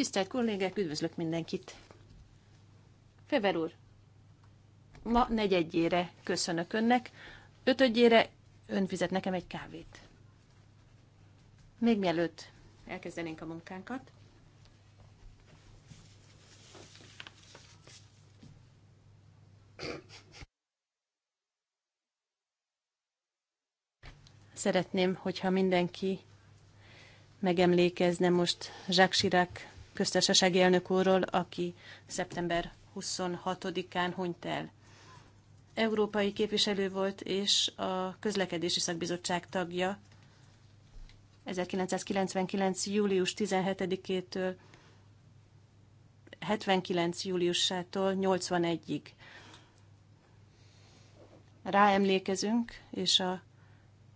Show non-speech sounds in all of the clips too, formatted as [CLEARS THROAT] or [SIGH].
Tisztelt kollégák, üdvözlök mindenkit! Fever úr, ma negyedjére köszönök önnek, ötödjére ön fizet nekem egy kávét. Még mielőtt elkezdenénk a munkánkat, Szeretném, hogyha mindenki megemlékezne most Jacques Chirac köztársasági elnök úrról, aki szeptember 26-án hunyt el. Európai képviselő volt és a közlekedési szakbizottság tagja 1999. július 17-től 79. júliusától 81-ig. Ráemlékezünk, és a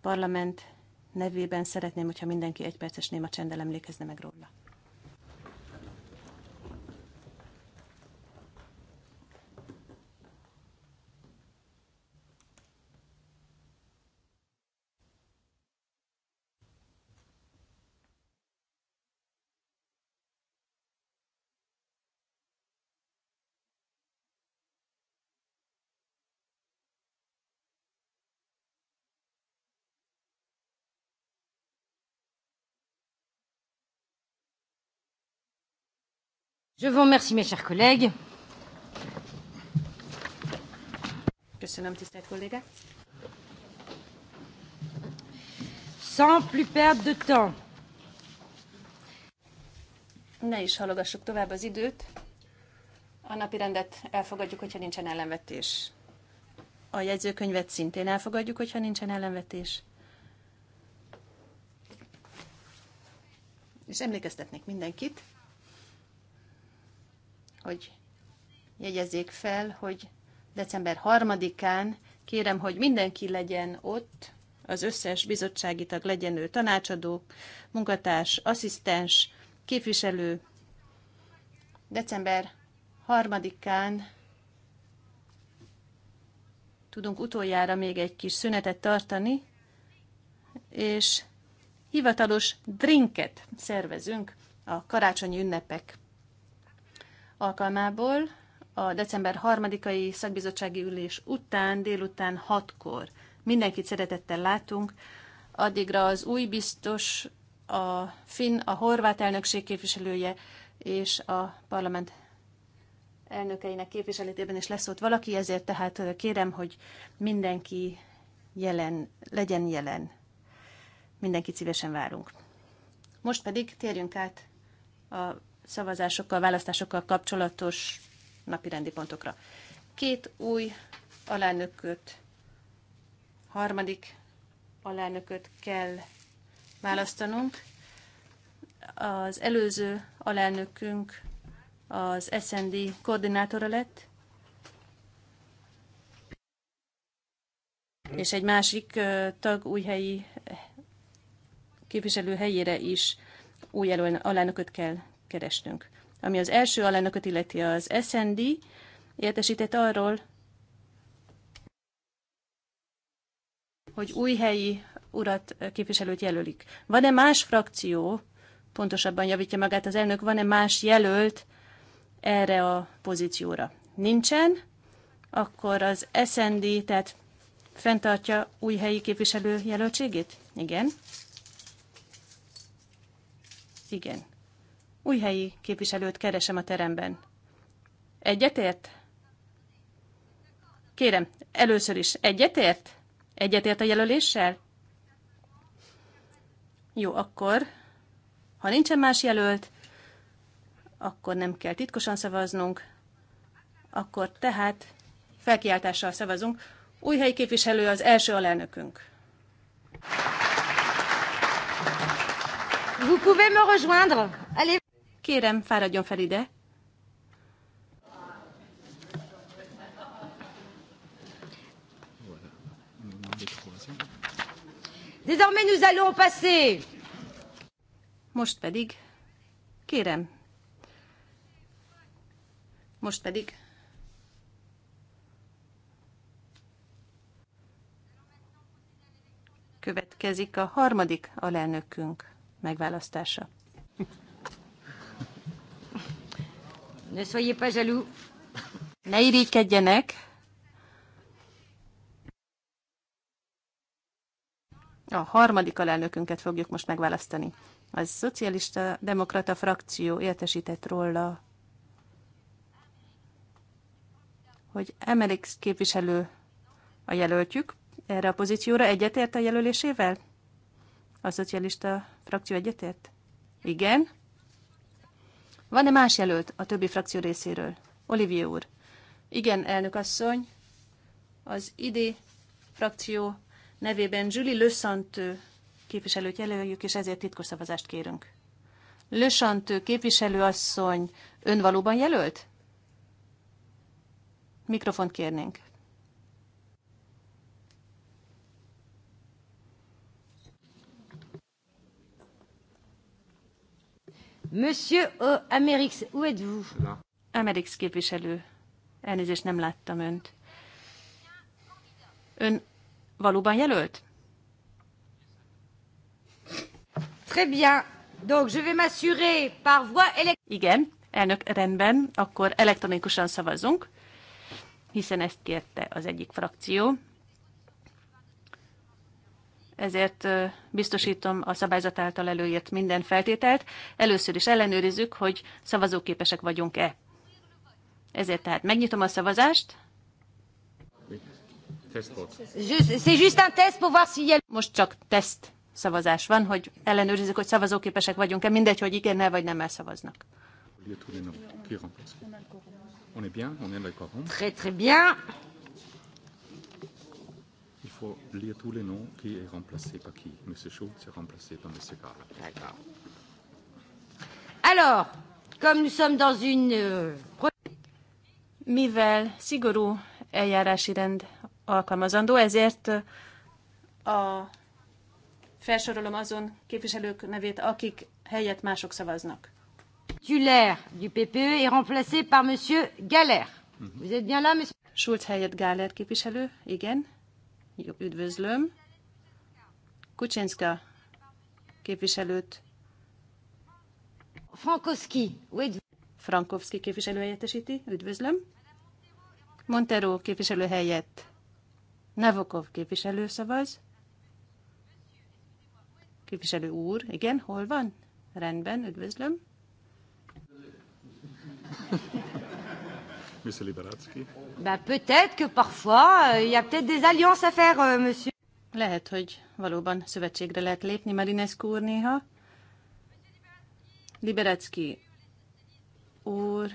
parlament nevében szeretném, hogyha mindenki egy perces néma csendel emlékezne meg róla. Je vous remercie, mes chers collègues. Köszönöm, tisztelt kollégák. Sans plus perdre de temps. Ne is halogassuk tovább az időt. A napi rendet elfogadjuk, hogyha nincsen ellenvetés. A jegyzőkönyvet szintén elfogadjuk, hogyha nincsen ellenvetés. És emlékeztetnék mindenkit, hogy jegyezzék fel, hogy december 3-án kérem, hogy mindenki legyen ott, az összes bizottsági tag legyen ő tanácsadó, munkatárs, asszisztens, képviselő. December 3-án tudunk utoljára még egy kis szünetet tartani, és hivatalos drinket szervezünk a karácsonyi ünnepek alkalmából a december 3-ai szakbizottsági ülés után, délután 6-kor. Mindenkit szeretettel látunk. Addigra az új biztos, a finn, a horvát elnökség képviselője és a parlament elnökeinek képviseletében is lesz ott valaki, ezért tehát kérem, hogy mindenki jelen, legyen jelen. Mindenkit szívesen várunk. Most pedig térjünk át a szavazásokkal, választásokkal kapcsolatos napirendi pontokra. Két új alelnököt, harmadik alelnököt kell választanunk. Az előző alelnökünk az SND koordinátora lett, és egy másik tag újhelyi képviselő helyére is új alelnököt kell kerestünk. Ami az első alelnököt illeti az SND, értesített arról, hogy új helyi urat eh, képviselőt jelölik. Van-e más frakció, pontosabban javítja magát az elnök, van-e más jelölt erre a pozícióra? Nincsen, akkor az SND, tehát fenntartja új helyi képviselő jelöltségét? Igen. Igen új helyi képviselőt keresem a teremben. Egyetért? Kérem, először is egyetért? Egyetért a jelöléssel? Jó, akkor, ha nincsen más jelölt, akkor nem kell titkosan szavaznunk, akkor tehát felkiáltással szavazunk. Új helyi képviselő az első alelnökünk. Vous pouvez me rejoindre. Kérem, fáradjon fel ide. Désormais nous allons passer. Most pedig, kérem, most pedig következik a harmadik alelnökünk megválasztása. Ne soyez pas jaloux. Ne irigykedjenek. A harmadik alelnökünket fogjuk most megválasztani. A szocialista demokrata frakció értesített róla, hogy Emelix képviselő a jelöltjük erre a pozícióra. Egyetért a jelölésével? A szocialista frakció egyetért? Igen. Van-e más jelölt a többi frakció részéről? Olivier úr. Igen, elnök asszony. Az ID frakció nevében Julie Le Santé képviselőt jelöljük, és ezért titkos szavazást kérünk. Le képviselő asszony ön valóban jelölt? Mikrofont kérnénk. Monsieur o euh, Amerix, où êtes-vous? Amerix képviselő. Elnézést, nem láttam önt. Ön valóban jelölt? Très bien. Donc, je vais m'assurer par voie électronique. Igen, elnök, rendben, akkor elektronikusan szavazunk, hiszen ezt kérte az egyik frakció ezért biztosítom a szabályzat által előírt minden feltételt. Először is ellenőrizzük, hogy szavazóképesek vagyunk-e. Ezért tehát megnyitom a szavazást. Most csak teszt szavazás van, hogy ellenőrizzük, hogy szavazóképesek vagyunk-e, mindegy, hogy igen ne vagy nem elszavaznak. Très très bien faut lire tous les noms, qui est remplacé par qui. est remplacé par D'accord. Alors, comme nous sommes dans une... Euh, Mivel szigorú eljárási rend alkalmazandó, ezért a felsorolom azon képviselők nevét, akik helyett mások szavaznak. Tuller du PPE est remplacé par Monsieur Galler. Mhm. Vous êtes bien là, Monsieur? Schulz helyett Galler képviselő, igen. Üdvözlöm. Kucsinska képviselőt. Frankowski. Frankowski képviselő helyettesíti. Üdvözlöm. Montero képviselő helyett. Navokov képviselő szavaz. Képviselő úr, igen, hol van? Rendben, üdvözlöm. Monsieur Liberácki. Bah, peut-être que parfois, euh, il y a peut-être des alliances à faire, euh, monsieur. Lehet, hogy valóban szövetségre lehet lépni Marinescu úr néha. Liberecki úr,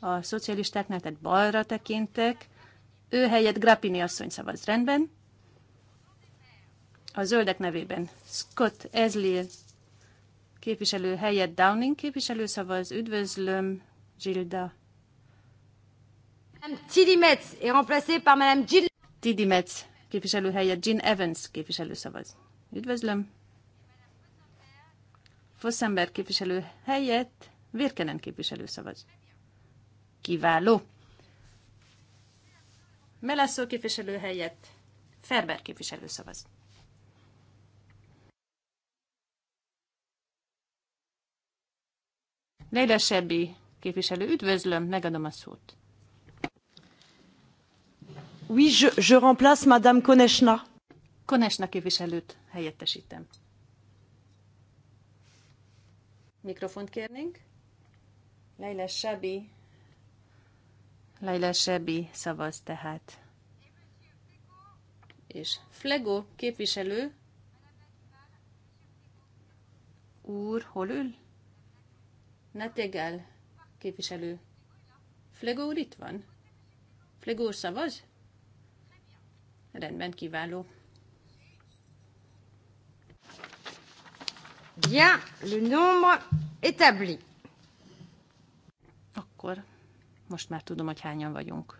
a szocialistáknál, tehát balra tekintek. Ő helyett Grappini asszony szavaz rendben. A zöldek nevében Scott Ezli, képviselő helyett Downing képviselő szavaz. Üdvözlöm, Zsilda Tilly Metz est remplacée par Madame Jill... Tilly Metz képviselő helyett Jean Evans képviselő szavaz. Üdvözlöm! Fosszember képviselő helyett Virkenen képviselő szavaz. Kiváló! Melasszó képviselő helyett Ferber képviselő szavaz. Leila Sebi képviselő, üdvözlöm, megadom a szót. Oui, je, je remplace Madame Konesna. Konesna képviselőt helyettesítem. Mikrofont kérnénk. Leila Sebi. Leila Sebi szavaz tehát. És Flego képviselő úr hol ül? Netegel képviselő. Flego úr itt van? Flego úr szavaz? Rendben, kiváló. Bien, le nombre établi. Akkor most már tudom, hogy hányan vagyunk.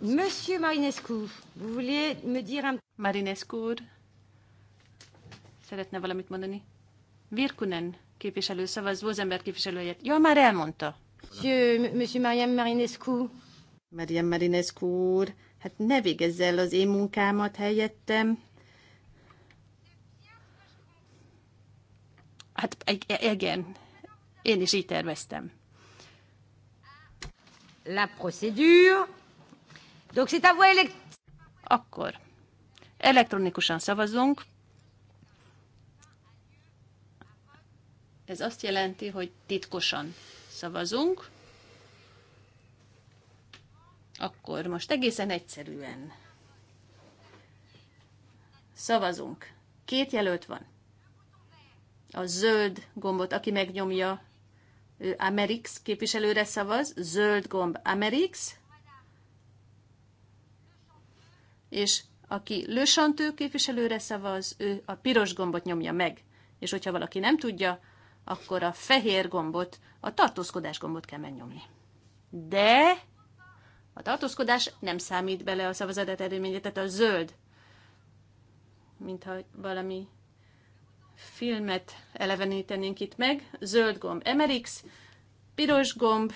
Monsieur Marinescu, vous vouliez me dire un... Marinescu úr, szeretne valamit mondani? Virkunen képviselő szavaz, Vózember képviselőjét. helyett. Ja, már elmondta. Monsieur, Monsieur Mariam Marinescu. Marianne Marinescu úr, Hát ne végezz el az én munkámat helyettem. Hát e-, igen, én is így terveztem. La procédure. Donc c'est à vous élect. Akkor elektronikusan szavazunk. Ez azt jelenti, hogy titkosan szavazunk. Akkor most egészen egyszerűen szavazunk. Két jelölt van. A zöld gombot, aki megnyomja, ő Amerix képviselőre szavaz, zöld gomb Amerix, és aki Lősantő képviselőre szavaz, ő a piros gombot nyomja meg. És hogyha valaki nem tudja, akkor a fehér gombot, a tartózkodás gombot kell megnyomni. De a tartózkodás nem számít bele a szavazat eredményét, tehát a zöld, mintha valami filmet elevenítenénk itt meg. Zöld gomb MRX, piros gomb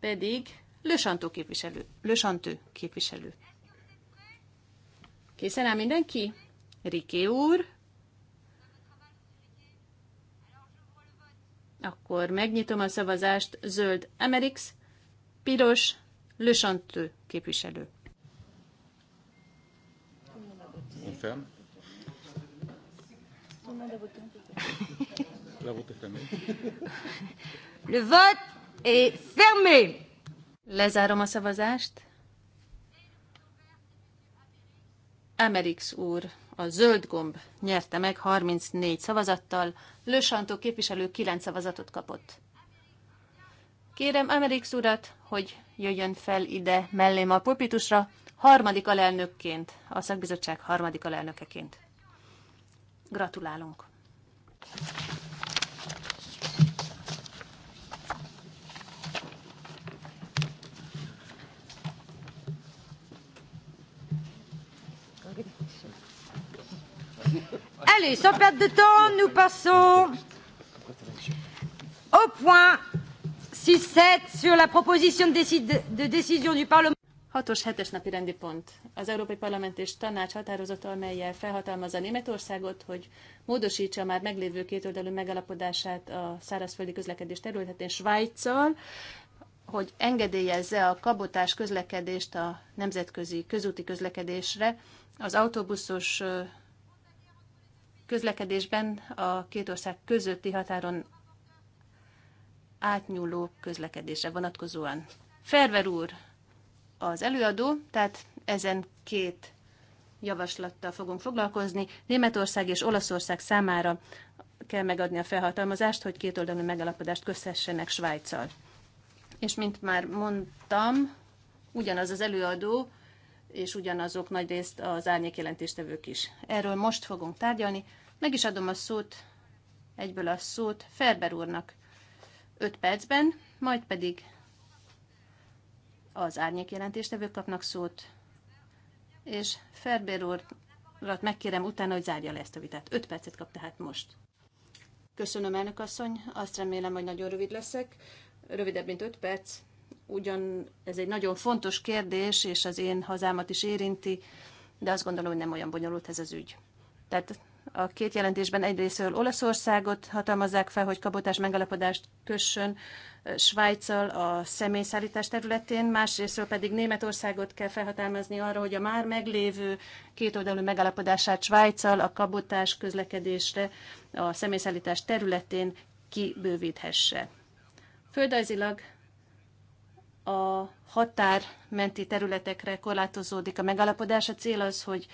pedig Lösantó képviselő. Lösantő képviselő. Készen áll mindenki? Riké úr, Akkor megnyitom a szavazást. Zöld Emerix, piros Le Chanteux képviselő. Le vote est fermé. Lezárom a szavazást. Amerix úr a zöld gomb nyerte meg 34 szavazattal, Lősantó képviselő 9 szavazatot kapott. Kérem Amerik urat, hogy jöjjön fel ide mellém a pulpitusra, harmadik alelnökként, a szakbizottság harmadik alelnökeként. Gratulálunk! Allez, sans perdre de temps, nous passons au point 6-7 sur la proposition de décide, de décision du Parlement. 6-os, 7-es napi rendi pont. Az Európai Parlament és Tanács határozata, amelyel felhatalmazza Németországot, hogy módosítsa már meglévő kétoldalú megalapodását a szárazföldi közlekedés területén Svájccal, hogy engedélyezze a kabotás közlekedést a nemzetközi közúti közlekedésre, az autóbuszos közlekedésben a két ország közötti határon átnyúló közlekedésre vonatkozóan. Ferver úr az előadó, tehát ezen két javaslattal fogunk foglalkozni. Németország és Olaszország számára kell megadni a felhatalmazást, hogy kétoldalú megalapodást köszhessenek Svájccal. És mint már mondtam, ugyanaz az előadó, és ugyanazok nagy részt az árnyék jelentéstevők is. Erről most fogunk tárgyalni. Meg is adom a szót, egyből a szót Ferber úrnak 5 percben, majd pedig az árnyék jelentéstevők kapnak szót, és Ferber úrat megkérem utána, hogy zárja le ezt a vitát. 5 percet kap tehát most. Köszönöm, elnök asszony. Azt remélem, hogy nagyon rövid leszek. Rövidebb, mint 5 perc ugyan ez egy nagyon fontos kérdés, és az én hazámat is érinti, de azt gondolom, hogy nem olyan bonyolult ez az ügy. Tehát a két jelentésben egyrésztről Olaszországot hatalmazzák fel, hogy kabotás megalapodást kössön Svájccal a személyszállítás területén, másrésztről pedig Németországot kell felhatalmazni arra, hogy a már meglévő kétoldalú megalapodását Svájccal a kabotás közlekedésre a személyszállítás területén kibővíthesse. Földrajzilag a határmenti területekre korlátozódik a megállapodás. A cél az, hogy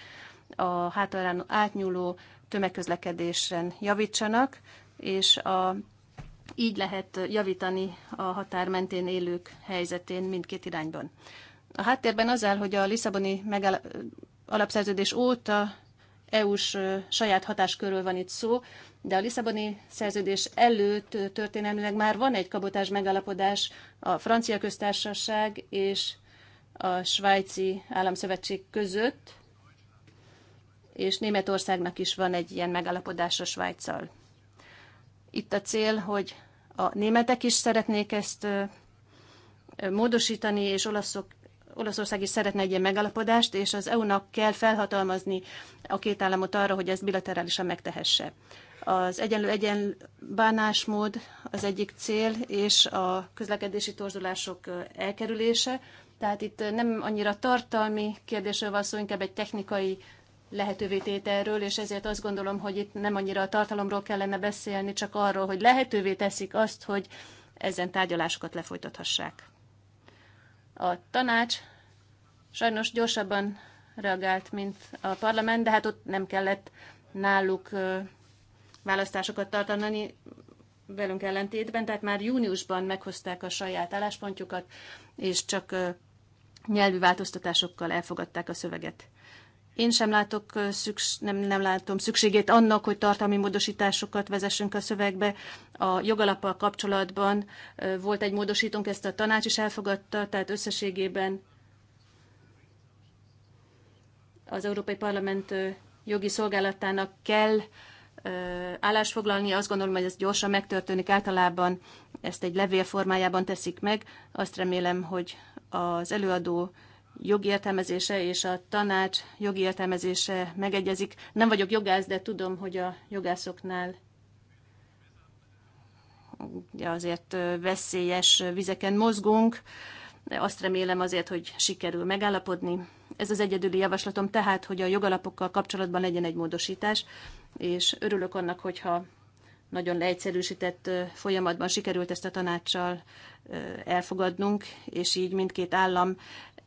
a hátalán átnyúló tömegközlekedésen javítsanak, és a, így lehet javítani a határ mentén élők helyzetén mindkét irányban. A háttérben az áll, hogy a Lisszaboni alapszerződés óta EU-s saját hatáskörről van itt szó, de a Lisszaboni szerződés előtt történelmileg már van egy kabotás megállapodás a francia köztársaság és a svájci államszövetség között, és Németországnak is van egy ilyen megállapodás a Svájccal. Itt a cél, hogy a németek is szeretnék ezt módosítani, és olaszok Olaszország is szeretne egy ilyen megállapodást, és az EU-nak kell felhatalmazni a két államot arra, hogy ezt bilaterálisan megtehesse. Az egyenlő egyen bánásmód az egyik cél, és a közlekedési torzulások elkerülése. Tehát itt nem annyira tartalmi kérdésről van szó, inkább egy technikai lehetővé tételről, és ezért azt gondolom, hogy itt nem annyira a tartalomról kellene beszélni, csak arról, hogy lehetővé teszik azt, hogy ezen tárgyalásokat lefolytathassák. A tanács sajnos gyorsabban reagált, mint a parlament, de hát ott nem kellett náluk választásokat tartani velünk ellentétben, tehát már júniusban meghozták a saját álláspontjukat, és csak nyelvi változtatásokkal elfogadták a szöveget. Én sem látok szüks, nem, nem látom szükségét annak, hogy tartalmi módosításokat vezessünk a szövegbe. A jogalappal kapcsolatban volt egy módosítónk, ezt a tanács is elfogadta, tehát összességében az Európai Parlament jogi szolgálatának kell állásfoglalni. Azt gondolom, hogy ez gyorsan megtörténik. Általában ezt egy levél formájában teszik meg. Azt remélem, hogy az előadó jogi értelmezése és a tanács jogi értelmezése megegyezik. Nem vagyok jogász, de tudom, hogy a jogászoknál azért veszélyes vizeken mozgunk. Azt remélem azért, hogy sikerül megállapodni. Ez az egyedüli javaslatom tehát, hogy a jogalapokkal kapcsolatban legyen egy módosítás, és örülök annak, hogyha nagyon leegyszerűsített folyamatban sikerült ezt a tanácssal elfogadnunk, és így mindkét állam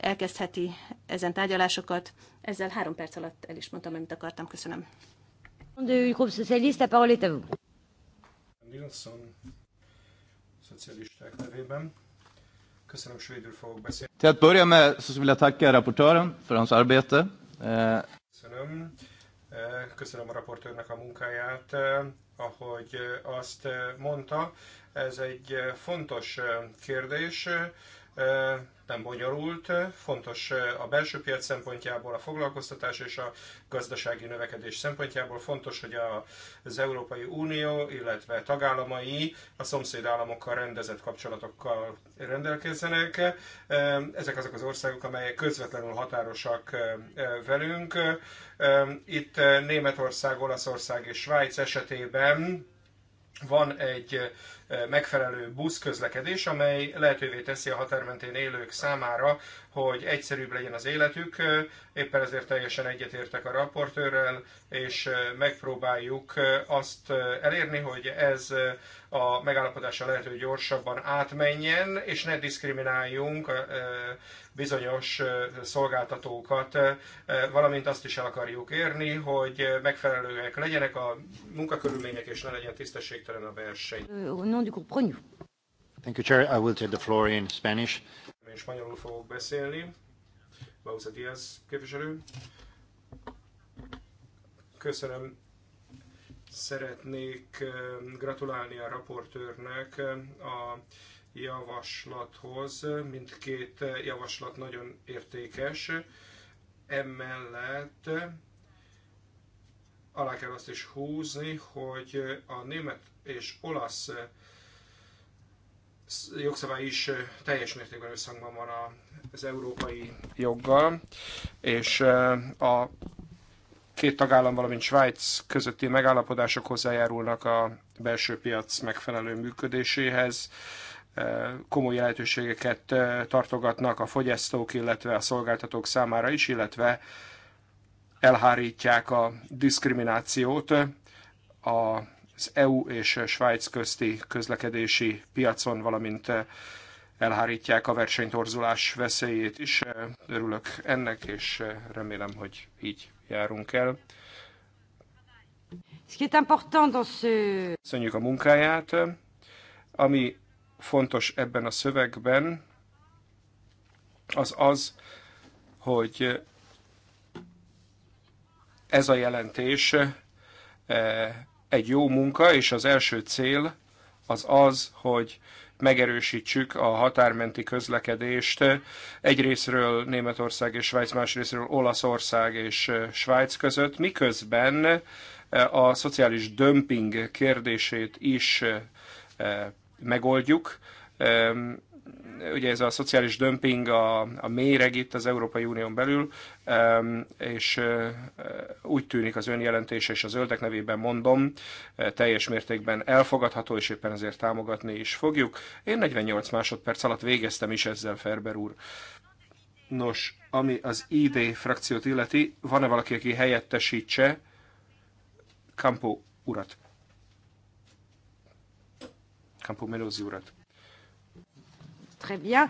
elkezdheti ezen tárgyalásokat. Ezzel három perc alatt el is mondtam, amit akartam. Köszönöm. Nilsson, szocialisták nevében. Köszönöm, svédül fogok beszélni. Till att börja med så vill jag tacka rapportören för hans arbete. Köszönöm. Köszönöm a raportőrnek a munkáját. Ahogy azt mondta, ez egy fontos kérdés nem bonyolult, fontos a belső piac szempontjából, a foglalkoztatás és a gazdasági növekedés szempontjából, fontos, hogy az Európai Unió, illetve tagállamai a szomszéd államokkal rendezett kapcsolatokkal rendelkezzenek. Ezek azok az országok, amelyek közvetlenül határosak velünk. Itt Németország, Olaszország és Svájc esetében van egy megfelelő buszközlekedés, amely lehetővé teszi a határmentén élők számára, hogy egyszerűbb legyen az életük. Éppen ezért teljesen egyetértek a raportőrrel, és megpróbáljuk azt elérni, hogy ez a megállapodása lehető gyorsabban átmenjen, és ne diszkrimináljunk bizonyos szolgáltatókat, valamint azt is el akarjuk érni, hogy megfelelőek legyenek a munkakörülmények, és ne legyen tisztességtelen a verseny nom du groupe Renew. Thank you, Chair. I will take the floor in Spanish. Én spanyolul fogok beszélni. Bausa Diaz képviselő. Köszönöm. Szeretnék eh, gratulálni a raportőrnek eh, a javaslathoz. Mindkét eh, javaslat nagyon értékes. Emellett alá kell azt is húzni, hogy a német és olasz jogszabály is teljes mértékben összhangban van az európai joggal, és a két tagállam, valamint Svájc közötti megállapodások hozzájárulnak a belső piac megfelelő működéséhez. Komoly lehetőségeket tartogatnak a fogyasztók, illetve a szolgáltatók számára is, illetve elhárítják a diszkriminációt a az EU és Svájc közti közlekedési piacon, valamint eh, elhárítják a versenytorzulás veszélyét is. Eh, örülök ennek, és eh, remélem, hogy így járunk el. Köszönjük a munkáját. Ami fontos ebben a szövegben, az az, hogy ez a jelentés egy jó munka, és az első cél az az, hogy megerősítsük a határmenti közlekedést. Egyrésztről Németország és Svájc, másrésztről Olaszország és eh, Svájc között, miközben eh, a szociális dömping kérdését is eh, megoldjuk ugye ez a szociális dömping a, a méreg itt az Európai Unión belül, és úgy tűnik az önjelentése, és a zöldek nevében mondom, teljes mértékben elfogadható, és éppen ezért támogatni is fogjuk. Én 48 másodperc alatt végeztem is ezzel, Ferber úr. Nos, ami az ID frakciót illeti, van-e valaki, aki helyettesítse Campo urat? Campo Melozzi urat. Très bien.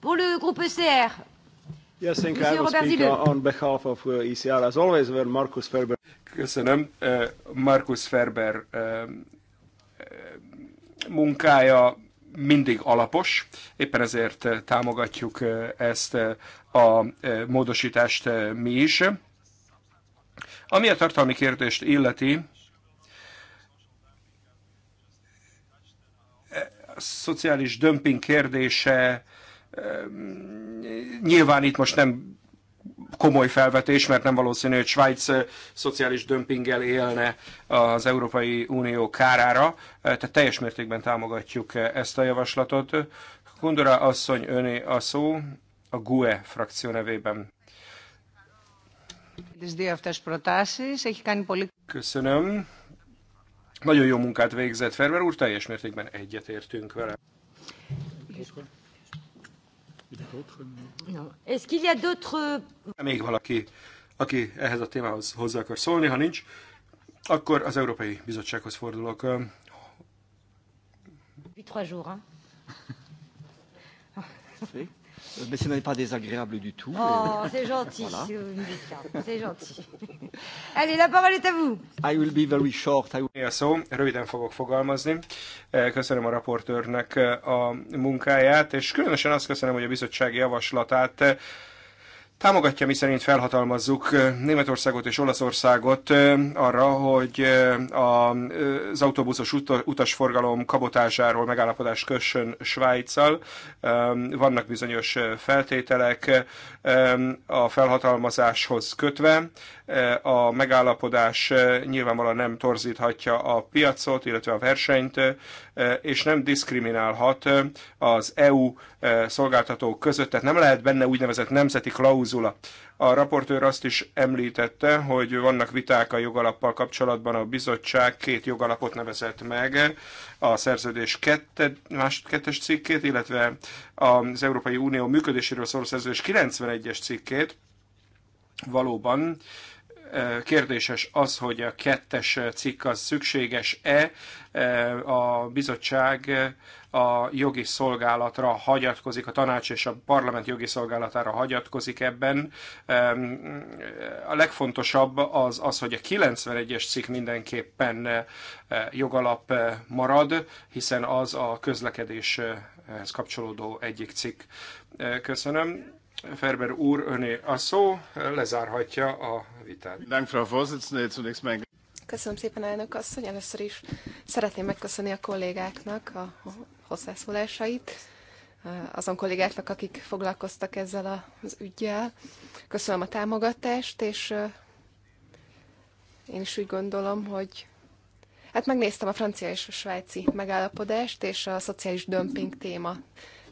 Pour le groupe ECR. Yes, thank you. I will speak on behalf of uh, ECR as always, where Markus Ferber. Köszönöm. Uh, Markus Ferber uh, uh munkája mindig alapos, éppen ezért uh, támogatjuk ezt a módosítást mi is. Ami a tartalmi kérdést illeti, szociális dömping kérdése nyilván itt most nem komoly felvetés, mert nem valószínű, hogy Svájc szociális dömpinggel élne az Európai Unió kárára. Tehát teljes mértékben támogatjuk ezt a javaslatot. Kundora asszony öné a szó a GUE frakció nevében. Köszönöm. Nagyon jó munkát végzett Ferber úr, teljes mértékben egyetértünk vele. Még valaki, aki ehhez a témához hozzá akar szólni, ha nincs, akkor az Európai Bizottsághoz fordulok. 8 trois jours, hein? Euh, mais ce n'est pas désagréable du tout. Oh, et... c'est gentil voilà. si vous me dites ça. C'est gentil. [LAUGHS] Allez, la parole est à vous. I will be very short. I will... Szó, röviden fogok fogalmazni. Eh, köszönöm a raportőrnek eh, a munkáját, és különösen azt köszönöm, hogy a bizottság javaslatát eh, támogatja, miszerint felhatalmazzuk Németországot és Olaszországot arra, hogy az autóbuszos utasforgalom kabotásáról megállapodást kössön Svájccal. Vannak bizonyos feltételek a felhatalmazáshoz kötve. A megállapodás nyilvánvalóan nem torzíthatja a piacot, illetve a versenyt, és nem diszkriminálhat az EU szolgáltatók között, tehát nem lehet benne úgynevezett nemzeti klauz klauzula. A raportőr azt is említette, hogy vannak viták a jogalappal kapcsolatban, a bizottság két jogalapot nevezett meg, a szerződés kette, más, kettes cikkét, illetve az Európai Unió működéséről szóló szerződés 91-es cikkét, valóban Kérdéses az, hogy a kettes cikk az szükséges-e. A bizottság a jogi szolgálatra hagyatkozik, a tanács és a parlament jogi szolgálatára hagyatkozik ebben. A legfontosabb az, az hogy a 91-es cikk mindenképpen jogalap marad, hiszen az a közlekedéshez kapcsolódó egyik cikk. Köszönöm. Ferber úr, öné a szó, lezárhatja a vitát. Köszönöm szépen, elnök asszony. Először is szeretném megköszönni a kollégáknak a hozzászólásait, azon kollégáknak, akik foglalkoztak ezzel az ügyjel. Köszönöm a támogatást, és én is úgy gondolom, hogy hát megnéztem a francia és a svájci megállapodást, és a szociális dömping téma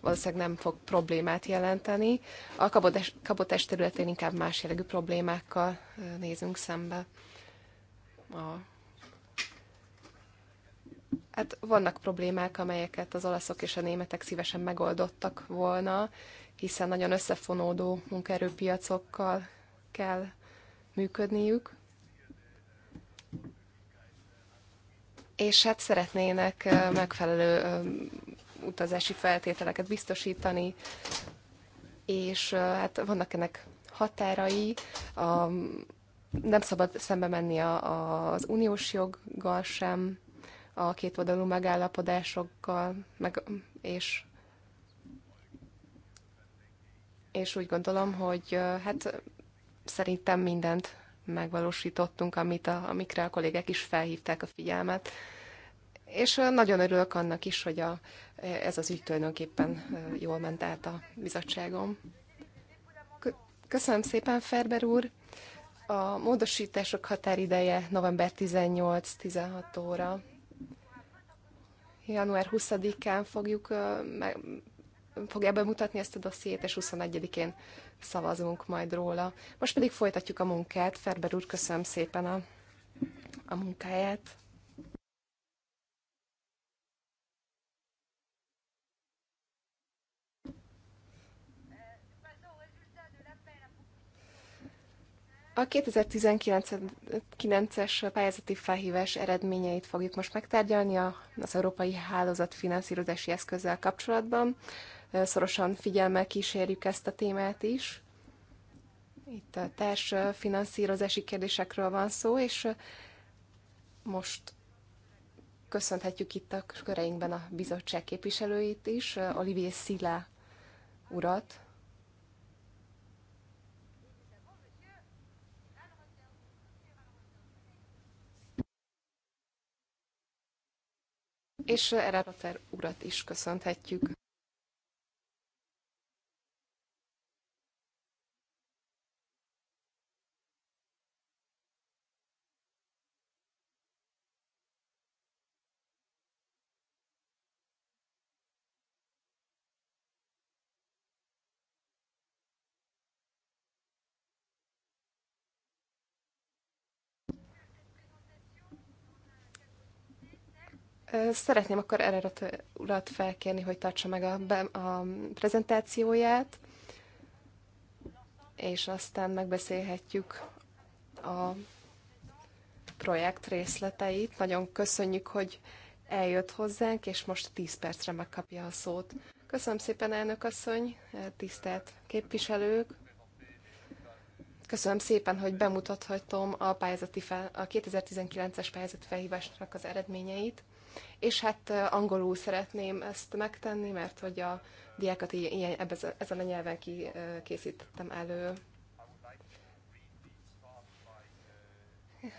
valószínűleg nem fog problémát jelenteni. A kabotás, kabotás területén inkább más jellegű problémákkal nézünk szembe. A Hát vannak problémák, amelyeket az olaszok és a németek szívesen megoldottak volna, hiszen nagyon összefonódó munkaerőpiacokkal kell működniük. És hát szeretnének megfelelő utazási feltételeket biztosítani, és hát vannak ennek határai, a, nem szabad szembe menni a, a, az uniós joggal sem, a kétoldalú megállapodásokkal, meg, és és úgy gondolom, hogy hát szerintem mindent megvalósítottunk, amit a, amikre a kollégek is felhívták a figyelmet és nagyon örülök annak is, hogy a, ez az ügy tulajdonképpen jól ment át a bizottságom. Köszönöm szépen, Ferber úr! A módosítások határideje november 18-16 óra. Január 20-án fogjuk meg, fogja bemutatni ezt a dossziét, és 21-én szavazunk majd róla. Most pedig folytatjuk a munkát. Ferber úr, köszönöm szépen a, a munkáját. A 2019-es pályázati felhívás eredményeit fogjuk most megtárgyalni az Európai Hálózat finanszírozási eszközzel kapcsolatban. Szorosan figyelmel kísérjük ezt a témát is. Itt a társ finanszírozási kérdésekről van szó, és most köszönhetjük itt a köreinkben a bizottság képviselőit is, Olivier Szilá urat, és a urat is köszönhetjük. Szeretném akkor erre urat felkérni, hogy tartsa meg a, a prezentációját, és aztán megbeszélhetjük a projekt részleteit. Nagyon köszönjük, hogy eljött hozzánk, és most 10 percre megkapja a szót. Köszönöm szépen, elnök asszony, tisztelt képviselők! Köszönöm szépen, hogy bemutathatom a, pályázati fel, a 2019-es pályázati felhívásnak az eredményeit és hát angolul szeretném ezt megtenni, mert hogy a diákat ilyen, ebben, ezen a nyelven készítettem elő.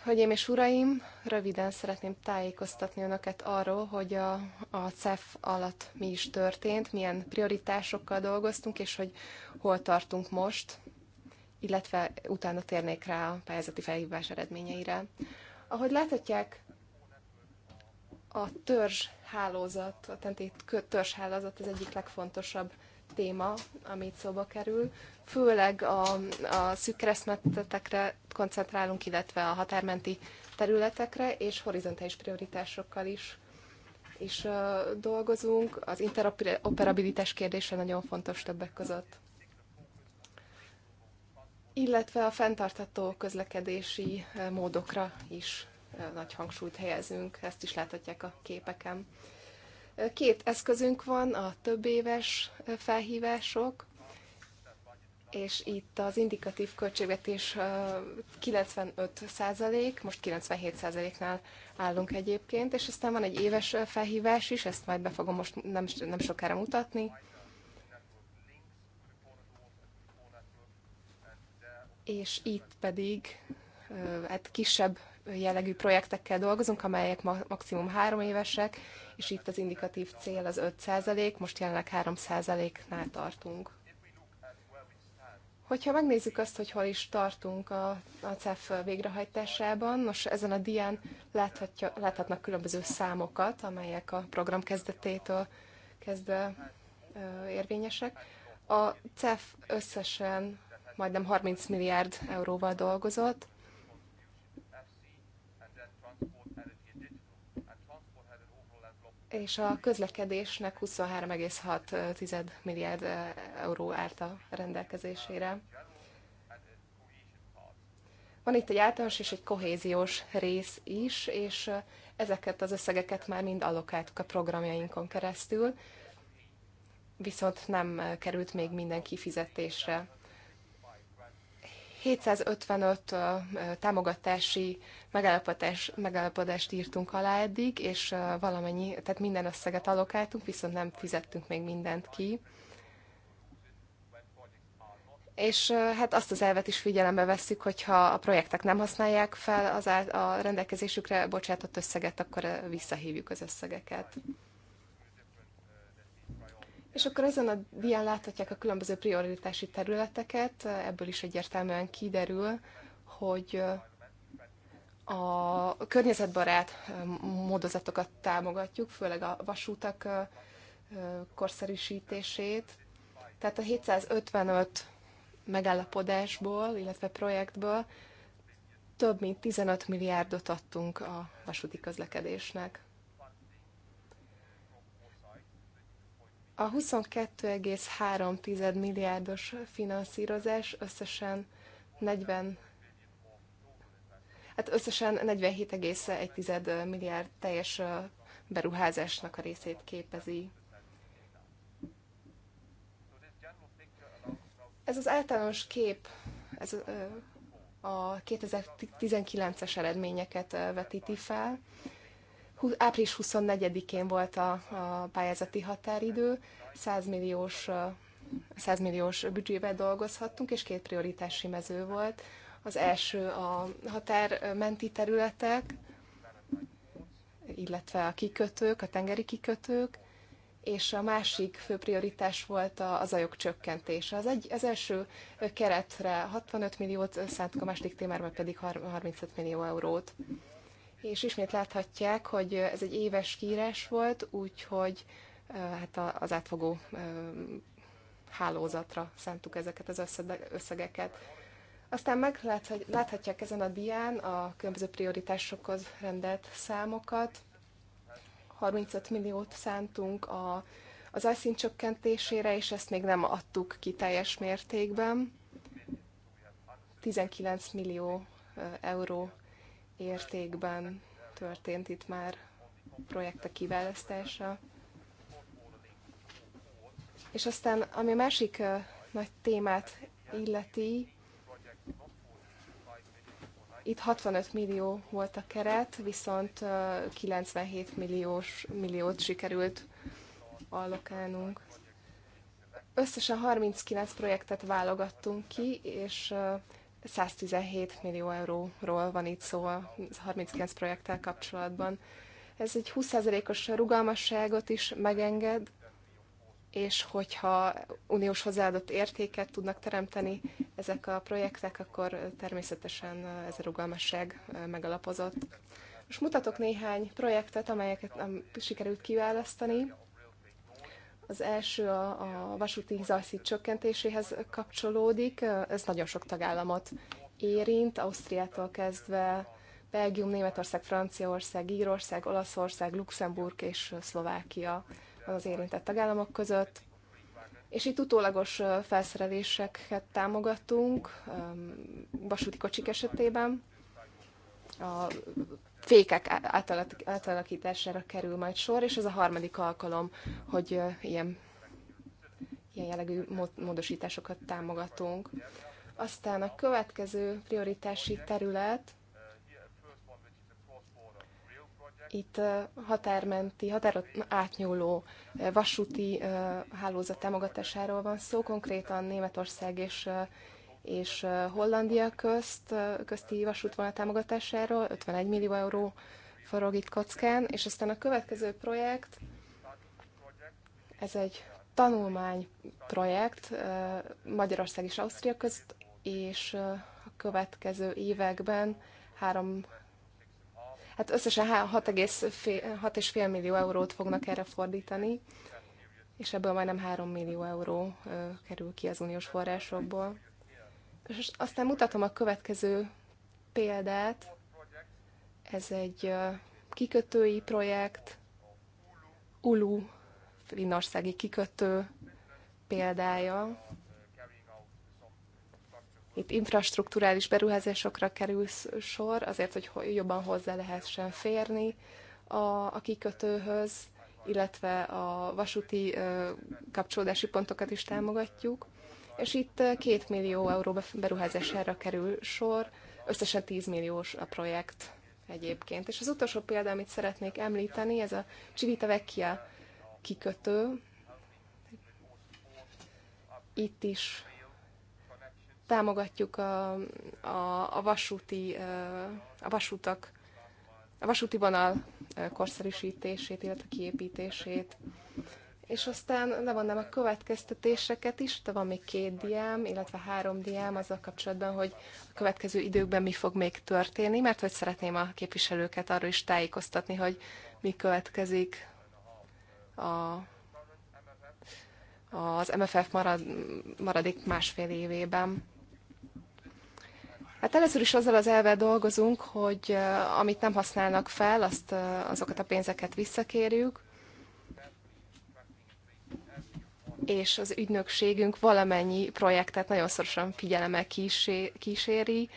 Hölgyeim és uraim, röviden szeretném tájékoztatni önöket arról, hogy a, a CEF alatt mi is történt, milyen prioritásokkal dolgoztunk, és hogy hol tartunk most, illetve utána térnék rá a pályázati felhívás eredményeire. Ahogy láthatják, a hálózat, a törzs hálózat az egyik legfontosabb téma, amit szóba kerül. Főleg a, a szűk keresztmetetekre koncentrálunk, illetve a határmenti területekre, és horizontális prioritásokkal is is dolgozunk. Az interoperabilitás kérdése nagyon fontos többek között. Illetve a fenntartható közlekedési módokra is nagy hangsúlyt helyezünk, ezt is láthatják a képeken. Két eszközünk van, a több éves felhívások, és itt az indikatív költségvetés 95 százalék, most 97 százalék-nál állunk egyébként, és aztán van egy éves felhívás is, ezt majd be fogom most nem, nem sokára mutatni. És itt pedig hát kisebb jellegű projektekkel dolgozunk, amelyek maximum három évesek, és itt az indikatív cél az 5 most jelenleg 3 nál tartunk. Hogyha megnézzük azt, hogy hol is tartunk a, a CEF végrehajtásában, nos, ezen a dián láthatja, láthatnak különböző számokat, amelyek a program kezdetétől kezdve ö, érvényesek. A CEF összesen majdnem 30 milliárd euróval dolgozott, és a közlekedésnek 23,6 milliárd euró állt a rendelkezésére. Van itt egy általános és egy kohéziós rész is, és ezeket az összegeket már mind allokáltuk a programjainkon keresztül, viszont nem került még minden kifizetésre. 755 támogatási megállapodás, megállapodást írtunk alá eddig, és valamennyi, tehát minden összeget alokáltunk, viszont nem fizettünk még mindent ki. És hát azt az elvet is figyelembe vesszük, hogyha a projektek nem használják fel az á, a rendelkezésükre bocsátott összeget, akkor visszahívjuk az összegeket. És akkor ezen a dián láthatják a különböző prioritási területeket, ebből is egyértelműen kiderül, hogy a környezetbarát módozatokat támogatjuk, főleg a vasútak korszerűsítését. Tehát a 755 megállapodásból, illetve projektből több mint 15 milliárdot adtunk a vasúti közlekedésnek. A 22,3 milliárdos finanszírozás összesen 40 Hát összesen 47,1 milliárd teljes beruházásnak a részét képezi. Ez az általános kép, ez a 2019-es eredményeket vetíti fel április 24-én volt a, a pályázati határidő, 100 milliós, 100 milliós büdzsével dolgozhattunk, és két prioritási mező volt. Az első a határmenti területek, illetve a kikötők, a tengeri kikötők, és a másik fő prioritás volt a zajok csökkentése. Az, egy, az első keretre 65 milliót szántunk, a második témára pedig 35 millió eurót és ismét láthatják, hogy ez egy éves kiírás volt, úgyhogy hát az átfogó hálózatra szántuk ezeket az összegeket. Aztán meg láthatják ezen a dián a különböző prioritásokhoz rendelt számokat. 35 milliót szántunk a, az ajszín csökkentésére, és ezt még nem adtuk ki teljes mértékben. 19 millió euró értékben történt itt már projekt a kiválasztása. És aztán, ami a másik nagy témát illeti, itt 65 millió volt a keret, viszont 97 milliós, milliót sikerült allokálnunk. Összesen 39 projektet válogattunk ki, és 117 millió euróról van itt szó a 39 projekttel kapcsolatban. Ez egy 20%-os rugalmasságot is megenged, és hogyha uniós hozzáadott értéket tudnak teremteni ezek a projektek, akkor természetesen ez a rugalmasság megalapozott. Most mutatok néhány projektet, amelyeket sikerült kiválasztani. Az első a, a vasúti zajszint csökkentéséhez kapcsolódik. Ez nagyon sok tagállamot érint, Ausztriától kezdve Belgium, Németország, Franciaország, Írország, Olaszország, Luxemburg és Szlovákia az érintett tagállamok között. És itt utólagos felszereléseket támogatunk vasúti kocsik esetében, a fékek átalakítására kerül majd sor, és ez a harmadik alkalom, hogy ilyen, ilyen jellegű módosításokat támogatunk. Aztán a következő prioritási terület, itt határmenti, határon átnyúló vasúti hálózat támogatásáról van szó, konkrétan Németország és és Hollandia közt, közti vasútvonal támogatásáról 51 millió euró forog itt kockán, és aztán a következő projekt, ez egy tanulmányprojekt Magyarország és Ausztria közt, és a következő években három, hát összesen 6,5 millió eurót fognak erre fordítani, és ebből majdnem 3 millió euró kerül ki az uniós forrásokból. És aztán mutatom a következő példát. Ez egy kikötői projekt, Ulu, finnországi kikötő példája. Itt infrastruktúrális beruházásokra kerül sor, azért, hogy jobban hozzá lehessen férni a, a kikötőhöz, illetve a vasúti ö, kapcsolódási pontokat is támogatjuk és itt eh, két millió euró beruházására kerül sor, összesen 10 milliós a projekt egyébként. És az utolsó példa, amit szeretnék említeni, ez a Civita Vecchia kikötő. Itt is támogatjuk a, a, a vasúti, eh, a vasútak, a vasúti vonal eh, korszerűsítését, illetve kiépítését és aztán levonnám a következtetéseket is, de van még két diám, illetve három diám azzal kapcsolatban, hogy a következő időkben mi fog még történni, mert hogy szeretném a képviselőket arról is tájékoztatni, hogy mi következik a, az MFF marad, maradik másfél évében. Hát először is azzal az elvel dolgozunk, hogy eh, amit nem használnak fel, azt, eh, azokat a pénzeket visszakérjük, és az ügynökségünk valamennyi projektet nagyon szorosan figyelemmel kíséri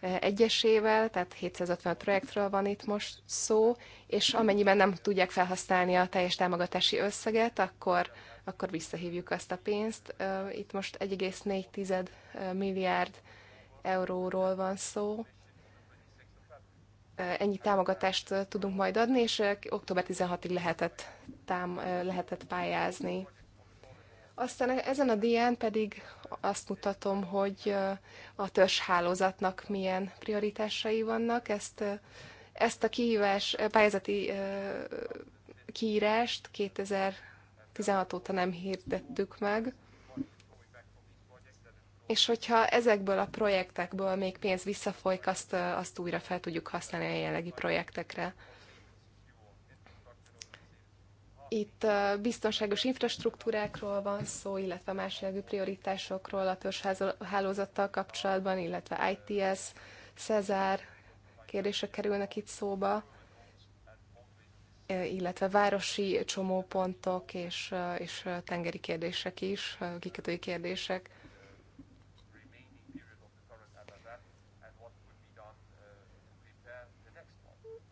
eh, egyesével, tehát 750 projektről van itt most szó, és amennyiben nem tudják felhasználni a teljes támogatási összeget, akkor, akkor visszahívjuk azt a pénzt. Eh, itt most 1,4 eh, milliárd euróról van szó. Ennyi támogatást tudunk majd adni, és október 16-ig lehetett, tám- lehetett pályázni. Aztán ezen a dián pedig azt mutatom, hogy a törzshálózatnak milyen prioritásai vannak. Ezt, ezt a kihívás, pályázati kiírást 2016 óta nem hirdettük meg. És hogyha ezekből a projektekből még pénz visszafolyik, azt, azt újra fel tudjuk használni a jelenlegi projektekre. Itt biztonságos infrastruktúrákról van szó, illetve más jellegű prioritásokról a törzshálózattal kapcsolatban, illetve ITS, Cezár kérdések kerülnek itt szóba, illetve városi csomópontok és, és tengeri kérdések is, kikötői kérdések.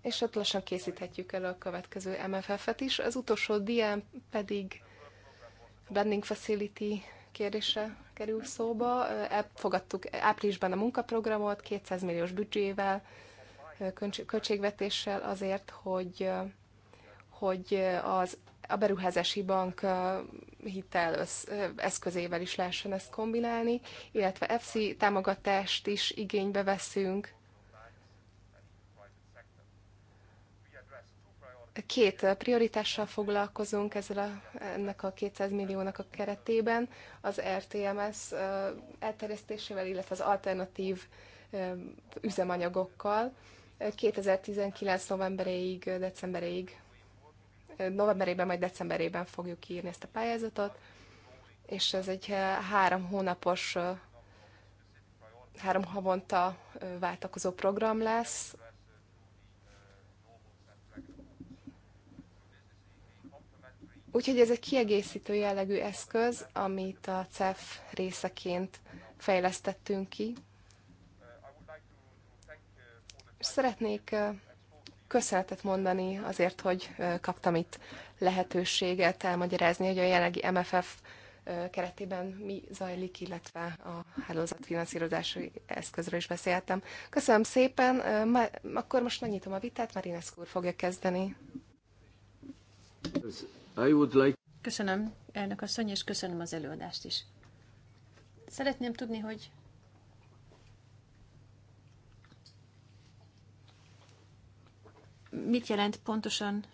és ott lassan készíthetjük el a következő MFF-et is. Az utolsó diám pedig Blending Facility kérdése kerül szóba. Fogadtuk áprilisban a munkaprogramot 200 milliós büdzsével, költségvetéssel azért, hogy, hogy az a beruházási bank hitel össz, eszközével is lehessen ezt kombinálni, illetve EFSI támogatást is igénybe veszünk, Két prioritással foglalkozunk ezzel a, ennek a 200 milliónak a keretében, az RTMS elterjesztésével, illetve az alternatív üzemanyagokkal. 2019 novemberéig, decemberéig, novemberében, majd decemberében fogjuk írni ezt a pályázatot, és ez egy három hónapos, három havonta váltakozó program lesz, Úgyhogy ez egy kiegészítő jellegű eszköz, amit a CEF részeként fejlesztettünk ki. És szeretnék köszönetet mondani azért, hogy kaptam itt lehetőséget elmagyarázni, hogy a jelenlegi MFF keretében mi zajlik, illetve a hálózatfinanszírozási eszközről is beszéltem. Köszönöm szépen, akkor most megnyitom a vitát, Marines úr fogja kezdeni. I would like... Köszönöm, elnök asszony, és köszönöm az előadást is. Szeretném tudni, hogy mit jelent pontosan,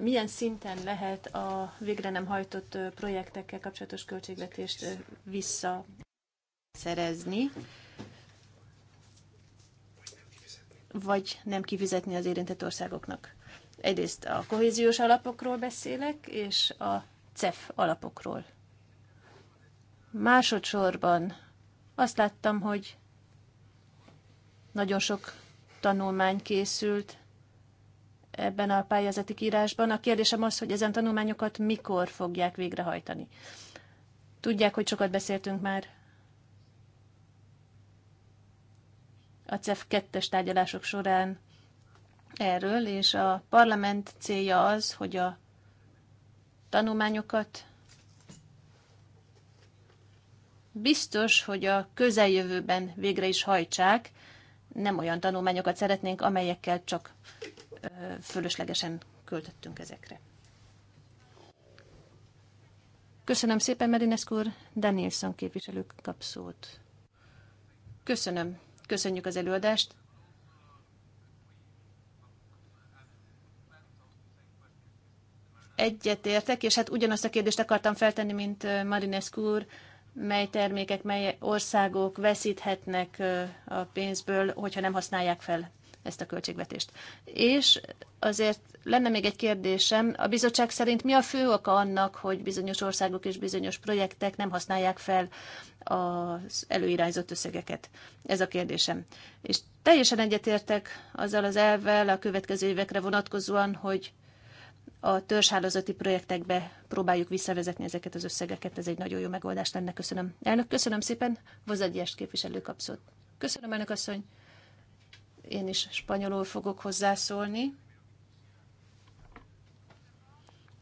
milyen szinten lehet a végre nem hajtott projektekkel kapcsolatos költségvetést visszaszerezni, vagy nem kifizetni az érintett országoknak. Egyrészt a kohéziós alapokról beszélek, és a CEF alapokról. Másodszorban azt láttam, hogy nagyon sok tanulmány készült ebben a pályázati írásban. A kérdésem az, hogy ezen tanulmányokat mikor fogják végrehajtani. Tudják, hogy sokat beszéltünk már a CEF kettes tárgyalások során erről, és a parlament célja az, hogy a tanulmányokat biztos, hogy a közeljövőben végre is hajtsák. Nem olyan tanulmányokat szeretnénk, amelyekkel csak fölöslegesen költöttünk ezekre. Köszönöm szépen, Merinesz úr. Danielson képviselők kap szót. Köszönöm. Köszönjük az előadást. egyetértek, és hát ugyanazt a kérdést akartam feltenni, mint Marinescu úr, mely termékek, mely országok veszíthetnek a pénzből, hogyha nem használják fel ezt a költségvetést. És azért lenne még egy kérdésem. A bizottság szerint mi a fő oka annak, hogy bizonyos országok és bizonyos projektek nem használják fel az előirányzott összegeket? Ez a kérdésem. És teljesen egyetértek azzal az elvvel a következő évekre vonatkozóan, hogy a törzshálózati projektekbe próbáljuk visszavezetni ezeket az összegeket. Ez egy nagyon jó megoldás lenne. Köszönöm. Elnök, köszönöm szépen. Vozadjás képviselő kapszott. Köszönöm, elnök asszony. Én is spanyolul fogok hozzászólni.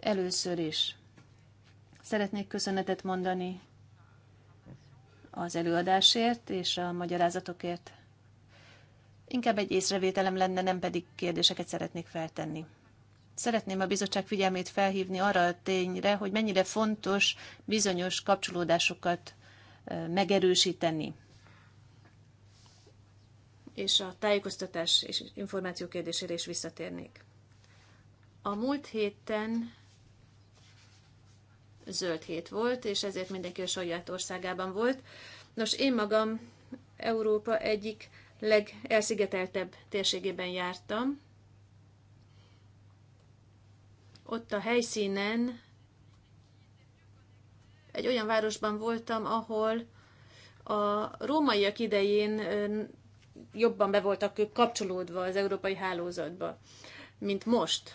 Először is szeretnék köszönetet mondani az előadásért és a magyarázatokért. Inkább egy észrevételem lenne, nem pedig kérdéseket szeretnék feltenni. Szeretném a bizottság figyelmét felhívni arra a tényre, hogy mennyire fontos bizonyos kapcsolódásokat megerősíteni. És a tájékoztatás és információ kérdésére is visszatérnék. A múlt héten zöld hét volt, és ezért mindenki a saját országában volt. Nos, én magam Európa egyik legelszigeteltebb térségében jártam, ott a helyszínen egy olyan városban voltam, ahol a rómaiak idején jobban be voltak ők kapcsolódva az európai hálózatba, mint most.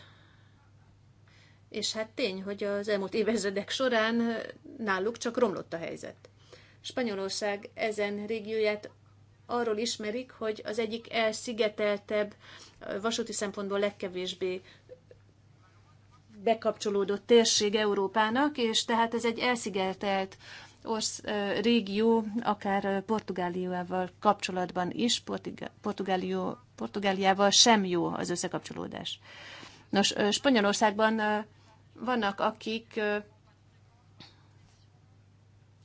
És hát tény, hogy az elmúlt évezredek során náluk csak romlott a helyzet. Spanyolország ezen régióját arról ismerik, hogy az egyik elszigeteltebb, vasúti szempontból legkevésbé bekapcsolódott térség Európának, és tehát ez egy elszigetelt orsz, régió, akár Portugáliával kapcsolatban is, Portugálió, Portugáliával sem jó az összekapcsolódás. Nos, Spanyolországban vannak, akik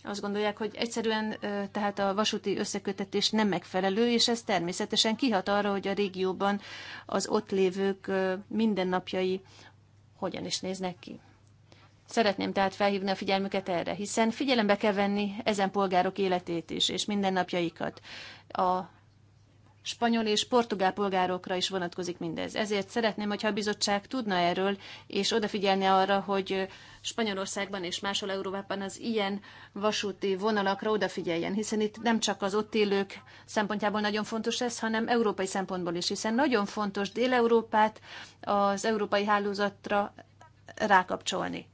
azt gondolják, hogy egyszerűen tehát a vasúti összekötetés nem megfelelő, és ez természetesen kihat arra, hogy a régióban az ott lévők mindennapjai hogyan is néznek ki. Szeretném tehát felhívni a figyelmüket erre, hiszen figyelembe kell venni ezen polgárok életét is, és mindennapjaikat. A spanyol és portugál polgárokra is vonatkozik mindez. Ezért szeretném, hogyha a bizottság tudna erről, és odafigyelne arra, hogy Spanyolországban és máshol Európában az ilyen vasúti vonalakra odafigyeljen, hiszen itt nem csak az ott élők szempontjából nagyon fontos ez, hanem európai szempontból is, hiszen nagyon fontos Dél-Európát az európai hálózatra rákapcsolni.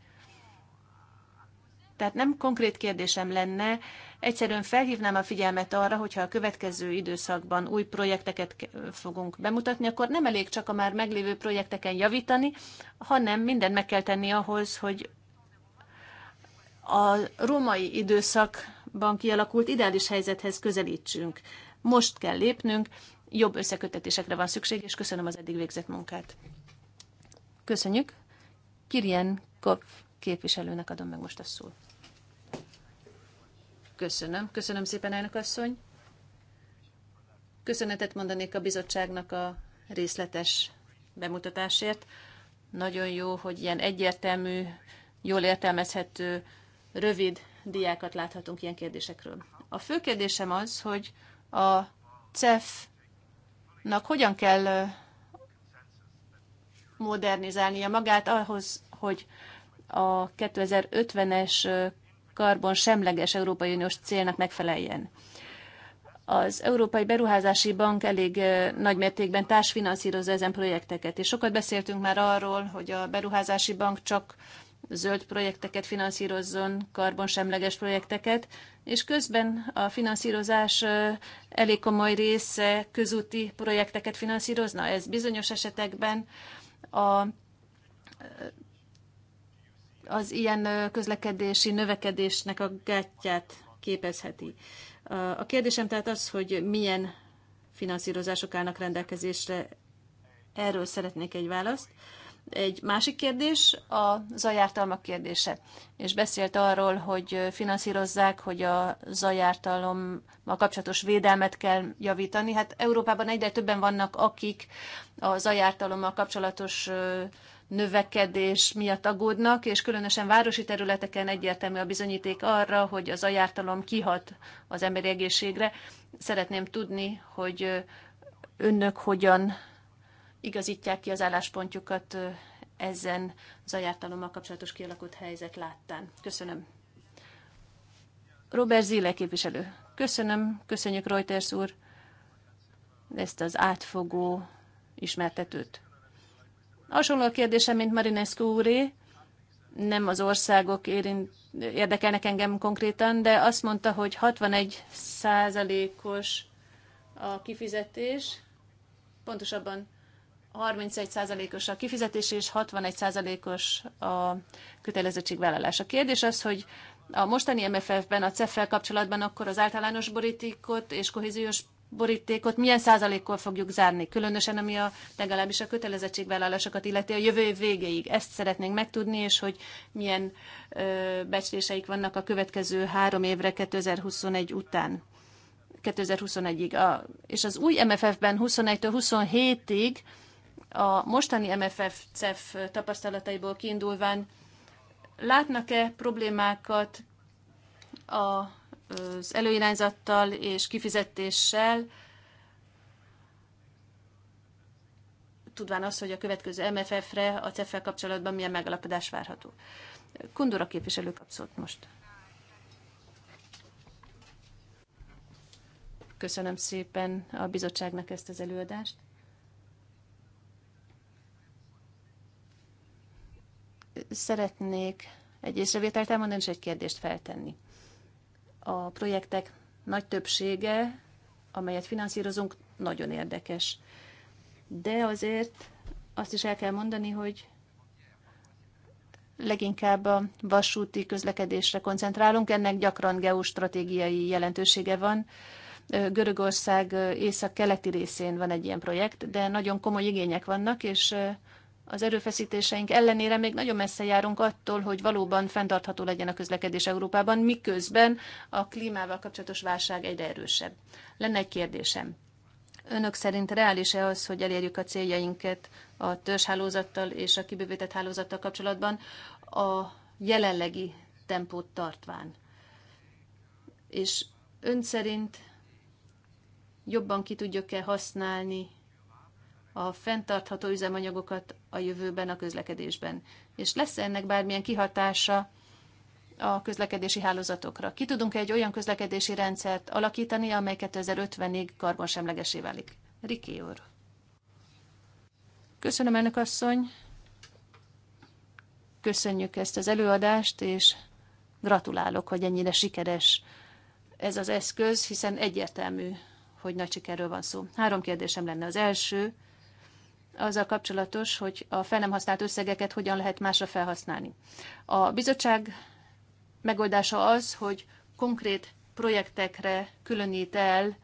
Tehát nem konkrét kérdésem lenne, egyszerűen felhívnám a figyelmet arra, hogyha a következő időszakban új projekteket fogunk bemutatni, akkor nem elég csak a már meglévő projekteken javítani, hanem mindent meg kell tenni ahhoz, hogy a római időszakban kialakult ideális helyzethez közelítsünk. Most kell lépnünk, jobb összekötetésekre van szükség, és köszönöm az eddig végzett munkát. Köszönjük. Kirjen Kop képviselőnek adom meg most a szót. Köszönöm. Köszönöm szépen, elnök asszony. Köszönetet mondanék a bizottságnak a részletes bemutatásért. Nagyon jó, hogy ilyen egyértelmű, jól értelmezhető, rövid diákat láthatunk ilyen kérdésekről. A fő kérdésem az, hogy a CEF-nak hogyan kell modernizálnia magát ahhoz, hogy a 2050-es karbon semleges Európai Uniós célnak megfeleljen. Az Európai Beruházási Bank elég nagy mértékben társfinanszírozza ezen projekteket, és sokat beszéltünk már arról, hogy a Beruházási Bank csak zöld projekteket finanszírozzon, karbonsemleges projekteket, és közben a finanszírozás elég komoly része közúti projekteket finanszírozna. Ez bizonyos esetekben a az ilyen közlekedési növekedésnek a gátját képezheti. A kérdésem tehát az, hogy milyen finanszírozások állnak rendelkezésre, erről szeretnék egy választ. Egy másik kérdés a zajártalmak kérdése. És beszélt arról, hogy finanszírozzák, hogy a zajártalommal kapcsolatos védelmet kell javítani. Hát Európában egyre többen vannak, akik a zajártalommal kapcsolatos növekedés miatt aggódnak, és különösen városi területeken egyértelmű a bizonyíték arra, hogy az ajártalom kihat az emberi egészségre. Szeretném tudni, hogy önök hogyan igazítják ki az álláspontjukat ezen az ajártalommal kapcsolatos kialakult helyzet láttán. Köszönöm. Robert Zile képviselő. Köszönöm, köszönjük Reuters úr ezt az átfogó ismertetőt. Hasonló a kérdésem, mint Marinescu úré, nem az országok érint, érdekelnek engem konkrétan, de azt mondta, hogy 61 százalékos a kifizetés, pontosabban 31 százalékos a kifizetés és 61 százalékos a kötelezettségvállalás. A kérdés az, hogy a mostani MFF-ben, a CEF-fel kapcsolatban akkor az általános borítékot és kohéziós borítékot milyen százalékkal fogjuk zárni, különösen ami a legalábbis a kötelezettségvállalásokat illeti a jövő év végéig. Ezt szeretnénk megtudni, és hogy milyen ö, becsléseik vannak a következő három évre 2021 után. 2021-ig. A, és az új MFF-ben 21-től 27-ig a mostani MFF-CEF tapasztalataiból kiindulván látnak-e problémákat a az előirányzattal és kifizetéssel, tudván azt, hogy a következő MFF-re a cef kapcsolatban milyen megalapodás várható. Kundura képviselő kap most. Köszönöm szépen a bizottságnak ezt az előadást. Szeretnék egy észrevételt elmondani, és egy kérdést feltenni a projektek nagy többsége, amelyet finanszírozunk, nagyon érdekes. De azért azt is el kell mondani, hogy leginkább a vasúti közlekedésre koncentrálunk. Ennek gyakran geostratégiai jelentősége van. Görögország észak-keleti részén van egy ilyen projekt, de nagyon komoly igények vannak, és az erőfeszítéseink ellenére még nagyon messze járunk attól, hogy valóban fenntartható legyen a közlekedés Európában, miközben a klímával kapcsolatos válság egyre erősebb. Lenne egy kérdésem. Önök szerint reális-e az, hogy elérjük a céljainket a törzshálózattal és a kibővített hálózattal kapcsolatban a jelenlegi tempót tartván? És ön szerint jobban ki tudjuk-e használni a fenntartható üzemanyagokat a jövőben a közlekedésben? És lesz -e ennek bármilyen kihatása a közlekedési hálózatokra? Ki tudunk -e egy olyan közlekedési rendszert alakítani, amely 2050-ig karbonsemlegesé válik? Riki úr. Köszönöm, elnök asszony. Köszönjük ezt az előadást, és gratulálok, hogy ennyire sikeres ez az eszköz, hiszen egyértelmű, hogy nagy sikerről van szó. Három kérdésem lenne. Az első, azzal kapcsolatos, hogy a fel nem használt összegeket hogyan lehet másra felhasználni. A bizottság megoldása az, hogy konkrét projektekre különít el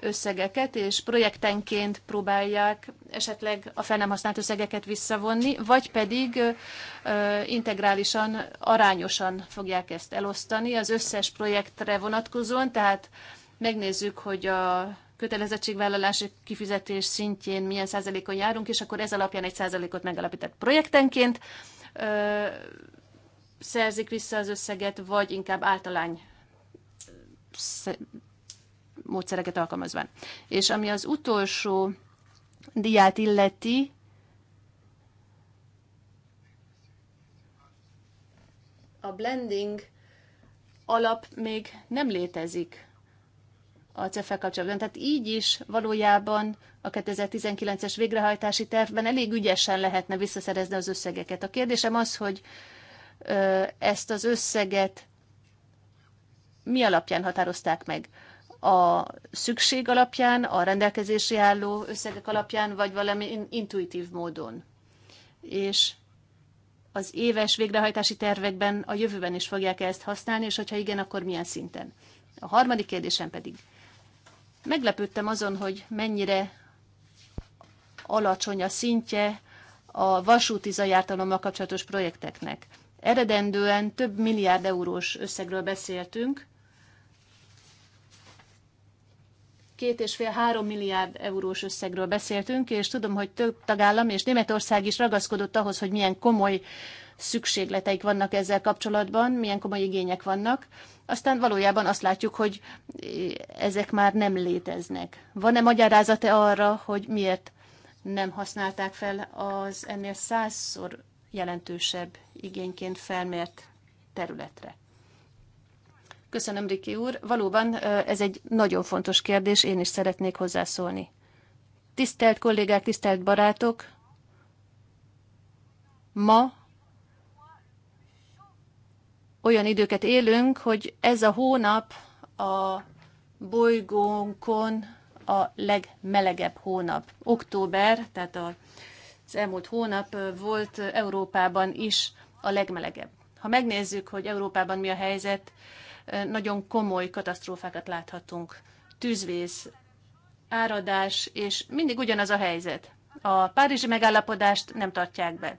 összegeket, és projektenként próbálják esetleg a fel nem használt összegeket visszavonni, vagy pedig integrálisan, arányosan fogják ezt elosztani az összes projektre vonatkozóan, tehát megnézzük, hogy a kötelezettségvállalási kifizetés szintjén milyen százalékon járunk, és akkor ez alapján egy százalékot megalapított projektenként ö, szerzik vissza az összeget, vagy inkább általány módszereket alkalmazván. És ami az utolsó diát illeti, a blending alap még nem létezik a cef kapcsolatban. Tehát így is valójában a 2019-es végrehajtási tervben elég ügyesen lehetne visszaszerezni az összegeket. A kérdésem az, hogy ezt az összeget mi alapján határozták meg? a szükség alapján, a rendelkezési álló összegek alapján, vagy valami intuitív módon. És az éves végrehajtási tervekben a jövőben is fogják -e ezt használni, és hogyha igen, akkor milyen szinten. A harmadik kérdésem pedig, Meglepődtem azon, hogy mennyire alacsony a szintje a vasúti zajártalommal kapcsolatos projekteknek. Eredendően több milliárd eurós összegről beszéltünk, két és fél három milliárd eurós összegről beszéltünk, és tudom, hogy több tagállam és Németország is ragaszkodott ahhoz, hogy milyen komoly szükségleteik vannak ezzel kapcsolatban, milyen komoly igények vannak. Aztán valójában azt látjuk, hogy ezek már nem léteznek. Van-e magyarázata arra, hogy miért nem használták fel az ennél százszor jelentősebb igényként felmért területre? Köszönöm, Riki úr. Valóban ez egy nagyon fontos kérdés, én is szeretnék hozzászólni. Tisztelt kollégák, tisztelt barátok! Ma olyan időket élünk, hogy ez a hónap a bolygónkon a legmelegebb hónap. Október, tehát az elmúlt hónap volt Európában is a legmelegebb. Ha megnézzük, hogy Európában mi a helyzet, nagyon komoly katasztrófákat láthatunk. Tűzvész, áradás, és mindig ugyanaz a helyzet. A párizsi megállapodást nem tartják be.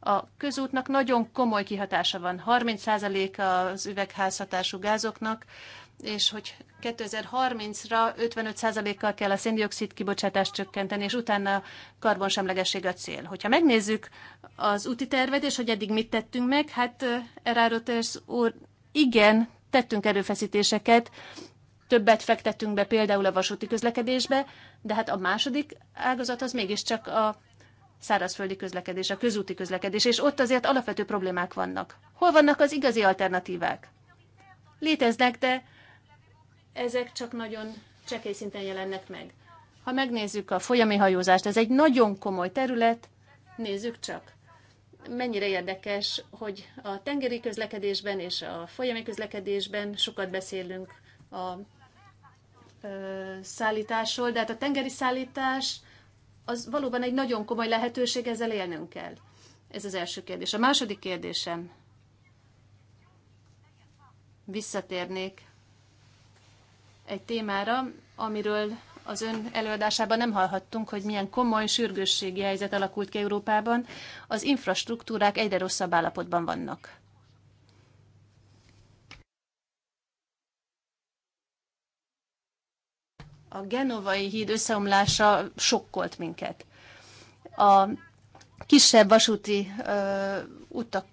A közútnak nagyon komoly kihatása van. 30% az üvegházhatású gázoknak, és hogy 2030-ra 55%-kal kell a széndiokszid kibocsátást csökkenteni, és utána karbonsemlegesség a cél. Hogyha megnézzük az úti tervet, és hogy eddig mit tettünk meg, hát Erárotes úr igen tettünk erőfeszítéseket, többet fektettünk be például a vasúti közlekedésbe, de hát a második ágazat az mégiscsak a szárazföldi közlekedés, a közúti közlekedés, és ott azért alapvető problémák vannak. Hol vannak az igazi alternatívák? Léteznek, de ezek csak nagyon csekély szinten jelennek meg. Ha megnézzük a folyami hajózást, ez egy nagyon komoly terület, nézzük csak mennyire érdekes, hogy a tengeri közlekedésben és a folyami közlekedésben sokat beszélünk a szállításról, de hát a tengeri szállítás az valóban egy nagyon komoly lehetőség, ezzel élnünk kell. Ez az első kérdés. A második kérdésem. Visszatérnék egy témára, amiről az ön előadásában nem hallhattunk, hogy milyen komoly sürgősségi helyzet alakult ki Európában. Az infrastruktúrák egyre rosszabb állapotban vannak. A genovai híd összeomlása sokkolt minket. A kisebb vasúti ö, utak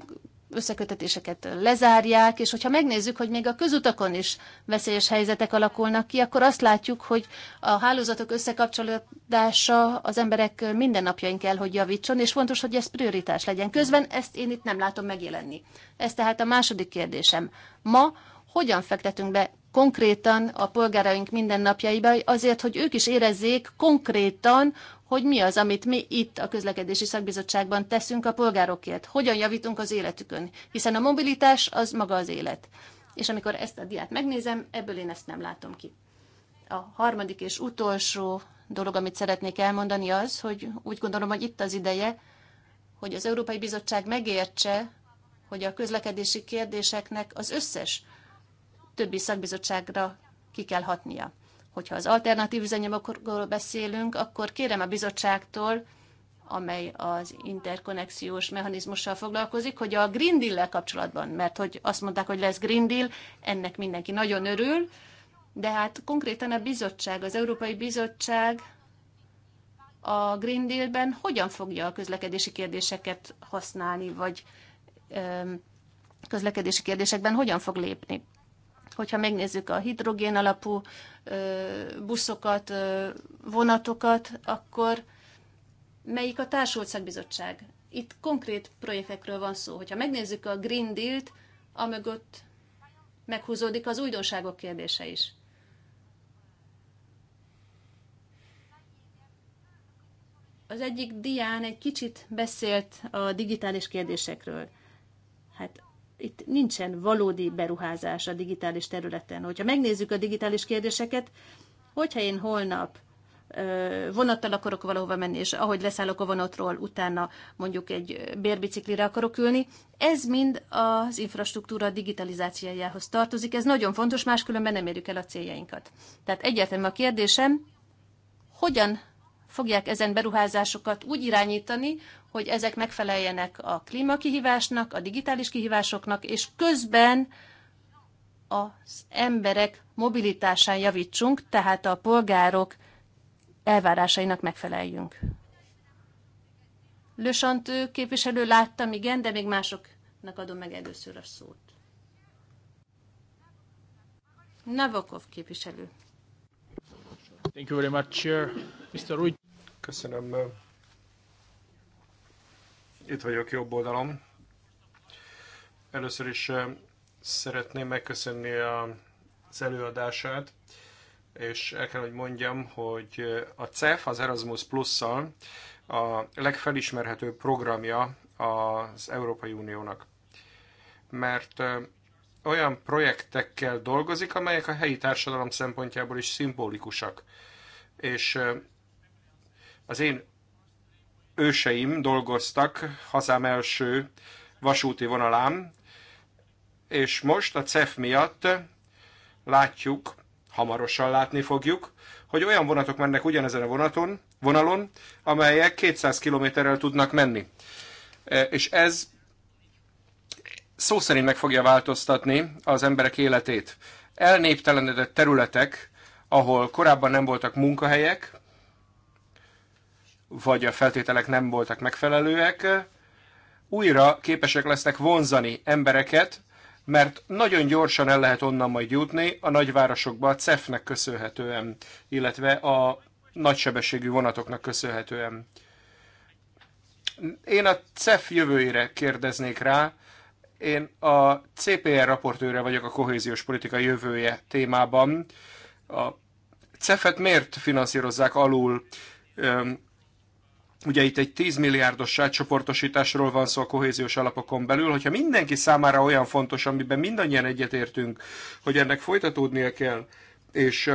összekötetéseket lezárják, és hogyha megnézzük, hogy még a közutakon is veszélyes helyzetek alakulnak ki, akkor azt látjuk, hogy a hálózatok összekapcsolódása az emberek mindennapjain kell, hogy javítson, és fontos, hogy ez prioritás legyen. Közben ezt én itt nem látom megjelenni. Ez tehát a második kérdésem. Ma hogyan fektetünk be konkrétan a polgáraink mindennapjaiba, azért, hogy ők is érezzék konkrétan, hogy mi az, amit mi itt a közlekedési szakbizottságban teszünk a polgárokért, hogyan javítunk az életükön, hiszen a mobilitás az maga az élet. És amikor ezt a diát megnézem, ebből én ezt nem látom ki. A harmadik és utolsó dolog, amit szeretnék elmondani az, hogy úgy gondolom, hogy itt az ideje, hogy az Európai Bizottság megértse, hogy a közlekedési kérdéseknek az összes többi szakbizottságra ki kell hatnia. Hogyha az alternatív üzemanyagokról beszélünk, akkor kérem a bizottságtól, amely az interkonexiós mechanizmussal foglalkozik, hogy a Green Deal-lel kapcsolatban, mert hogy azt mondták, hogy lesz Green Deal, ennek mindenki nagyon örül, de hát konkrétan a bizottság, az Európai Bizottság a Green Deal-ben hogyan fogja a közlekedési kérdéseket használni, vagy közlekedési kérdésekben hogyan fog lépni. Hogyha megnézzük a hidrogén alapú buszokat, vonatokat, akkor melyik a társult szakbizottság? Itt konkrét projektekről van szó. Hogyha megnézzük a Green Deal-t, amögött meghúzódik az újdonságok kérdése is. Az egyik dián egy kicsit beszélt a digitális kérdésekről itt nincsen valódi beruházás a digitális területen. Hogyha megnézzük a digitális kérdéseket, hogyha én holnap vonattal akarok valahova menni, és ahogy leszállok a vonatról, utána mondjuk egy bérbiciklire akarok ülni. Ez mind az infrastruktúra digitalizációjához tartozik. Ez nagyon fontos, máskülönben nem érjük el a céljainkat. Tehát egyértelmű a kérdésem, hogyan fogják ezen beruházásokat úgy irányítani, hogy ezek megfeleljenek a klímakihívásnak, a digitális kihívásoknak, és közben az emberek mobilitásán javítsunk, tehát a polgárok elvárásainak megfeleljünk. Lösant képviselő láttam, igen, de még másoknak adom meg először a szót. Navokov képviselő. Thank you very much, Chair. Mr. Rui. Köszönöm. Itt vagyok jobb oldalom. Először is szeretném megköszönni az előadását, és el kell, hogy mondjam, hogy a CEF az Erasmus Plus-szal a legfelismerhetőbb programja az Európai Uniónak. Mert olyan projektekkel dolgozik, amelyek a helyi társadalom szempontjából is szimbolikusak. És az én őseim dolgoztak hazám első vasúti vonalán, és most a CEF miatt látjuk, hamarosan látni fogjuk, hogy olyan vonatok mennek ugyanezen a vonaton, vonalon, amelyek 200 kilométerrel tudnak menni. E, és ez szó szerint meg fogja változtatni az emberek életét. Elnéptelenedett területek, ahol korábban nem voltak munkahelyek, vagy a feltételek nem voltak megfelelőek, újra képesek lesznek vonzani embereket, mert nagyon gyorsan el lehet onnan majd jutni a nagyvárosokba a CEF-nek köszönhetően, illetve a nagysebességű vonatoknak köszönhetően. Én a CEF jövőjére kérdeznék rá, én a CPR raportőre vagyok a kohéziós politika jövője témában. A CEF-et miért finanszírozzák alul? Ugye itt egy 10 milliárdos átcsoportosításról van szó a kohéziós alapokon belül, hogyha mindenki számára olyan fontos, amiben mindannyian egyetértünk, hogy ennek folytatódnia kell, és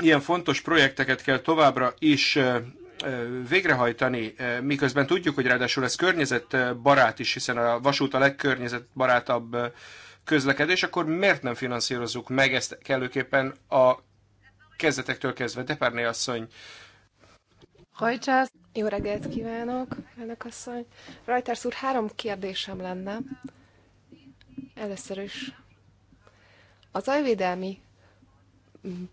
ilyen fontos projekteket kell továbbra is végrehajtani, miközben tudjuk, hogy ráadásul ez környezetbarát is, hiszen a vasút a legkörnyezetbarátabb közlekedés, akkor miért nem finanszírozzuk meg ezt kellőképpen a kezdetektől kezdve? Depárné asszony, Rajtász. Jó reggelt kívánok, elnök asszony. Rajtász úr, három kérdésem lenne. Először is Az ajvédelmi mm,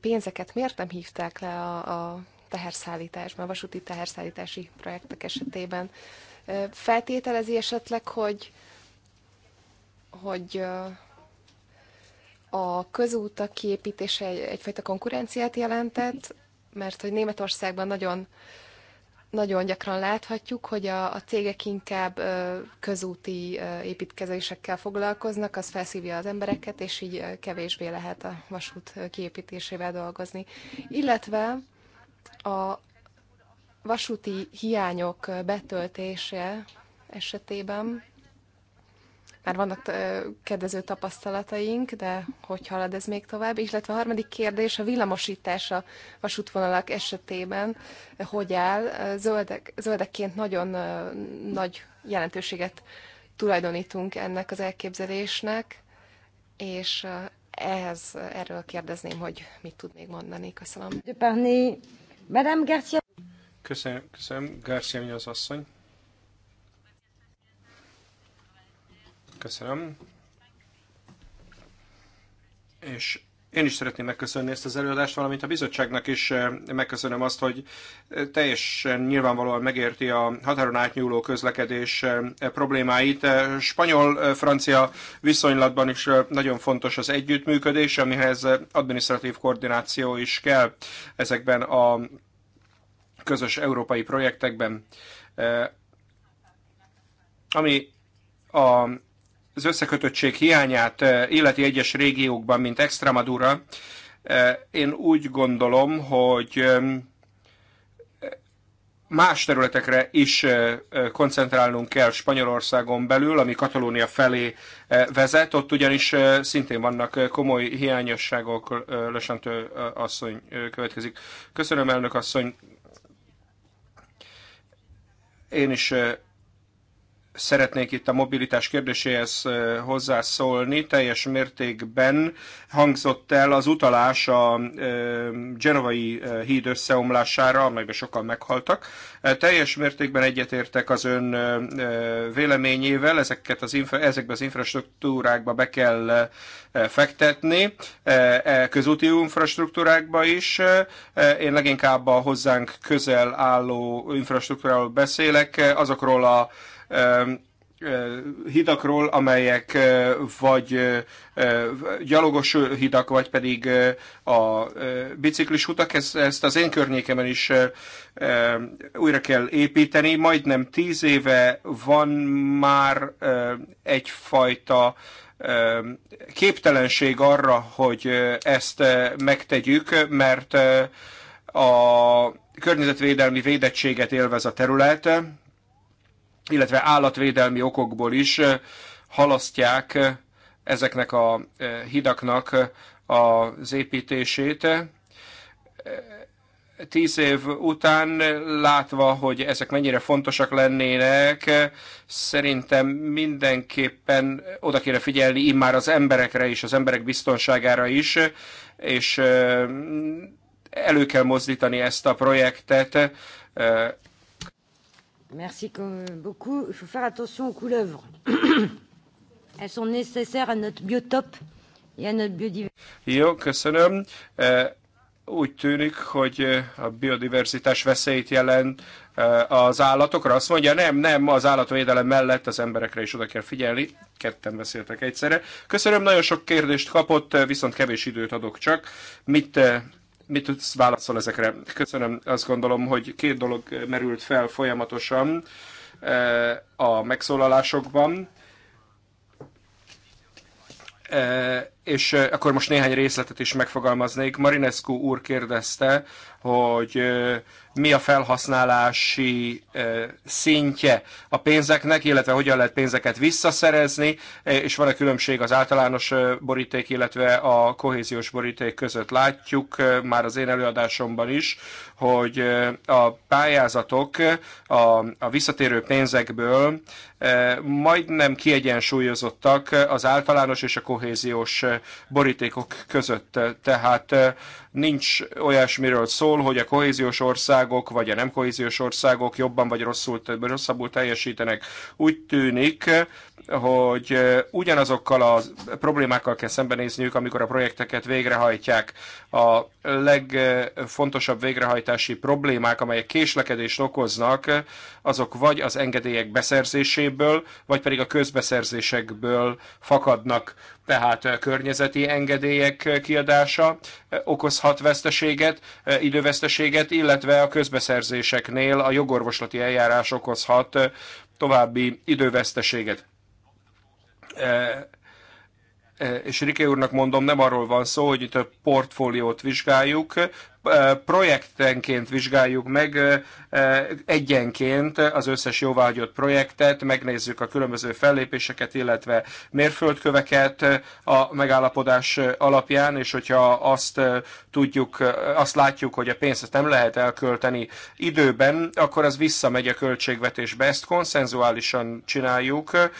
pénzeket miért nem hívták le a, a teherszállításban, a vasúti teherszállítási projektek esetében? Feltételezi esetleg, hogy, hogy a közúta kiépítése egyfajta konkurenciát jelentett mert hogy Németországban nagyon nagyon gyakran láthatjuk, hogy a, a cégek inkább ö, közúti ö, építkezésekkel foglalkoznak, az felszívja az embereket, és így ö, kevésbé lehet a vasút kiépítésével dolgozni. Illetve a vasúti hiányok betöltése esetében már vannak kedvező tapasztalataink, de hogy halad ez még tovább? És illetve a harmadik kérdés a villamosítás a vasútvonalak esetében, hogy áll? Zöldek, zöldekként nagyon nagy jelentőséget tulajdonítunk ennek az elképzelésnek, és ehhez erről kérdezném, hogy mit tud még mondani. Köszönöm. Madame Garcia. Köszönöm, köszönöm. Garcia, mi az asszony. Köszönöm. És én is szeretném megköszönni ezt az előadást, valamint a bizottságnak is eh, megköszönöm azt, hogy eh, teljesen nyilvánvalóan megérti a határon átnyúló közlekedés eh, problémáit. Spanyol-francia viszonylatban is nagyon fontos az együttműködés, amihez administratív koordináció is kell ezekben a közös európai projektekben. Ami a az összekötöttség hiányát eh, illeti egyes régiókban, mint Extremadura, eh, én úgy gondolom, hogy eh, más területekre is koncentrálnunk kell Spanyolországon belül, ami Katalónia felé vezet, ott ugyanis szintén vannak komoly hiányosságok, Lösentő asszony következik. Köszönöm, elnök asszony. Én is szeretnék itt a mobilitás kérdéséhez hozzászólni. Teljes mértékben hangzott el az utalás a genovai híd összeomlására, amelyben sokan meghaltak. Teljes mértékben egyetértek az ön véleményével, ezeket az infra, ezekbe az infrastruktúrákba be kell fektetni, e közúti infrastruktúrákba is. Én leginkább a hozzánk közel álló infrastruktúráról beszélek, azokról a hidakról, amelyek vagy gyalogos hidak, vagy pedig a biciklis utak. Ezt az én környékemen is újra kell építeni. Majdnem tíz éve van már egyfajta képtelenség arra, hogy ezt megtegyük, mert a környezetvédelmi védettséget élvez a terület, illetve állatvédelmi okokból is halasztják ezeknek a hidaknak az építését. Tíz év után látva, hogy ezek mennyire fontosak lennének, szerintem mindenképpen oda kéne figyelni immár az emberekre is, az emberek biztonságára is, és elő kell mozdítani ezt a projektet, Merci beaucoup. Il faut faire attention aux couleuvres. [COUGHS] Elles sont nécessaires à notre biotope et à notre biodiversité. Jó, köszönöm. Eh, úgy tűnik, hogy eh, a biodiverzitás veszélyt jelent eh, az állatokra. Azt mondja, nem, nem, az állatvédelem mellett az emberekre is oda kell figyelni. Ketten beszéltek egyszerre. Köszönöm, nagyon sok kérdést kapott, viszont kevés időt adok csak. Mit mit tudsz válaszol ezekre? Köszönöm, azt gondolom, hogy két dolog merült fel folyamatosan eh, a megszólalásokban eh, és akkor most néhány részletet is megfogalmaznék. Marinescu úr kérdezte, hogy mi a felhasználási szintje a pénzeknek, illetve hogyan lehet pénzeket visszaszerezni, és van-e különbség az általános boríték, illetve a kohéziós boríték között. Látjuk már az én előadásomban is, hogy a pályázatok a, a visszatérő pénzekből majdnem kiegyensúlyozottak az általános és a kohéziós borítékok között. Tehát nincs olyasmiről szól, hogy a kohéziós országok vagy a nem kohéziós országok jobban vagy rosszul, rosszabbul teljesítenek. Úgy tűnik, hogy ugyanazokkal a problémákkal kell szembenézniük, amikor a projekteket végrehajtják. A legfontosabb végrehajtási problémák, amelyek késlekedést okoznak, azok vagy az engedélyek beszerzéséből, vagy pedig a közbeszerzésekből fakadnak. Tehát a környezeti engedélyek kiadása okoz okozhat veszteséget, e, időveszteséget, illetve a közbeszerzéseknél a jogorvoslati eljárás okozhat e, további időveszteséget e, és Rike úrnak mondom, nem arról van szó, hogy itt a portfóliót vizsgáljuk, projektenként vizsgáljuk meg egyenként az összes jóváhagyott projektet, megnézzük a különböző fellépéseket, illetve mérföldköveket a megállapodás alapján, és hogyha azt tudjuk, azt látjuk, hogy a pénzt nem lehet elkölteni időben, akkor az visszamegy a költségvetésbe. Ezt konszenzuálisan csináljuk.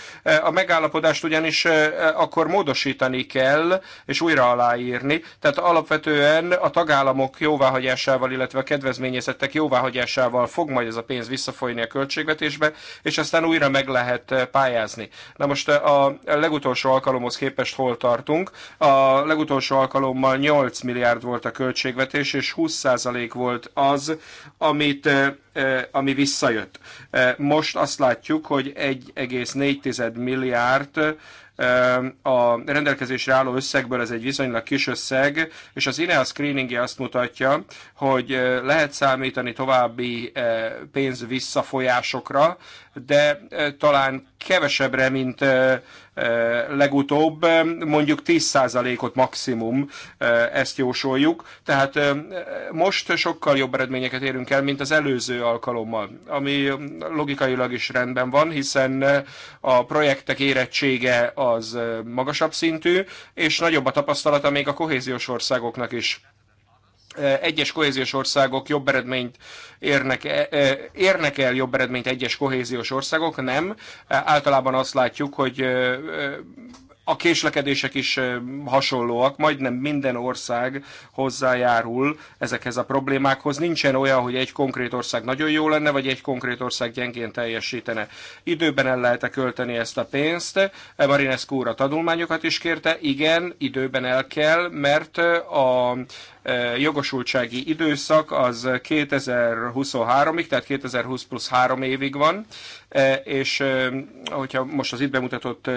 A megállapodást ugyanis akkor módosítani kell, és újra aláírni. Tehát alapvetően a tagállamok jó jóváhagyásával, illetve a kedvezményezettek jóváhagyásával fog majd ez a pénz visszafolyni a költségvetésbe, és aztán újra meg lehet eh, pályázni. Na most eh, a legutolsó alkalomhoz képest hol tartunk? A legutolsó alkalommal 8 milliárd volt a költségvetés, és 20% volt az, amit eh, ami visszajött. Most azt látjuk, hogy 1,4 milliárd a rendelkezésre álló összegből ez egy viszonylag kis összeg, és az INEA screeningje azt mutatja, hogy lehet számítani további pénz visszafolyásokra, de talán kevesebbre, mint legutóbb, mondjuk 10%-ot maximum ezt jósoljuk, tehát most sokkal jobb eredményeket érünk el, mint az előző alkalommal, ami logikailag is rendben van, hiszen a projektek érettsége az magasabb szintű, és nagyobb a tapasztalata még a kohéziós országoknak is Eh, egyes kohéziós országok jobb eredményt érnek, e, e, érnek el jobb eredményt egyes kohéziós országok, nem. Eh, általában azt látjuk, hogy eh, a késlekedések is hasonlóak, majdnem minden ország hozzájárul ezekhez a problémákhoz. Nincsen olyan, hogy egy konkrét ország nagyon jó lenne, vagy egy konkrét ország gyengén teljesítene. Időben el lehet -e költeni ezt a pénzt. Marinescu úr a tanulmányokat is kérte. Igen, időben el kell, mert a jogosultsági időszak az 2023-ig, tehát 2020 plusz 3 évig van, és hogyha most az itt bemutatott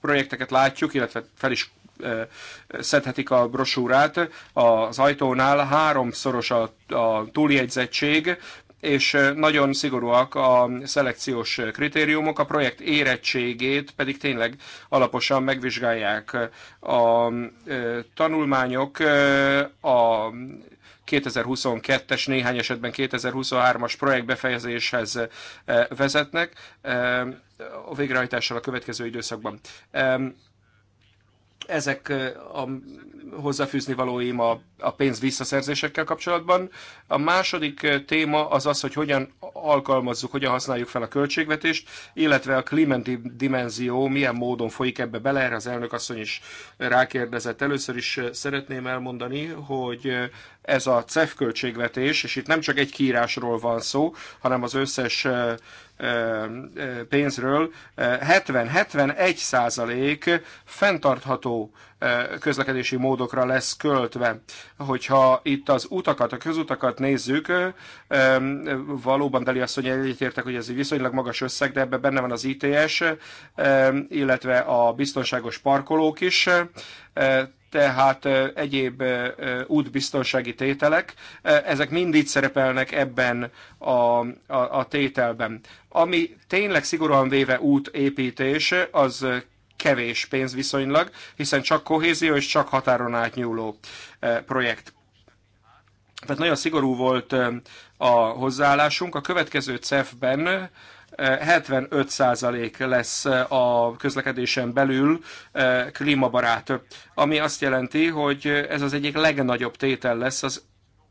projekteket látjuk, illetve fel is szedhetik a brosúrát az ajtónál, háromszoros a, a túljegyzettség, és nagyon szigorúak a szelekciós kritériumok, a projekt érettségét pedig tényleg alaposan megvizsgálják a tanulmányok, a 2022-es, néhány esetben 2023-as projekt befejezéshez vezetnek a végrehajtással a következő időszakban. Ezek a hozzáfűzni valóim a a pénz visszaszerzésekkel kapcsolatban. A második eh, téma az az, hogy hogyan alkalmazzuk, hogyan használjuk fel a költségvetést, illetve a klimenti dimenzió milyen módon folyik ebbe bele, erre az elnök asszony is rákérdezett. Először is eh, szeretném elmondani, hogy eh, ez a CEF költségvetés, és itt nem csak egy kiírásról van szó, hanem az összes pénzről, 70-71 százalék fenntartható közlekedési módokra lesz költve. Hogyha itt az utakat, a közutakat nézzük, valóban Deli asszony egyetértek, hogy ez egy viszonylag magas összeg, de ebben benne van az ITS, illetve a biztonságos parkolók is tehát egyéb útbiztonsági tételek, ezek mind itt szerepelnek ebben a, a, a tételben. Ami tényleg szigorúan véve útépítés, az kevés pénz viszonylag, hiszen csak kohézió és csak határon átnyúló eh, projekt. Tehát nagyon szigorú volt eh, a hozzáállásunk. A következő CEF-ben 75% eh, lesz a közlekedésen belül klímabarát, ami azt jelenti, hogy ez az egyik legnagyobb tétel lesz az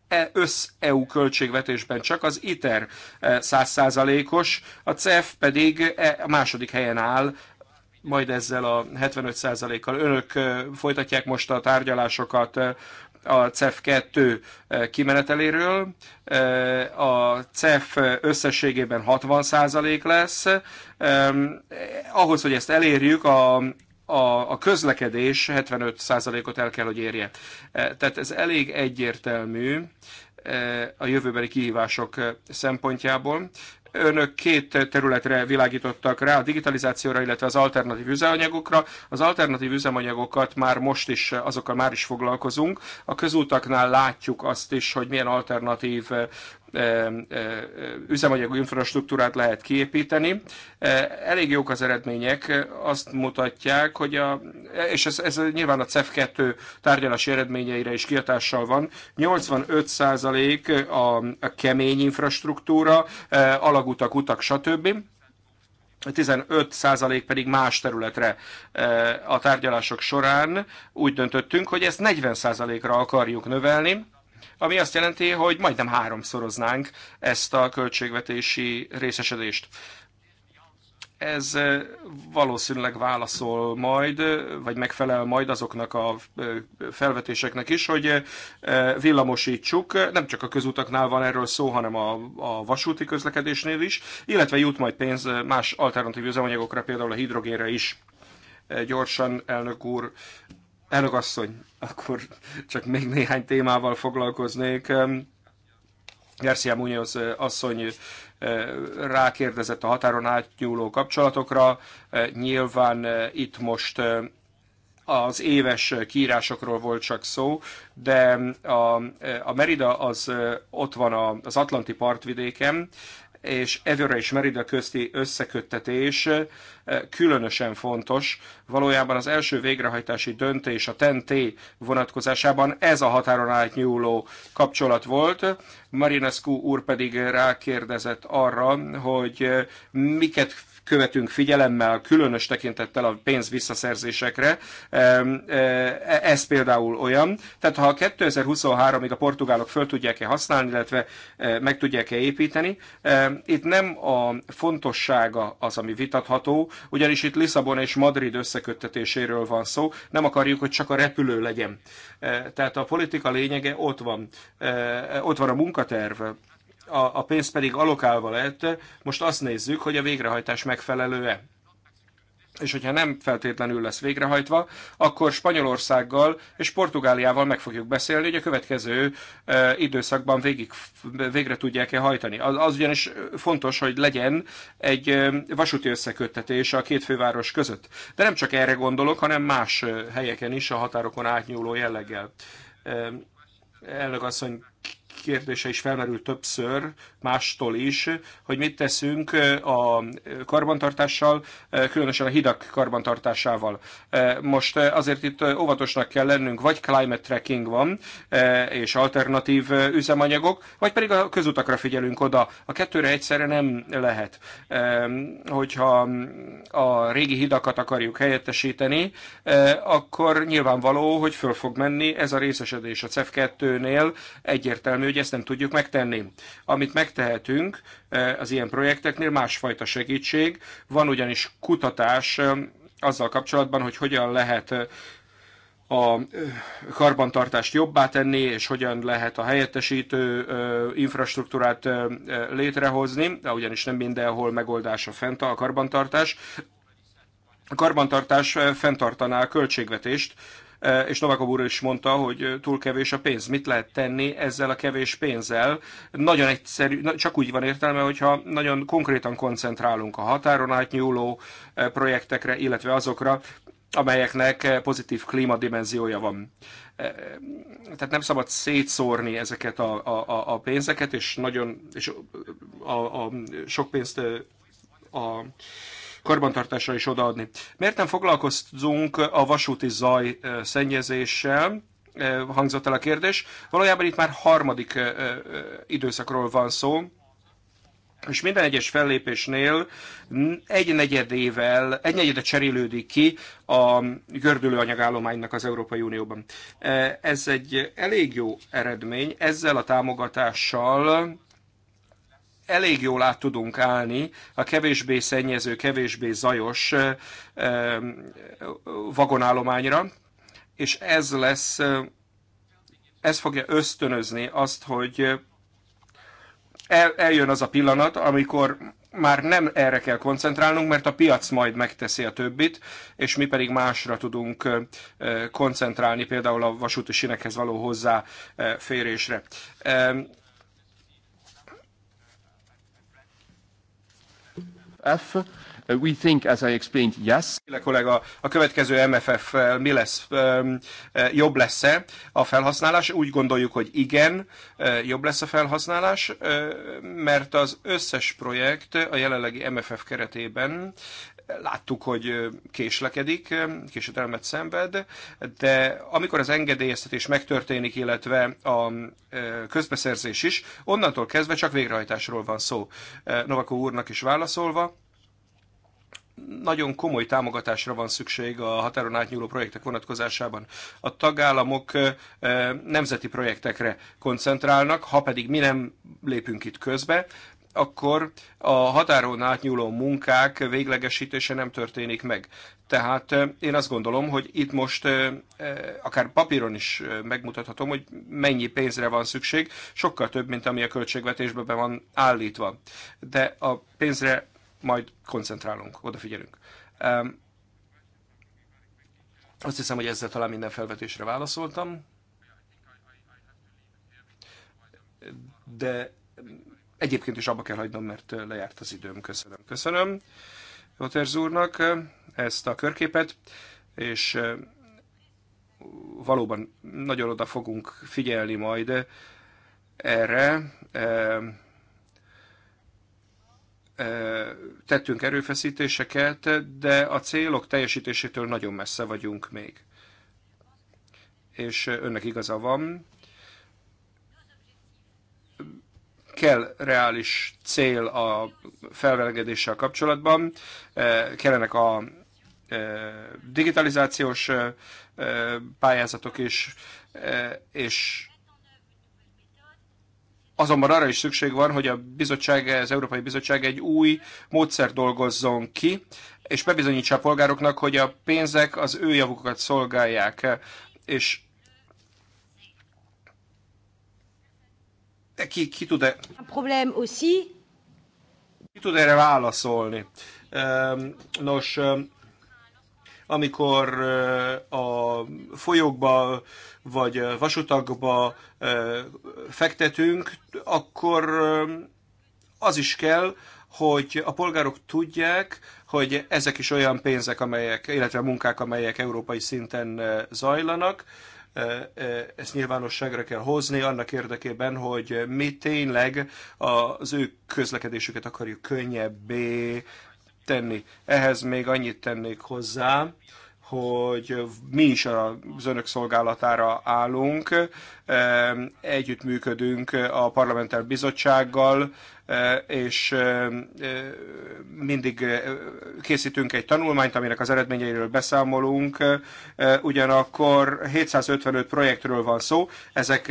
e, össz-EU költségvetésben csak az ITER 100%-os, a CEF pedig a második helyen áll majd ezzel a 75%-kal. Önök folytatják most a tárgyalásokat a CEF 2 kimeneteléről. A CEF összességében 60% lesz. Ahhoz, hogy ezt elérjük, a, a, a közlekedés 75%-ot el kell, hogy érje. Tehát ez elég egyértelmű a jövőbeli kihívások szempontjából. Önök két területre világítottak rá, a digitalizációra, illetve az alternatív üzemanyagokra. Az alternatív üzemanyagokat már most is, azokkal már is foglalkozunk. A közútaknál látjuk azt is, hogy milyen alternatív üzemanyag infrastruktúrát lehet kiépíteni. Elég jók az eredmények, azt mutatják, hogy a, és ez, ez nyilván a CEF2 tárgyalási eredményeire is kiatással van, 85% a, a kemény infrastruktúra, alagutak, utak, stb. 15% pedig más területre a tárgyalások során úgy döntöttünk, hogy ezt 40%-ra akarjuk növelni, ami azt jelenti, hogy majdnem háromszoroznánk ezt a költségvetési részesedést. Ez valószínűleg válaszol majd, vagy megfelel majd azoknak a felvetéseknek is, hogy villamosítsuk. Nem csak a közutaknál van erről szó, hanem a, a vasúti közlekedésnél is, illetve jut majd pénz más alternatív üzemanyagokra, például a hidrogénre is. Gyorsan, elnök úr, Elnök asszony, akkor csak még néhány témával foglalkoznék. Garcia Munoz asszony rákérdezett a határon átnyúló kapcsolatokra. Nyilván itt most az éves kiírásokról volt csak szó, de a, a Merida az ott van az Atlanti partvidéken, és Evora és Merida közti összeköttetés eh, különösen fontos. Valójában az első végrehajtási döntés a TNT vonatkozásában ez a határon átnyúló kapcsolat volt. Marinescu úr pedig rákérdezett arra, hogy eh, miket követünk figyelemmel, különös tekintettel a pénz visszaszerzésekre. E, ez például olyan. Tehát ha 2023-ig a portugálok föl tudják-e használni, illetve e, meg tudják-e építeni, e, itt nem a fontossága az, ami vitatható, ugyanis itt Lisszabon és Madrid összeköttetéséről van szó, nem akarjuk, hogy csak a repülő legyen. Tehát a politika lényege ott van. Ott van a munkaterv, a, a pénz pedig alokálva lett, most azt nézzük, hogy a végrehajtás megfelelő-e. És hogyha nem feltétlenül lesz végrehajtva, akkor Spanyolországgal és Portugáliával meg fogjuk beszélni, hogy a következő e, időszakban végig, végre tudják-e hajtani. Az, az ugyanis fontos, hogy legyen egy e, vasúti összeköttetés a két főváros között. De nem csak erre gondolok, hanem más helyeken is a határokon átnyúló jelleggel. E, elnök asszony kérdése is felmerült többször mástól is, hogy mit teszünk a karbantartással, különösen a hidak karbantartásával. Most azért itt óvatosnak kell lennünk, vagy climate tracking van, és alternatív üzemanyagok, vagy pedig a közutakra figyelünk oda. A kettőre egyszerre nem lehet. Hogyha a régi hidakat akarjuk helyettesíteni, akkor nyilvánvaló, hogy föl fog menni ez a részesedés a CEF2-nél egyértelmű mi ugye ezt nem tudjuk megtenni. Amit megtehetünk e, az ilyen projekteknél, másfajta segítség. Van ugyanis kutatás e, azzal kapcsolatban, hogy hogyan lehet e, a karbantartást jobbá tenni, és hogyan lehet a helyettesítő infrastruktúrát létrehozni, ugyanis nem mindenhol megoldása fent a karbantartás. A karbantartás fenntartaná a költségvetést, E, és Novakov úr is mondta, hogy e, túl kevés a pénz. Mit lehet tenni ezzel a kevés pénzzel? Nagyon egyszerű, csak úgy van értelme, hogyha nagyon konkrétan koncentrálunk a határon átnyúló e, projektekre, illetve azokra, amelyeknek pozitív klímadimenziója van. Tehát nem szabad szétszórni ezeket a, a, a pénzeket, és nagyon és a, a, a sok pénzt a karbantartásra is odaadni. Miért nem foglalkozzunk a vasúti zaj szennyezéssel? hangzott el a kérdés. Valójában itt már harmadik időszakról van szó, és minden egyes fellépésnél egy negyedével, egy negyede cserélődik ki a gördülőanyagállománynak az Európai Unióban. Ez egy elég jó eredmény, ezzel a támogatással elég jól át tudunk állni a kevésbé szennyező, kevésbé zajos vagonállományra, és ez lesz, ez fogja ösztönözni azt, hogy el, eljön az a pillanat, amikor már nem erre kell koncentrálnunk, mert a piac majd megteszi a többit, és mi pedig másra tudunk koncentrálni, például a vasúti sinekhez való hozzáférésre. MFF. Uh, we think, as I explained, yes. Kollega, a következő MFF-fel mi lesz, um, uh, jobb lesz-e a felhasználás? Úgy gondoljuk, hogy igen, uh, jobb lesz a felhasználás, mert az összes projekt a jelenlegi MFF keretében láttuk, hogy késlekedik, késedelmet szenved, de amikor az engedélyeztetés megtörténik, illetve a közbeszerzés is, onnantól kezdve csak végrehajtásról van szó. Novakó úrnak is válaszolva, nagyon komoly támogatásra van szükség a határon átnyúló projektek vonatkozásában. A tagállamok nemzeti projektekre koncentrálnak, ha pedig mi nem lépünk itt közbe, akkor a határon átnyúló munkák véglegesítése nem történik meg. Tehát én azt gondolom, hogy itt most akár papíron is megmutathatom, hogy mennyi pénzre van szükség, sokkal több, mint ami a költségvetésbe be van állítva. De a pénzre majd koncentrálunk, odafigyelünk. Azt hiszem, hogy ezzel talán minden felvetésre válaszoltam. De Egyébként is abba kell hagynom, mert lejárt az időm. Köszönöm. Köszönöm Joterz úrnak ezt a körképet, és valóban nagyon oda fogunk figyelni majd erre. Tettünk erőfeszítéseket, de a célok teljesítésétől nagyon messze vagyunk még. És önnek igaza van, kell reális cél a felvelegedéssel kapcsolatban, e, kellenek a e, digitalizációs e, pályázatok is, és Azonban arra is szükség van, hogy a bizottság, az Európai Bizottság egy új módszer dolgozzon ki, és bebizonyítsa a polgároknak, hogy a pénzek az ő javukat szolgálják. És ki, ki tud -e... A problém aussi. Ki tud erre válaszolni? Ehm, nos, ehm, amikor eh, a folyókba vagy eh, vasutakba eh, fektetünk, akkor az is kell, hogy a polgárok tudják, hogy ezek is olyan pénzek, amelyek, illetve munkák, amelyek európai szinten zajlanak, ezt nyilvánosságra kell hozni annak érdekében, hogy mi tényleg az ő közlekedésüket akarjuk könnyebbé tenni. Ehhez még annyit tennék hozzá, hogy mi is az önök szolgálatára állunk együttműködünk a parlamentár bizottsággal, e, és e, e, mindig készítünk egy tanulmányt, aminek az eredményeiről beszámolunk. Ugyanakkor 755 projektről van szó, ezek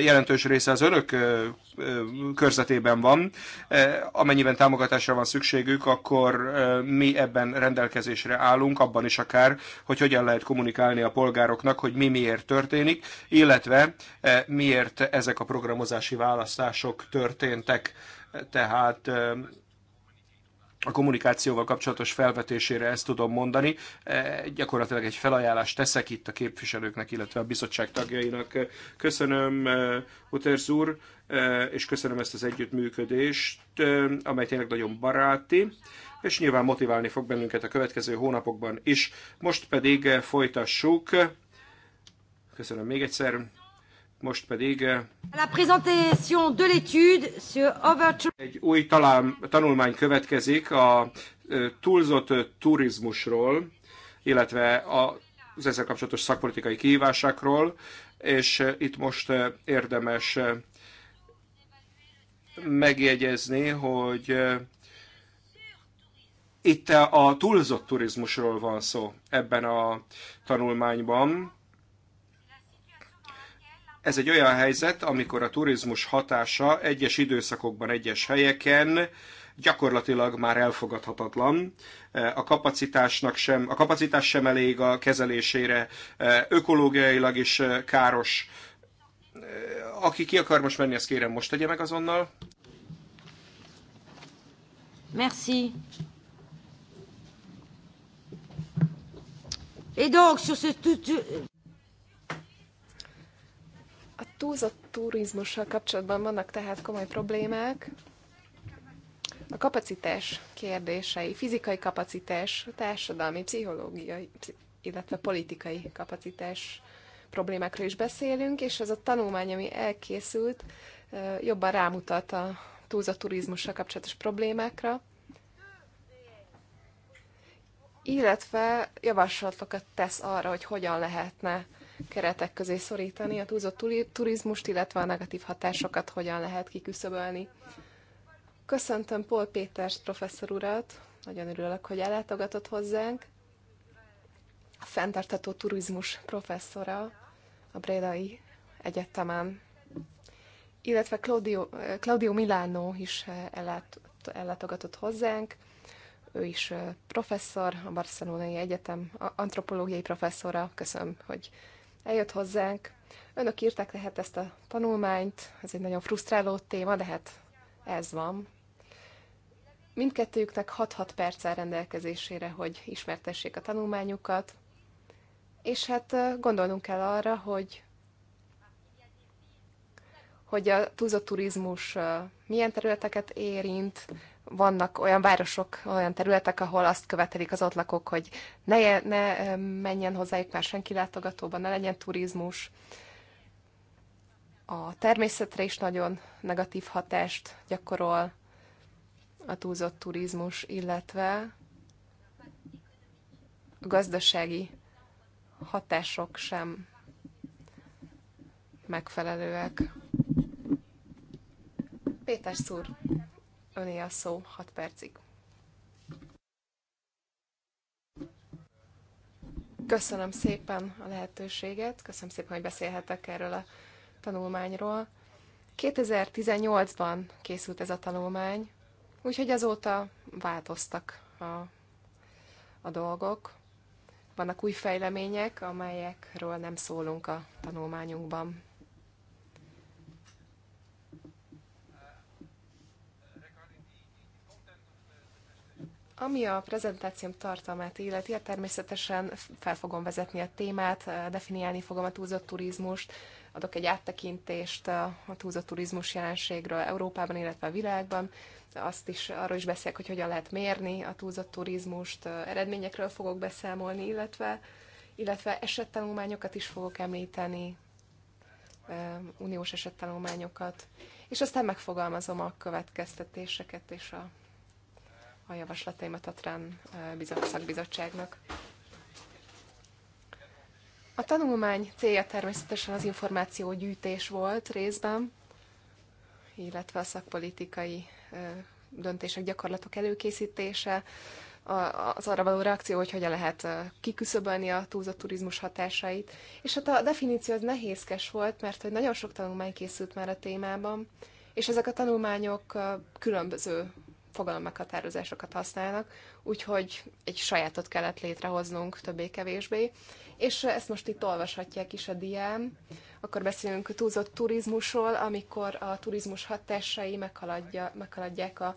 jelentős része az önök körzetében van. Amennyiben támogatásra van szükségük, akkor mi ebben rendelkezésre állunk, abban is akár, hogy hogyan lehet kommunikálni a polgároknak, hogy mi miért történik, illetve illetve eh, miért ezek a programozási választások történtek. Tehát eh, a kommunikációval kapcsolatos felvetésére ezt tudom mondani. Eh, gyakorlatilag egy felajánlást teszek itt a képviselőknek, illetve a bizottság tagjainak. Köszönöm, Uters úr, és köszönöm ezt az együttműködést, amely tényleg nagyon baráti, és nyilván motiválni fog bennünket a következő hónapokban is. Most pedig folytassuk. Köszönöm még egyszer. Most pedig eh, egy új talán, tanulmány következik a eh, túlzott turizmusról, illetve a, az ezzel kapcsolatos szakpolitikai kihívásokról, és eh, itt most érdemes megjegyezni, hogy itt a túlzott turizmusról van szó ebben a tanulmányban. Ez egy olyan helyzet, amikor a turizmus hatása egyes időszakokban, egyes helyeken gyakorlatilag már elfogadhatatlan. A kapacitásnak sem, a kapacitás sem elég a kezelésére, ökológiailag is káros. Aki ki akar most menni, ezt kérem most tegye meg azonnal. Merci. Et donc, sur ce... tout. A túlzott turizmussal kapcsolatban vannak tehát komoly problémák. A kapacitás kérdései, fizikai kapacitás, társadalmi, pszichológiai, illetve politikai kapacitás problémákról is beszélünk, és ez a tanulmány, ami elkészült, jobban rámutat a túlzott turizmussal kapcsolatos problémákra, illetve javaslatokat tesz arra, hogy hogyan lehetne keretek közé szorítani a túlzott turizmust, illetve a negatív hatásokat hogyan lehet kiküszöbölni. Köszöntöm Paul Péters professzor urat, nagyon örülök, hogy ellátogatott hozzánk. A fenntartató turizmus professzora a Brédai Egyetemen, illetve Claudio, Claudio Milano is ellát, ellátogatott hozzánk. Ő is professzor, a Barcelonai Egyetem antropológiai professzora. Köszönöm, hogy eljött hozzánk. Önök írták lehet ezt a tanulmányt, ez egy nagyon frusztráló téma, de hát ez van. Mindkettőjüknek 6-6 perc rendelkezésére, hogy ismertessék a tanulmányukat, és hát gondolnunk kell arra, hogy hogy a túlzott turizmus milyen területeket érint, vannak olyan városok, olyan területek, ahol azt követelik az ott lakók, hogy ne, ne menjen hozzájuk már senki látogatóban, ne legyen turizmus. A természetre is nagyon negatív hatást gyakorol a túlzott turizmus, illetve a gazdasági hatások sem megfelelőek. Péter Szúr Öné a szó 6 percig. Köszönöm szépen a lehetőséget, köszönöm szépen, hogy beszélhetek erről a tanulmányról. 2018-ban készült ez a tanulmány, úgyhogy azóta változtak a, a dolgok. Vannak új fejlemények, amelyekről nem szólunk a tanulmányunkban. Ami a prezentációm tartalmát illeti, hát természetesen fel fogom vezetni a témát, eh, definiálni fogom a túlzott turizmust, adok egy áttekintést a túlzott turizmus jelenségről Európában, illetve a világban. Azt is arról is beszélek, hogy hogyan lehet mérni a túlzott turizmust, eh, eredményekről fogok beszámolni, illetve, illetve esettanulmányokat is fogok említeni, eh, uniós esettanulmányokat, és aztán megfogalmazom a következtetéseket és a a javaslataimat a TRAN szakbizottságnak. A tanulmány célja természetesen az információgyűjtés volt részben, illetve a szakpolitikai döntések, gyakorlatok előkészítése, az arra való reakció, hogy hogyan lehet kiküszöbölni a túlzott turizmus hatásait. És hát a definíció az nehézkes volt, mert hogy nagyon sok tanulmány készült már a témában, és ezek a tanulmányok különböző fogalommeghatározásokat használnak, úgyhogy egy sajátot kellett létrehoznunk többé-kevésbé. És ezt most itt olvashatják is a diám. Akkor beszélünk a túlzott turizmusról, amikor a turizmus hatásai meghaladja, meghaladják a,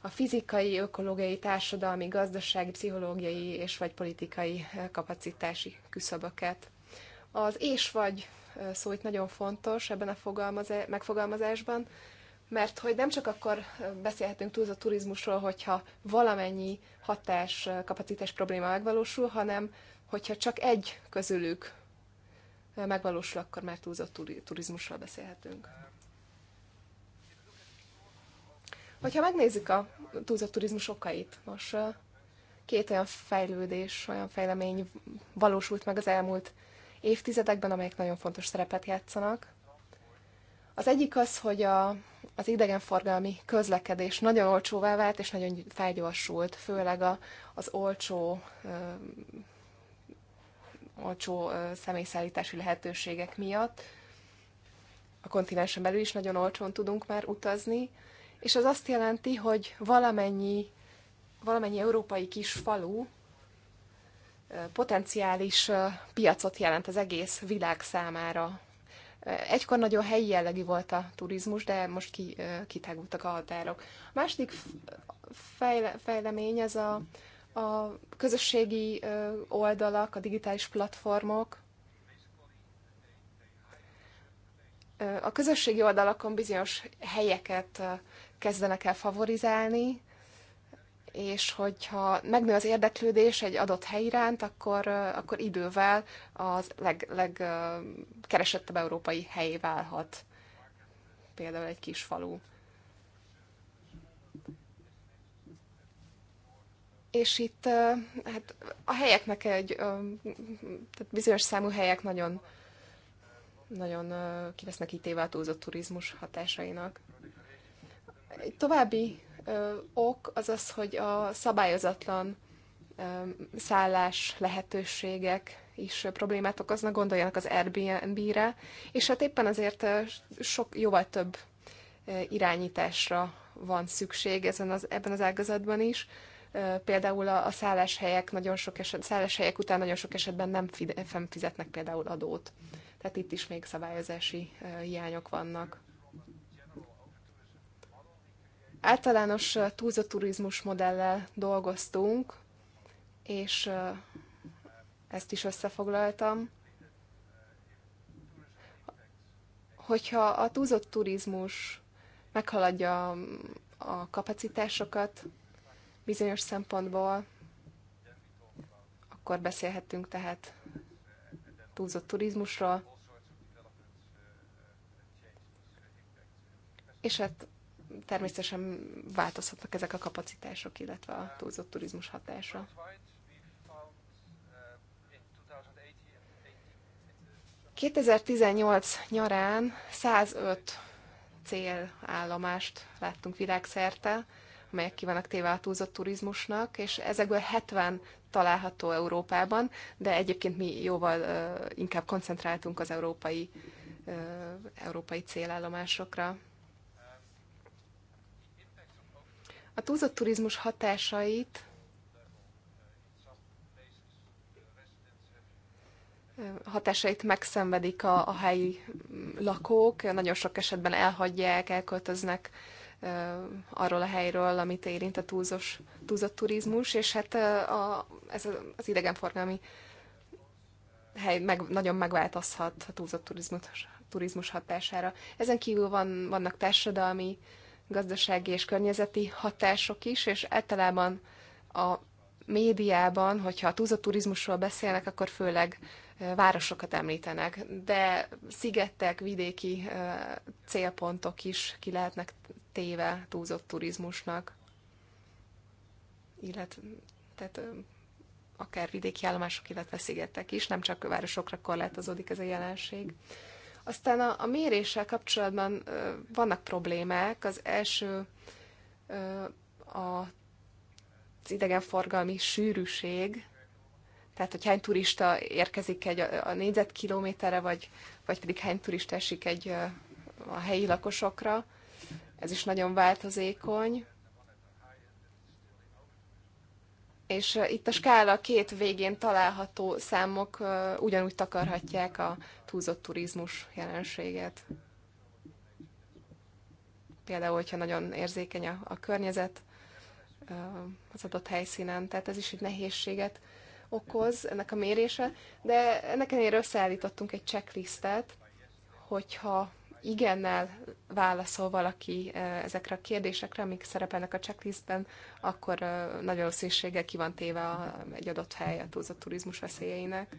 a fizikai, ökológiai, társadalmi, gazdasági, pszichológiai és vagy politikai eh, kapacitási küszöböket. Az és vagy eh, szó itt nagyon fontos ebben a megfogalmazásban, mert hogy nem csak akkor beszélhetünk túlzott turizmusról, hogyha valamennyi hatás, kapacitás probléma megvalósul, hanem hogyha csak egy közülük megvalósul, akkor már túlzott turizmusról beszélhetünk. Hogyha megnézzük a túlzott turizmus okait, most két olyan fejlődés, olyan fejlemény valósult meg az elmúlt évtizedekben, amelyek nagyon fontos szerepet játszanak. Az egyik az, hogy a az idegenforgalmi közlekedés nagyon olcsóvá vált, és nagyon felgyorsult, főleg a, az olcsó, ö, olcsó ö, személyszállítási lehetőségek miatt. A kontinensen belül is nagyon olcsón tudunk már utazni, és az azt jelenti, hogy valamennyi, valamennyi európai kis falu potenciális piacot jelent az egész világ számára Egykor nagyon helyi jellegű volt a turizmus, de most ki, kitágultak a határok. A második fejle, fejlemény ez a, a közösségi oldalak, a digitális platformok. A közösségi oldalakon bizonyos helyeket kezdenek el favorizálni, és hogyha megnő az érdeklődés egy adott hely iránt, akkor, akkor idővel az leg, európai helyé válhat. Például egy kis falu. És itt hát a helyeknek egy tehát bizonyos számú helyek nagyon, nagyon kivesznek ítéve a túlzott turizmus hatásainak. Egy további ok az az, hogy a szabályozatlan szállás lehetőségek is problémát okoznak, gondoljanak az Airbnb-re, és hát éppen azért sok, jóval több irányításra van szükség ezen az, ebben az ágazatban is. Például a, a szálláshelyek nagyon sok eset, szálláshelyek után nagyon sok esetben nem, fide, nem fizetnek például adót. Tehát itt is még szabályozási hiányok vannak általános túlzott turizmus modellel dolgoztunk, és ezt is összefoglaltam. Hogyha a túlzott turizmus meghaladja a kapacitásokat bizonyos szempontból, akkor beszélhetünk tehát túlzott turizmusról. És hát természetesen változhatnak ezek a kapacitások, illetve a túlzott turizmus hatása. ...2018 nyarán 105 célállomást láttunk világszerte, amelyek ki vannak téve a túlzott turizmusnak, és ezekből 70 található Európában, de egyébként mi jóval uh, inkább koncentráltunk az európai, uh, európai célállomásokra. A túlzott turizmus hatásait hatásait megszenvedik a, a helyi lakók, nagyon sok esetben elhagyják, elköltöznek arról a helyről, amit érint a túlzos, túlzott turizmus, és hát a, ez az idegenforgalmi hely meg, nagyon megváltozhat a túlzott turizmus, turizmus hatására. Ezen kívül van, vannak társadalmi gazdasági és környezeti hatások is, és általában a médiában, hogyha a túlzott turizmusról beszélnek, akkor főleg városokat említenek, de szigetek, vidéki célpontok is ki lehetnek téve túlzott turizmusnak, illetve tehát akár vidéki állomások, illetve szigetek is, nem csak városokra korlátozódik ez a jelenség. Aztán a, a méréssel kapcsolatban ö, vannak problémák. Az első ö, a, az idegenforgalmi sűrűség, tehát hogy hány turista érkezik egy a, a négyzetkilométerre, vagy, vagy pedig hány turista esik egy a helyi lakosokra. Ez is nagyon változékony. és itt a skála két végén található számok ugyanúgy takarhatják a túlzott turizmus jelenséget. Például, hogyha nagyon érzékeny a, a környezet az adott helyszínen, tehát ez is egy nehézséget okoz ennek a mérése, de ennek ennél összeállítottunk egy checklistet, hogyha igennel válaszol valaki eh, ezekre a kérdésekre, amik szerepelnek a checklistben, akkor eh, nagy valószínűséggel ki van téve egy adott hely a túlzott turizmus veszélyeinek.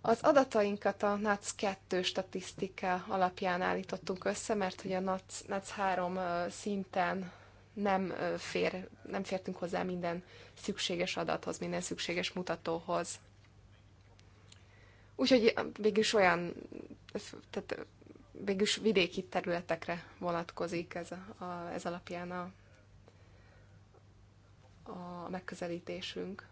Az adatainkat a NAC 2 statisztika alapján állítottunk össze, mert hogy a NAC, NAC 3 szinten nem, eh, fér, nem fértünk hozzá minden szükséges adathoz, minden szükséges mutatóhoz. Úgyhogy végülis olyan, tehát végülis vidéki területekre vonatkozik ez, a, a, ez alapján a, a megközelítésünk.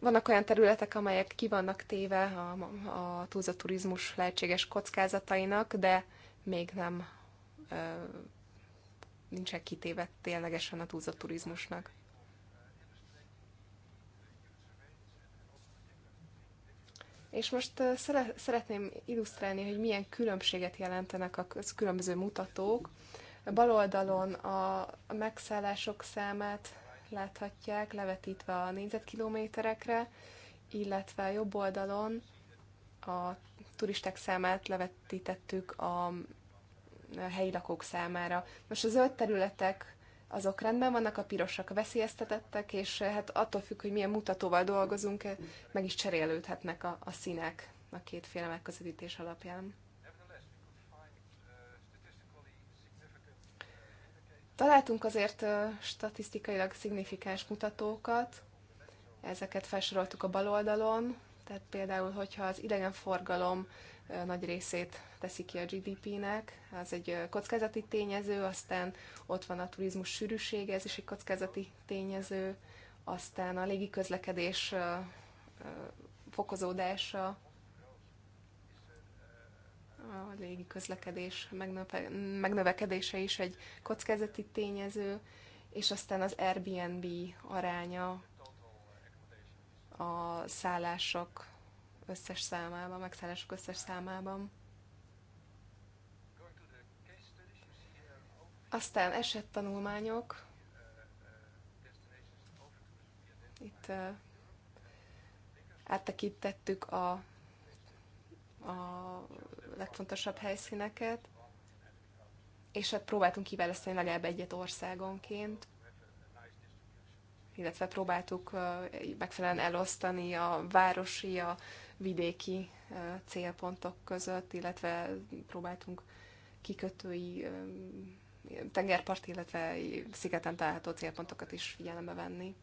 Vannak olyan területek, amelyek ki vannak téve a, a túlzott turizmus lehetséges kockázatainak, de még nem nincsen kitéve ténylegesen a túlzott turizmusnak. És most szeretném illusztrálni, hogy milyen különbséget jelentenek a különböző mutatók. A bal oldalon a megszállások számát láthatják, levetítve a négyzetkilométerekre, illetve a jobb oldalon a turisták számát levetítettük a helyi lakók számára. Most a zöld területek azok rendben vannak, a pirosak veszélyeztetettek, és eh, hát attól függ, hogy milyen mutatóval dolgozunk, eh, meg is cserélődhetnek a, a színek a kétféle megközelítés alapján. Találtunk azért eh, statisztikailag szignifikáns mutatókat, ezeket felsoroltuk a bal oldalon, tehát például, hogyha az idegenforgalom nagy részét teszi ki a GDP-nek. Az egy kockázati tényező, aztán ott van a turizmus sűrűsége, ez is egy kockázati tényező, aztán a légiközlekedés fokozódása, a légiközlekedés megnöve, megnövekedése is egy kockázati tényező, és aztán az Airbnb aránya a szállások összes számában, megszállások összes számában. Aztán esett tanulmányok. Itt uh, áttekintettük a, a legfontosabb helyszíneket, és hát próbáltunk kiválasztani legalább egyet országonként, illetve próbáltuk megfelelően elosztani a városi, a vidéki célpontok között, illetve próbáltunk kikötői tengerpart, illetve szigeten található célpontokat is figyelembe venni.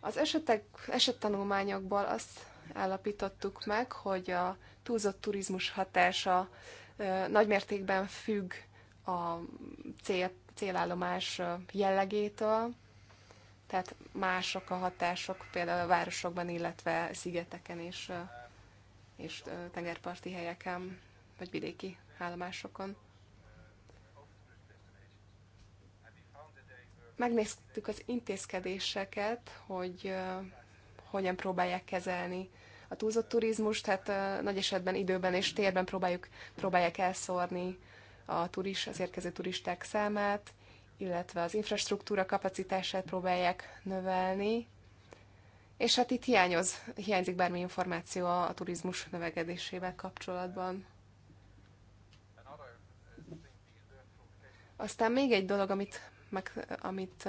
Az esetek, esettanulmányokból azt állapítottuk meg, hogy a túlzott turizmus hatása nagymértékben függ a cél, célállomás jellegétől, tehát mások a hatások például a városokban, illetve szigeteken is és tengerparti helyeken, vagy vidéki állomásokon. Megnéztük az intézkedéseket, hogy hogyan próbálják kezelni a túlzott turizmus, tehát nagy esetben időben és térben próbáljuk, próbálják elszórni a turis, az érkező turisták számát, illetve az infrastruktúra kapacitását próbálják növelni, és hát itt hiányoz, hiányzik bármi információ a, a turizmus növekedésével kapcsolatban. Aztán még egy dolog, amit, meg, amit,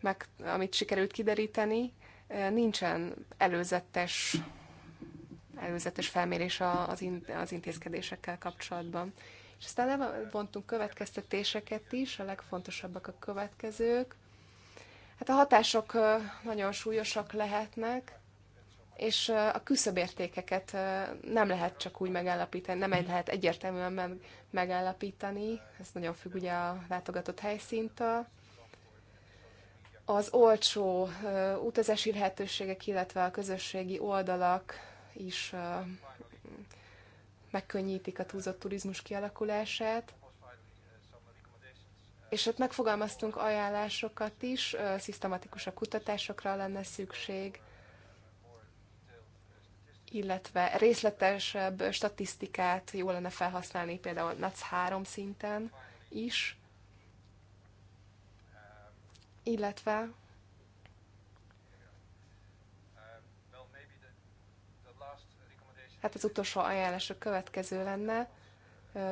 meg, amit sikerült kideríteni, nincsen előzetes, előzetes felmérés az, in, az intézkedésekkel kapcsolatban. És aztán levontunk következtetéseket is, a legfontosabbak a következők. Hát a hatások nagyon súlyosak lehetnek, és a küszöbértékeket nem lehet csak úgy megállapítani, nem lehet egyértelműen megállapítani, ez nagyon függ ugye a látogatott helyszíntől. Az olcsó utazási lehetőségek, illetve a közösségi oldalak is megkönnyítik a túlzott turizmus kialakulását és ott megfogalmaztunk ajánlásokat is, szisztematikusabb kutatásokra lenne szükség, illetve részletesebb statisztikát jó lenne felhasználni például NAC 3 szinten is, illetve hát az utolsó ajánlás a következő lenne,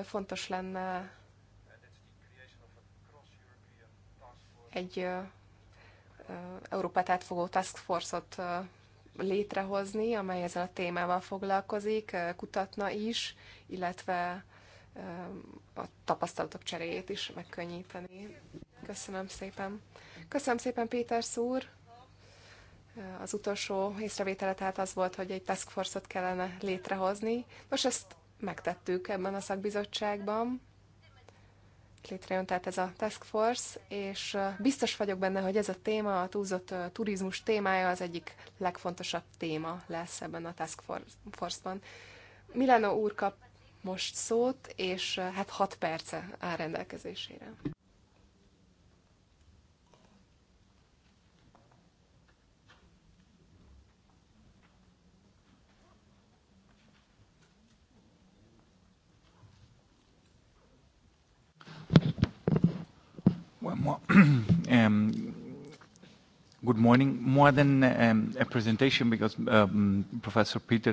fontos lenne egy Európát átfogó task force-ot létrehozni, amely ezen a témával foglalkozik, kutatna is, illetve a tapasztalatok cseréjét is megkönnyíteni. Köszönöm szépen. Köszönöm szépen, Péter Szúr. Az utolsó észrevétele tehát az volt, hogy egy task force-ot kellene létrehozni. Most ezt megtettük ebben a szakbizottságban létrejön tehát ez a Task Force, és biztos vagyok benne, hogy ez a téma, a túlzott turizmus témája az egyik legfontosabb téma lesz ebben a Task Force-ban. Milano úr kap most szót, és hát hat perce áll rendelkezésére. [CLEARS THROAT] um, good morning. More than um, a presentation, because um, Professor Peter.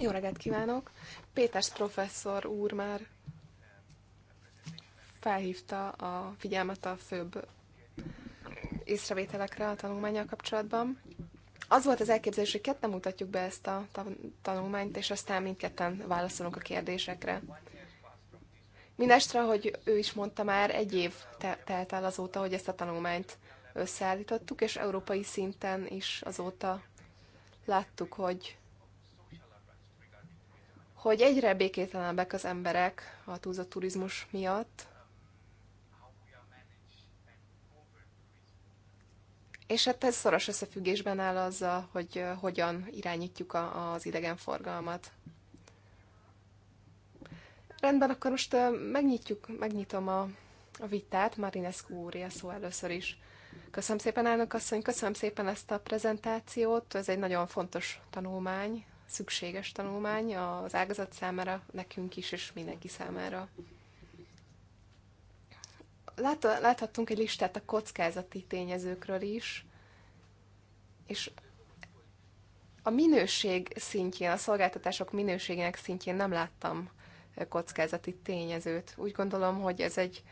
Jó reggelt kívánok! Péters professzor úr már felhívta a figyelmet a főbb észrevételekre a tanulmányjal kapcsolatban. Az volt az elképzelés, hogy ketten mutatjuk be ezt a tanulmányt, és aztán mindketten válaszolunk a kérdésekre. Minestra, hogy ő is mondta már, egy év telt el azóta, hogy ezt a tanulmányt összeállítottuk, és európai szinten is azóta láttuk, hogy hogy egyre békétlenebbek az emberek a túlzott turizmus miatt, És hát ez szoros összefüggésben áll azzal, hogy eh, hogyan irányítjuk az idegenforgalmat. Rendben, akkor most megnyitjuk, megnyitom a, a vitát. Marinescu úr szó először is. Köszönöm szépen, elnök asszony, köszönöm szépen ezt a prezentációt. Ez egy nagyon fontos tanulmány, szükséges tanulmány az ágazat számára, nekünk is, és mindenki számára. Lát, láthattunk egy listát a kockázati tényezőkről is, és a minőség szintjén, a szolgáltatások minőségének szintjén nem láttam kockázati tényezőt. Úgy gondolom, hogy ez egy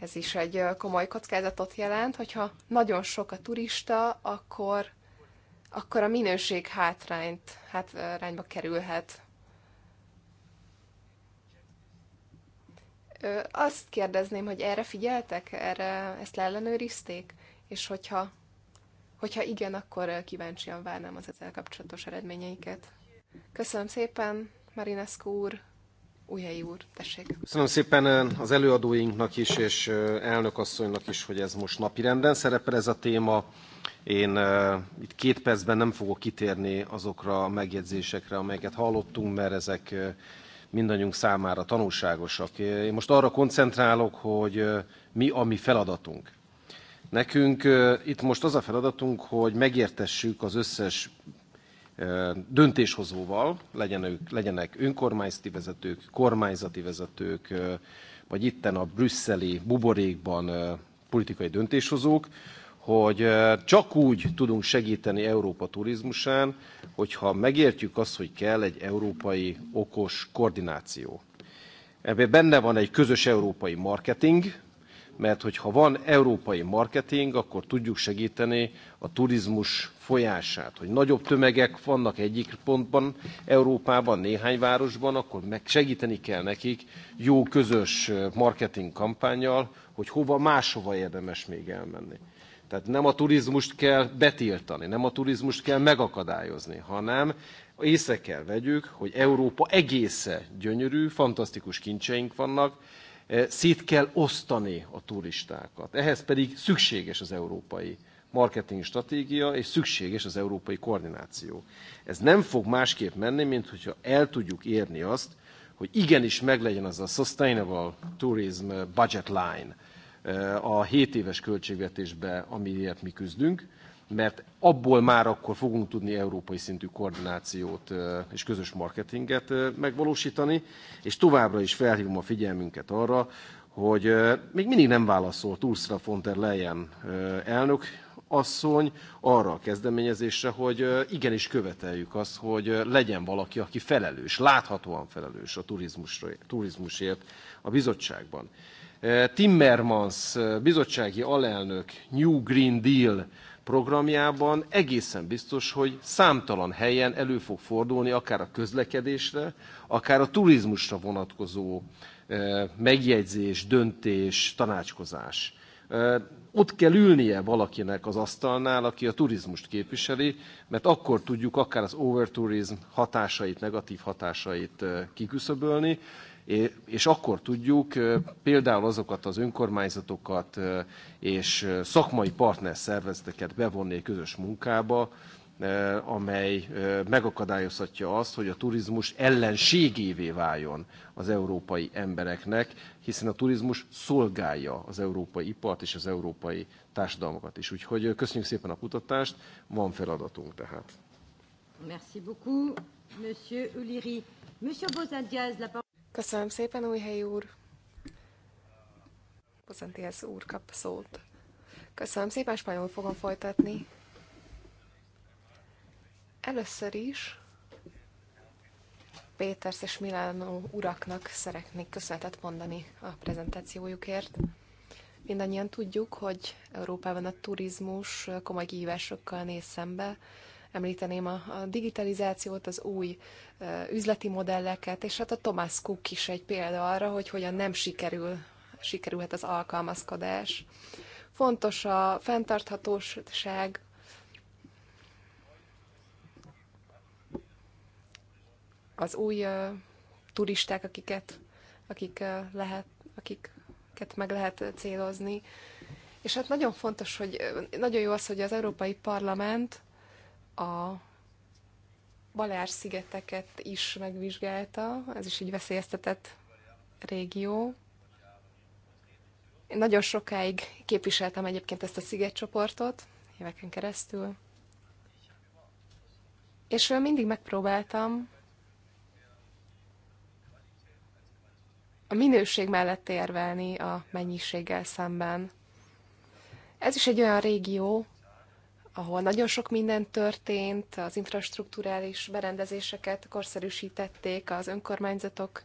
ez is egy komoly kockázatot jelent, hogyha nagyon sok a turista, akkor, akkor a minőség hátrányt, hátrányba kerülhet. Azt kérdezném, hogy erre figyeltek, erre ezt leellenőrizték, és hogyha, hogyha igen, akkor kíváncsian várnám az ezzel kapcsolatos eredményeiket. Köszönöm szépen, Marinescu úr! Újhelyi úr, tessék. Köszönöm szépen eh, az előadóinknak is, és eh, asszonynak is, hogy ez most napirenden szerepel ez a téma. Én eh, itt két percben nem fogok kitérni azokra a megjegyzésekre, amelyeket hallottunk, mert ezek mindannyiunk számára tanulságosak. Én most arra koncentrálok, hogy mi a mi feladatunk. Nekünk itt most az a feladatunk, hogy megértessük az összes döntéshozóval, legyenek, legyenek önkormányzati vezetők, kormányzati vezetők, vagy itten a brüsszeli buborékban politikai döntéshozók, hogy csak úgy tudunk segíteni Európa turizmusán, hogyha megértjük azt, hogy kell egy európai okos koordináció. Ebben benne van egy közös európai marketing, mert hogyha van európai marketing, akkor tudjuk segíteni a turizmus befolyását, hogy nagyobb tömegek vannak egyik pontban Európában, néhány városban, akkor meg segíteni kell nekik jó közös marketing kampányjal, hogy hova máshova érdemes még elmenni. Tehát nem a turizmust kell betiltani, nem a turizmust kell megakadályozni, hanem észre kell vegyük, hogy Európa egésze gyönyörű, fantasztikus kincseink vannak, szét kell osztani a turistákat. Ehhez pedig szükséges az európai marketing stratégia, és szükséges az európai koordináció. Ez nem fog másképp menni, mint hogyha el tudjuk érni azt, hogy igenis meglegyen az a Sustainable Tourism Budget Line eh, a 7 éves költségvetésbe, amiért mi küzdünk, mert abból már akkor fogunk tudni európai szintű koordinációt eh, és közös marketinget eh, megvalósítani, és továbbra is felhívom a figyelmünket arra, hogy még mindig nem válaszol Ursula von der Leyen elnök asszony arra a kezdeményezésre, hogy igenis követeljük azt, hogy legyen valaki, aki felelős, láthatóan felelős a turizmusért a bizottságban. Timmermans bizottsági alelnök New Green Deal programjában egészen biztos, hogy számtalan helyen elő fog fordulni akár a közlekedésre, akár a turizmusra vonatkozó megjegyzés, döntés, tanácskozás ott kell ülnie valakinek az asztalnál, aki a turizmust képviseli, mert akkor tudjuk akár az overtourism hatásait, negatív hatásait kiküszöbölni, és akkor tudjuk például azokat az önkormányzatokat és szakmai szervezeteket bevonni egy közös munkába, amely megakadályozhatja azt, hogy a turizmus ellenségévé váljon az európai embereknek, hiszen a turizmus szolgálja az európai ipart és az európai társadalmakat is. Úgyhogy köszönjük szépen a kutatást, van feladatunk tehát. Merci beaucoup, Monsieur Ulliri. Monsieur Bozantiaz, la parole. Köszönöm szépen, új helyi úr. Bozantiaz úr kap szót. Köszönöm szépen, spanyol fogom folytatni. Először is Péters és Milánó uraknak szeretnék köszönetet mondani a prezentációjukért. Mindannyian tudjuk, hogy Európában a turizmus komoly kihívásokkal néz szembe. Említeném a, digitalizációt, az új üzleti modelleket, és hát a Thomas Cook is egy példa arra, hogy hogyan nem sikerül, sikerülhet az alkalmazkodás. Fontos a fenntarthatóság, az új turisták, akiket, akik lehet, akiket meg lehet célozni. És hát nagyon fontos, hogy nagyon jó az, hogy az Európai Parlament a Baleár-szigeteket is megvizsgálta, ez is egy veszélyeztetett régió. Én nagyon sokáig képviseltem egyébként ezt a szigetcsoportot, éveken keresztül. És mindig megpróbáltam a minőség mellett érvelni a mennyiséggel szemben. Ez is egy olyan régió, ahol nagyon sok minden történt, az infrastruktúrális berendezéseket korszerűsítették, az önkormányzatok,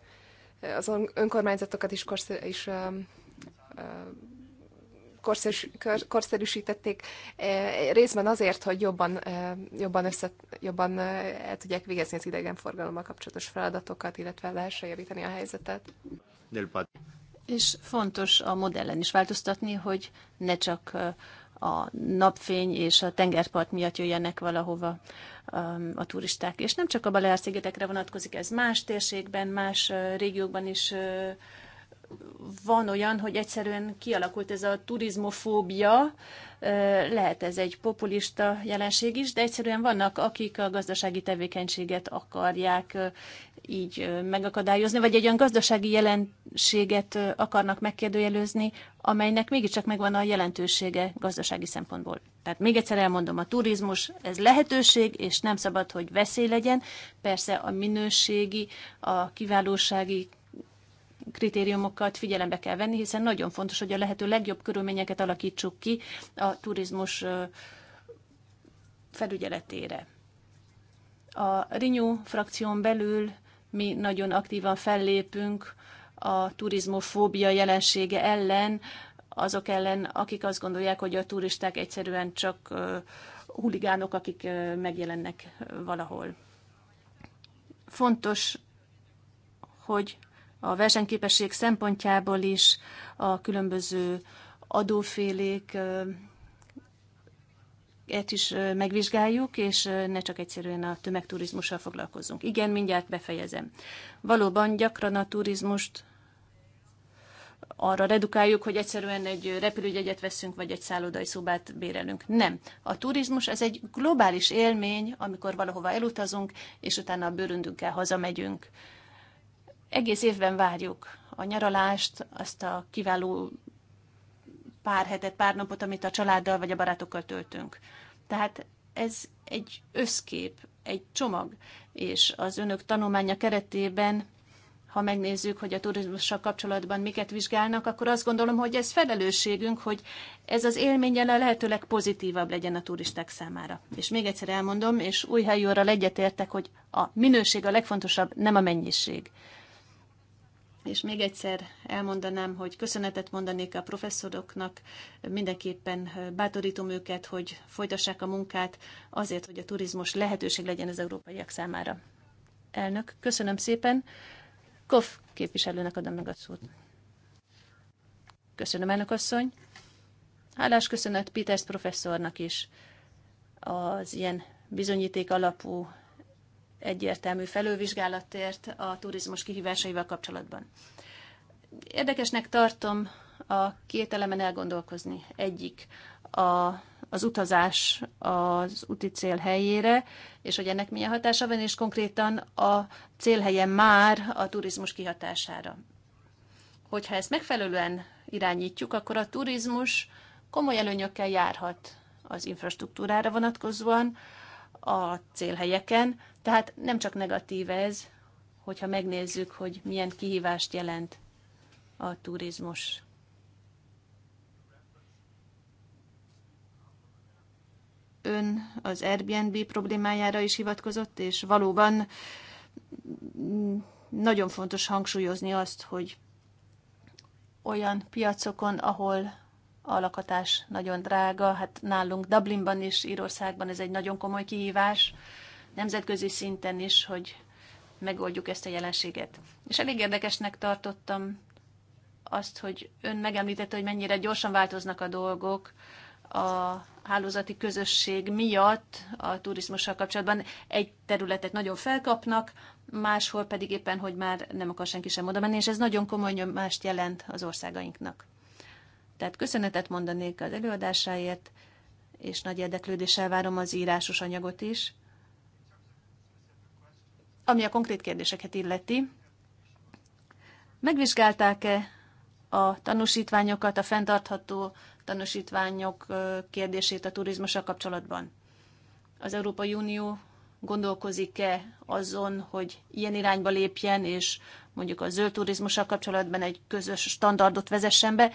az önkormányzatokat is, korszer, is korszerűs, korszerűsítették, e, részben azért, hogy jobban, jobban, össze, jobban el tudják végezni az idegenforgalommal kapcsolatos feladatokat, illetve lehessen javítani a helyzetet del És fontos a modellen is változtatni, hogy ne csak a napfény és a tengerpart miatt jöjjenek valahova a turisták. És nem csak a Balear-szigetekre vonatkozik, ez más térségben, más régiókban is van olyan, hogy egyszerűen kialakult ez a turizmofóbia, lehet ez egy populista jelenség is, de egyszerűen vannak, akik a gazdasági tevékenységet akarják így megakadályozni, vagy egy olyan gazdasági jelenséget akarnak megkérdőjelőzni, amelynek mégiscsak megvan a jelentősége gazdasági szempontból. Tehát még egyszer elmondom, a turizmus ez lehetőség, és nem szabad, hogy veszély legyen. Persze a minőségi, a kiválósági kritériumokat figyelembe kell venni, hiszen nagyon fontos, hogy a lehető legjobb körülményeket alakítsuk ki a turizmus felügyeletére. A Renew frakción belül mi nagyon aktívan fellépünk a turizmofóbia jelensége ellen, azok ellen, akik azt gondolják, hogy a turisták egyszerűen csak huligánok, akik megjelennek valahol. Fontos, hogy a versenyképesség szempontjából is a különböző adófélék ezt is megvizsgáljuk, és ne csak egyszerűen a tömegturizmussal foglalkozunk. Igen, mindjárt befejezem. Valóban gyakran a turizmust arra redukáljuk, hogy egyszerűen egy repülőjegyet veszünk, vagy egy szállodai szobát bérelünk. Nem. A turizmus ez egy globális élmény, amikor valahova elutazunk, és utána a bőröndünkkel hazamegyünk egész évben várjuk a nyaralást, azt a kiváló pár hetet, pár napot, amit a családdal vagy a barátokkal töltünk. Tehát ez egy összkép, egy csomag, és az önök tanulmánya keretében, ha megnézzük, hogy a turizmussal kapcsolatban miket vizsgálnak, akkor azt gondolom, hogy ez felelősségünk, hogy ez az élményen a lehetőleg pozitívabb legyen a turisták számára. És még egyszer elmondom, és új helyi egyetértek, hogy a minőség a legfontosabb, nem a mennyiség. És még egyszer elmondanám, hogy köszönetet mondanék a professzoroknak, mindenképpen bátorítom őket, hogy folytassák a munkát azért, hogy a turizmus lehetőség legyen az európaiak számára. Elnök, köszönöm szépen. Kof képviselőnek adom meg a szót. Köszönöm, elnök asszony. Hálás köszönet Peters professzornak is az ilyen bizonyíték alapú egyértelmű felővizsgálatért a turizmus kihívásaival kapcsolatban. Érdekesnek tartom a két elemen elgondolkozni. Egyik a, az utazás az úti cél helyére, és hogy ennek milyen hatása van, és konkrétan a célhelye már a turizmus kihatására. Hogyha ezt megfelelően irányítjuk, akkor a turizmus komoly előnyökkel járhat az infrastruktúrára vonatkozóan, a célhelyeken, tehát nem csak negatív ez, hogyha megnézzük, hogy milyen kihívást jelent a turizmus. Ön az Airbnb problémájára is hivatkozott, és valóban mm, nagyon fontos hangsúlyozni azt, hogy olyan piacokon, ahol a lakatás nagyon drága, hát nálunk Dublinban és Írországban ez egy nagyon komoly kihívás, nemzetközi szinten is, hogy megoldjuk ezt a jelenséget. És elég érdekesnek tartottam azt, hogy ön megemlítette, hogy mennyire gyorsan változnak a dolgok a hálózati közösség miatt a turizmussal kapcsolatban. Egy területet nagyon felkapnak, máshol pedig éppen, hogy már nem akar senki sem oda menni, és ez nagyon komoly nyomást jelent az országainknak. Tehát köszönetet mondanék az előadásáért, és nagy érdeklődéssel várom az írásos anyagot is. Ami a konkrét kérdéseket illeti, megvizsgálták-e a tanúsítványokat, a fenntartható tanúsítványok kérdését a turizmusa kapcsolatban? Az Európai Unió gondolkozik-e azon, hogy ilyen irányba lépjen, és mondjuk a zöld turizmusa kapcsolatban egy közös standardot vezessen be,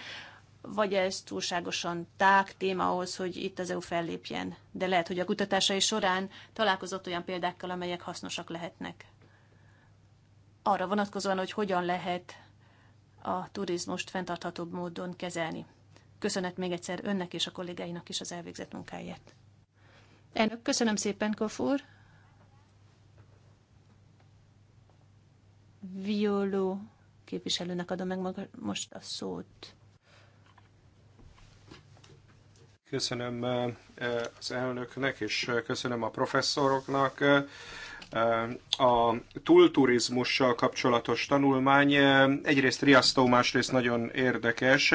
vagy ez túlságosan tág téma ahhoz, hogy itt az EU fellépjen. De lehet, hogy a kutatásai során találkozott olyan példákkal, amelyek hasznosak lehetnek. Arra vonatkozóan, hogy hogyan lehet a turizmust fenntarthatóbb módon kezelni. Köszönet még egyszer önnek és a kollégáinak is az elvégzett munkáját. Elnök, köszönöm szépen, Kofur. Violó képviselőnek adom meg most a szót. Köszönöm eh, eh, az elnöknek, és eh, köszönöm a professzoroknak. A túlturizmussal kapcsolatos tanulmány egyrészt riasztó, másrészt nagyon érdekes.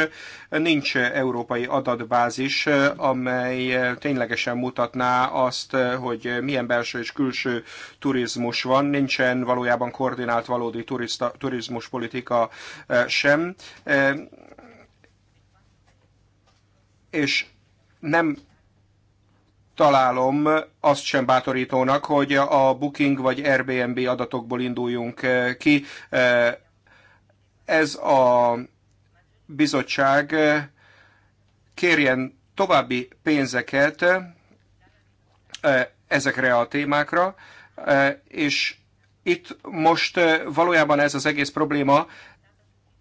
Nincs európai adatbázis, amely ténylegesen mutatná azt, hogy milyen belső és külső turizmus van. Nincsen valójában koordinált valódi turista, turizmuspolitika sem. És nem találom azt sem bátorítónak, hogy a Booking vagy Airbnb adatokból induljunk eh, ki. Eh, ez a bizottság eh, kérjen további pénzeket ezekre a témákra, és itt most valójában ez az egész probléma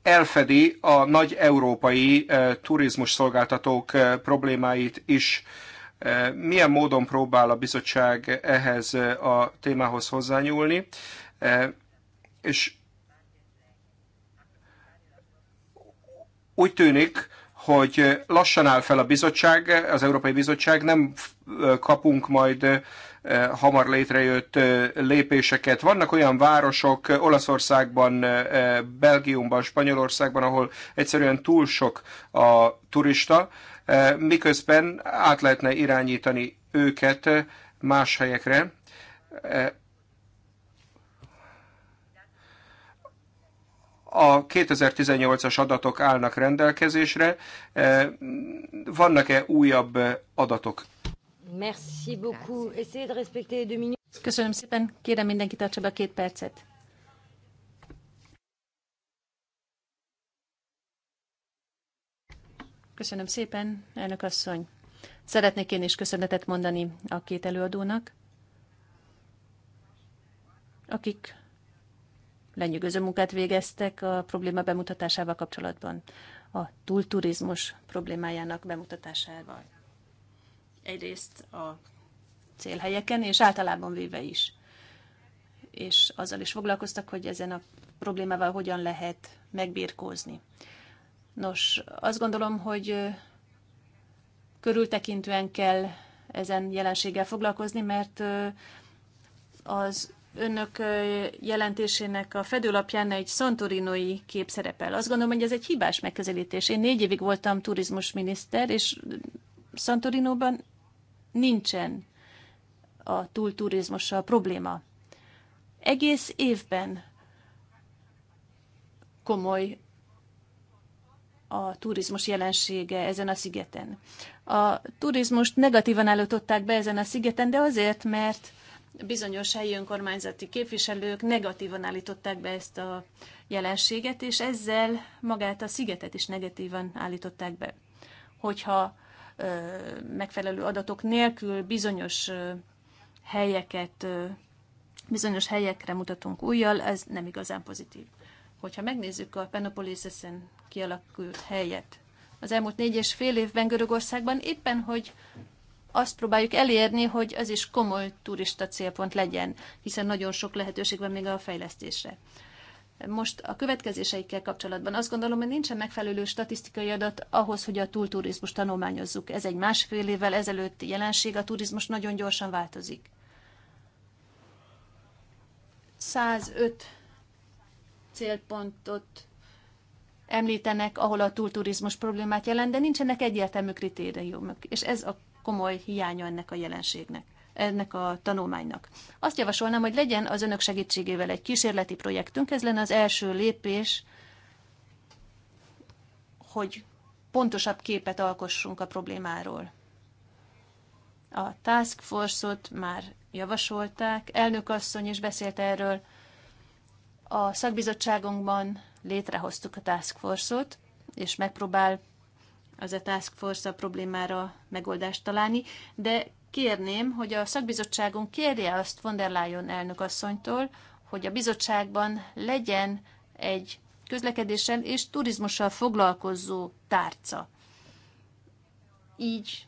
elfedi a nagy európai turizmus szolgáltatók problémáit is. Milyen módon próbál a bizottság ehhez a témához hozzányúlni? És úgy tűnik, hogy lassan áll fel a bizottság, az Európai Bizottság, nem kapunk majd Eh, hamar létrejött eh, lépéseket. Vannak olyan városok eh, Olaszországban, Belgiumban, Spanyolországban, ahol egyszerűen túl sok a turista, miközben át lehetne irányítani őket más helyekre. a 2018-as adatok állnak rendelkezésre. Vannak-e újabb adatok Merci beaucoup. Essayez de respecter deux minutes. Köszönöm szépen, kérem mindenki tartsa be két percet. Köszönöm szépen, elnök asszony. Szeretnék én is köszönetet mondani a két előadónak, akik lenyűgöző munkát végeztek a probléma bemutatásával kapcsolatban, a túlturizmus problémájának bemutatásával egyrészt a célhelyeken, és általában véve is. És azzal is foglalkoztak, hogy ezen a problémával hogyan lehet megbírkózni. Nos, azt gondolom, hogy körültekintően kell ezen jelenséggel foglalkozni, mert az önök jelentésének a fedőlapján egy szantorinoi kép szerepel. Azt gondolom, hogy ez egy hibás megközelítés. Én négy évig voltam turizmusminiszter, és Santorinóban nincsen a túlturizmussal probléma. Egész évben komoly a turizmus jelensége ezen a szigeten. A turizmust negatívan állították be ezen a szigeten, de azért, mert bizonyos helyi önkormányzati képviselők negatívan állították be ezt a jelenséget, és ezzel magát a szigetet is negatívan állították be. Hogyha megfelelő adatok nélkül bizonyos helyeket, bizonyos helyekre mutatunk újjal, ez nem igazán pozitív. Hogyha megnézzük a penopolis eszen kialakult helyet, az elmúlt négy és fél évben Görögországban éppen, hogy azt próbáljuk elérni, hogy az is komoly turista célpont legyen, hiszen nagyon sok lehetőség van még a fejlesztésre. Most a következéseikkel kapcsolatban azt gondolom, hogy nincsen megfelelő statisztikai adat ahhoz, hogy a túlturizmus tanulmányozzuk. Ez egy másfél évvel ezelőtti jelenség, a turizmus nagyon gyorsan változik. 105 célpontot említenek, ahol a túlturizmus problémát jelent, de nincsenek egyértelmű kritériumok, és ez a komoly hiánya ennek a jelenségnek ennek a tanulmánynak. Azt javasolnám, hogy legyen az önök segítségével egy kísérleti projektünk, ez lenne az első lépés, hogy pontosabb képet alkossunk a problémáról. A task force-ot már javasolták, elnök asszony is beszélt erről. A szakbizottságunkban létrehoztuk a task force-ot, és megpróbál az a e task force a problémára megoldást találni, de kérném, hogy a szakbizottságunk kérje azt von der Leyen elnökasszonytól, hogy a bizottságban legyen egy közlekedéssel és turizmussal foglalkozó tárca. Így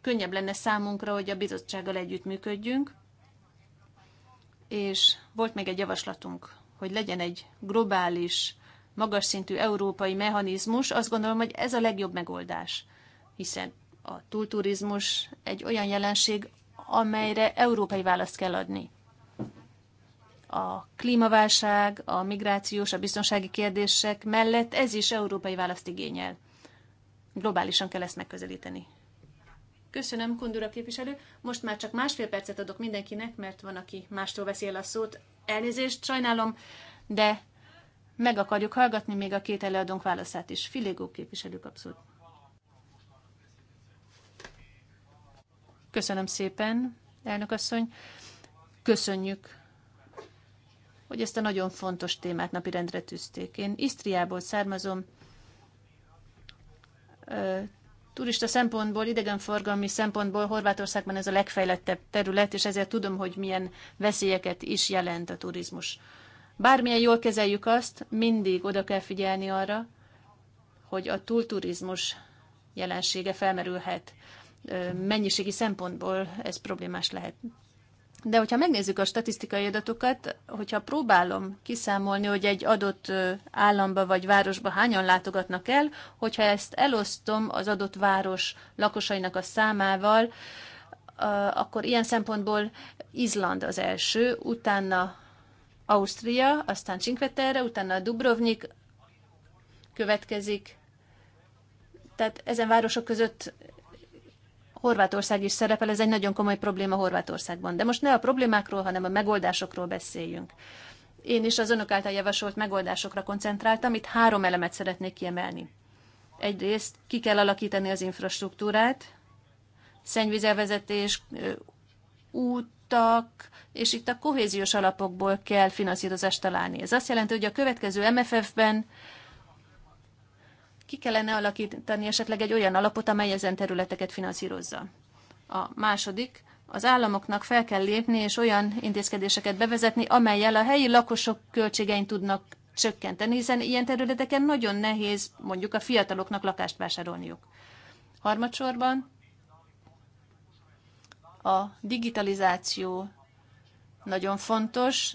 könnyebb lenne számunkra, hogy a bizottsággal együttműködjünk. És volt még egy javaslatunk, hogy legyen egy globális, magas szintű európai mechanizmus. Azt gondolom, hogy ez a legjobb megoldás, hiszen a túlturizmus egy olyan jelenség, amelyre európai választ kell adni. A klímaválság, a migrációs, a biztonsági kérdések mellett ez is európai választ igényel. Globálisan kell ezt megközelíteni. Köszönöm, Kundura képviselő. Most már csak másfél percet adok mindenkinek, mert van, aki mástól veszi el a szót. Elnézést, sajnálom, de meg akarjuk hallgatni még a két előadónk válaszát is. Filégó képviselő kapszót. Köszönöm szépen, elnök asszony. Köszönjük, hogy ezt a nagyon fontos témát napirendre tűzték. Én Isztriából származom, turista szempontból, idegenforgalmi szempontból Horvátországban ez a legfejlettebb terület, és ezért tudom, hogy milyen veszélyeket is jelent a turizmus. Bármilyen jól kezeljük azt, mindig oda kell figyelni arra, hogy a túlturizmus jelensége felmerülhet mennyiségi szempontból ez problémás lehet. De hogyha megnézzük a statisztikai adatokat, hogyha próbálom kiszámolni, hogy egy adott államba vagy városba hányan látogatnak el, hogyha ezt elosztom az adott város lakosainak a számával, akkor ilyen szempontból Izland az első, utána Ausztria, aztán Csinkveterre, utána Dubrovnik következik. Tehát ezen városok között Horvátország is szerepel, ez egy nagyon komoly probléma Horvátországban. De most ne a problémákról, hanem a megoldásokról beszéljünk. Én is az önök által javasolt megoldásokra koncentráltam, itt három elemet szeretnék kiemelni. Egyrészt ki kell alakítani az infrastruktúrát, szennyvizelvezetés, útak, és itt a kohéziós alapokból kell finanszírozást találni. Ez azt jelenti, hogy a következő MFF-ben ki kellene alakítani esetleg egy olyan alapot, amely ezen területeket finanszírozza. A második, az államoknak fel kell lépni és olyan intézkedéseket bevezetni, amelyel a helyi lakosok költségein tudnak csökkenteni, hiszen ilyen területeken nagyon nehéz mondjuk a fiataloknak lakást vásárolniuk. Harmadsorban a digitalizáció nagyon fontos.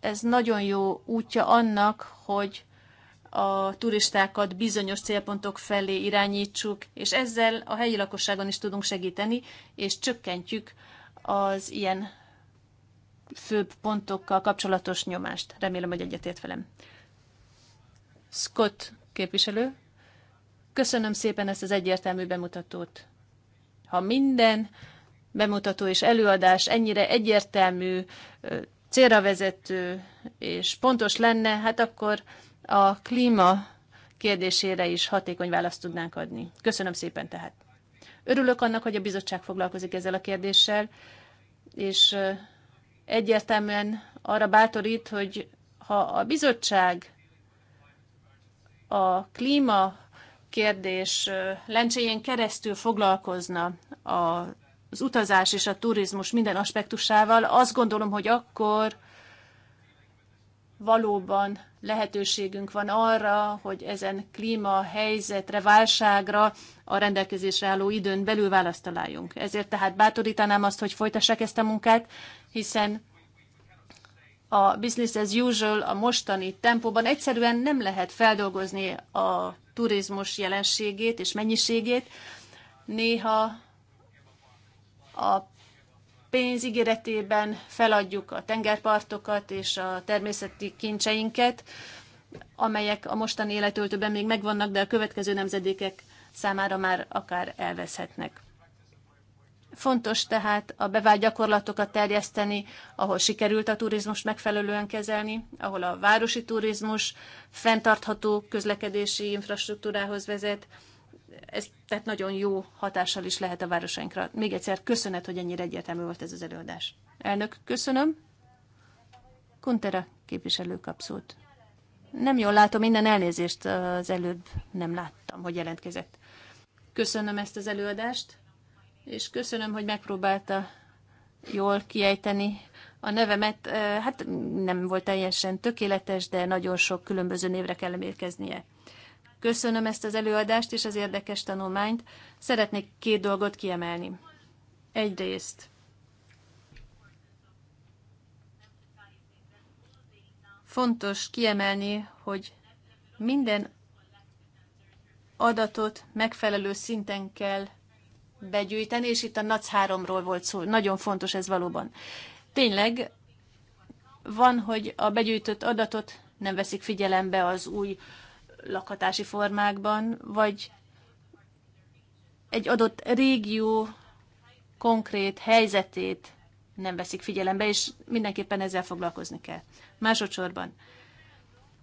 Ez nagyon jó útja annak, hogy a turistákat bizonyos célpontok felé irányítsuk, és ezzel a helyi lakosságon is tudunk segíteni, és csökkentjük az ilyen főbb pontokkal kapcsolatos nyomást. Remélem, hogy egyetért velem. Scott képviselő, köszönöm szépen ezt az egyértelmű bemutatót. Ha minden bemutató és előadás ennyire egyértelmű, célra vezető és pontos lenne, hát akkor a klíma kérdésére is hatékony választ tudnánk adni. Köszönöm szépen tehát. Örülök annak, hogy a bizottság foglalkozik ezzel a kérdéssel, és egyértelműen arra bátorít, hogy ha a bizottság a klíma kérdés lencséjén keresztül foglalkozna az utazás és a turizmus minden aspektusával, azt gondolom, hogy akkor valóban lehetőségünk van arra, hogy ezen klíma helyzetre, válságra a rendelkezésre álló időn belül választ találjunk. Ezért tehát bátorítanám azt, hogy folytassák ezt a munkát, hiszen a business as usual, a mostani tempóban egyszerűen nem lehet feldolgozni a turizmus jelenségét és mennyiségét. Néha a pénz ígéretében feladjuk a tengerpartokat és a természeti kincseinket, amelyek a mostani életöltőben még megvannak, de a következő nemzedékek számára már akár elveszhetnek. Fontos tehát a bevált gyakorlatokat terjeszteni, ahol sikerült a turizmus megfelelően kezelni, ahol a városi turizmus fenntartható közlekedési infrastruktúrához vezet, ez tehát nagyon jó hatással is lehet a városainkra. Még egyszer köszönet, hogy ennyire egyértelmű volt ez az előadás. Elnök, köszönöm. Kuntera képviselő kapszót. Nem jól látom, minden elnézést az előbb nem láttam, hogy jelentkezett. Köszönöm ezt az előadást, és köszönöm, hogy megpróbálta jól kiejteni a nevemet. Hát nem volt teljesen tökéletes, de nagyon sok különböző névre kell emlékeznie. Köszönöm ezt az előadást és az érdekes tanulmányt. Szeretnék két dolgot kiemelni. Egyrészt fontos kiemelni, hogy minden adatot megfelelő szinten kell begyűjteni, és itt a NAC 3-ról volt szó. Nagyon fontos ez valóban. Tényleg van, hogy a begyűjtött adatot nem veszik figyelembe az új lakhatási formákban, vagy egy adott régió konkrét helyzetét nem veszik figyelembe, és mindenképpen ezzel foglalkozni kell. Másodszorban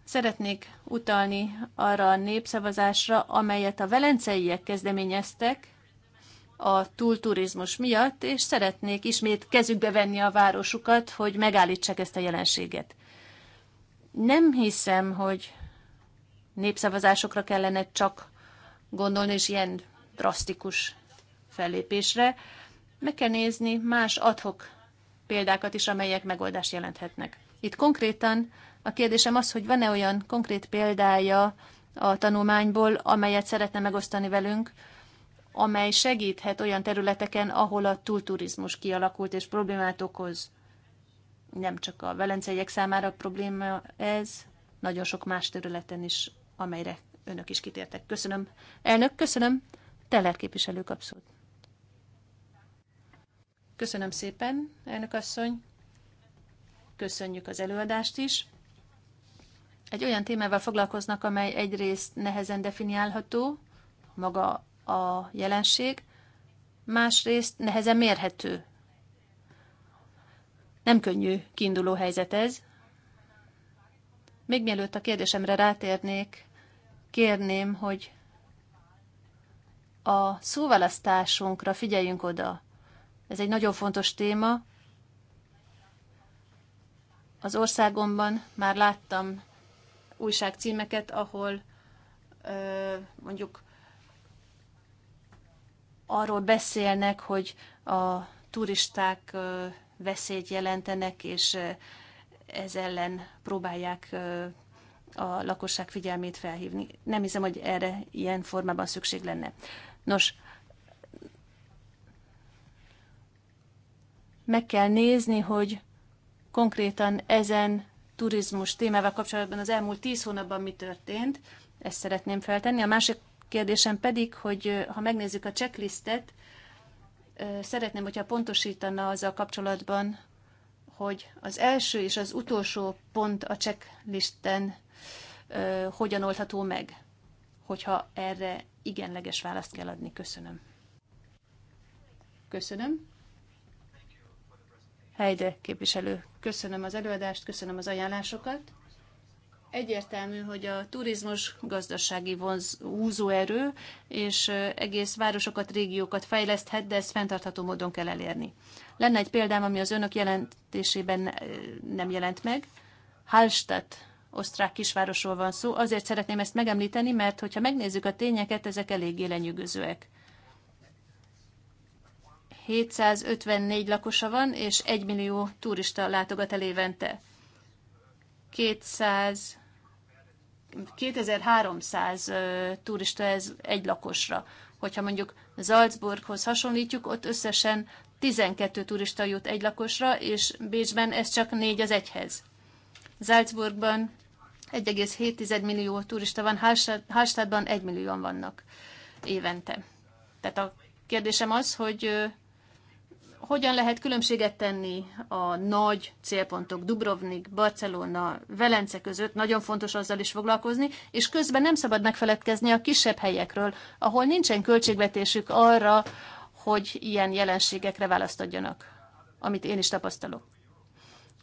szeretnék utalni arra a népszavazásra, amelyet a velenceiek kezdeményeztek a túlturizmus miatt, és szeretnék ismét kezükbe venni a városukat, hogy megállítsák ezt a jelenséget. Nem hiszem, hogy népszavazásokra kellene csak gondolni, és ilyen drasztikus fellépésre. Meg kell nézni más adhok példákat is, amelyek megoldást jelenthetnek. Itt konkrétan a kérdésem az, hogy van-e olyan konkrét példája a tanulmányból, amelyet szeretne megosztani velünk, amely segíthet olyan területeken, ahol a túlturizmus kialakult és problémát okoz. Nem csak a velenceiek számára probléma ez, nagyon sok más területen is amelyre önök is kitértek. Köszönöm. Elnök, köszönöm. Teller képviselő kapszót. Köszönöm szépen, elnök asszony. Köszönjük az előadást is. Egy olyan témával foglalkoznak, amely egyrészt nehezen definiálható, maga a jelenség, másrészt nehezen mérhető. Nem könnyű kiinduló helyzet ez. Még mielőtt a kérdésemre rátérnék, kérném, hogy a szóválasztásunkra figyeljünk oda. Ez egy nagyon fontos téma. Az országomban már láttam újságcímeket, ahol mondjuk arról beszélnek, hogy a turisták veszélyt jelentenek, és ez ellen próbálják a lakosság figyelmét felhívni. Nem hiszem, hogy erre ilyen formában szükség lenne. Nos, meg kell nézni, hogy konkrétan ezen turizmus témával kapcsolatban az elmúlt tíz hónapban mi történt, ezt szeretném feltenni. A másik kérdésem pedig, hogy ha megnézzük a checklistet, szeretném, hogyha pontosítana a kapcsolatban, hogy az első és az utolsó pont a checklisten hogyan oldható meg, hogyha erre igenleges választ kell adni. Köszönöm. Köszönöm. Helyde képviselő, köszönöm az előadást, köszönöm az ajánlásokat. Egyértelmű, hogy a turizmus gazdasági vonz, húzóerő, és egész városokat, régiókat fejleszthet, de ezt fenntartható módon kell elérni. Lenne egy példám, ami az önök jelentésében nem jelent meg. Hallstatt osztrák kisvárosról van szó. Azért szeretném ezt megemlíteni, mert hogyha megnézzük a tényeket, ezek eléggé lenyűgözőek. 754 lakosa van, és 1 millió turista látogat el évente. 200, 2300 turista ez egy lakosra. Hogyha mondjuk Salzburghoz hasonlítjuk, ott összesen 12 turista jut egy lakosra, és Bécsben ez csak 4 az egyhez. Salzburgban 1,7 millió turista van, Hallstattban 1 millióan vannak évente. Tehát a kérdésem az, hogy hogyan lehet különbséget tenni a nagy célpontok Dubrovnik, Barcelona, Velence között, nagyon fontos azzal is foglalkozni, és közben nem szabad megfeledkezni a kisebb helyekről, ahol nincsen költségvetésük arra, hogy ilyen jelenségekre választ adjanak, amit én is tapasztalok.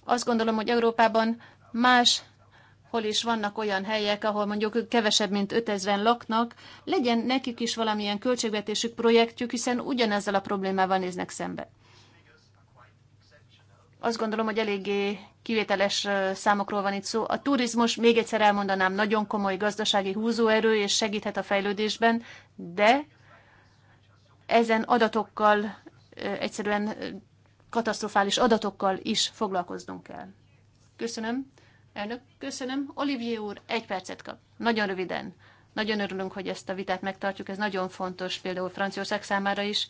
Azt gondolom, hogy Európában más hol is vannak olyan helyek, ahol mondjuk kevesebb, mint 5000 laknak, legyen nekik is valamilyen költségvetésük, projektjük, hiszen ugyanezzel a problémával néznek szembe. Azt gondolom, hogy eléggé kivételes számokról van itt szó. A turizmus, még egyszer elmondanám, nagyon komoly gazdasági húzóerő, és segíthet a fejlődésben, de ezen adatokkal, egyszerűen katasztrofális adatokkal is foglalkoznunk kell. Köszönöm. Elnök, köszönöm. Olivier úr, egy percet kap. Nagyon röviden. Nagyon örülünk, hogy ezt a vitát megtartjuk. Ez nagyon fontos például Franciaország számára is,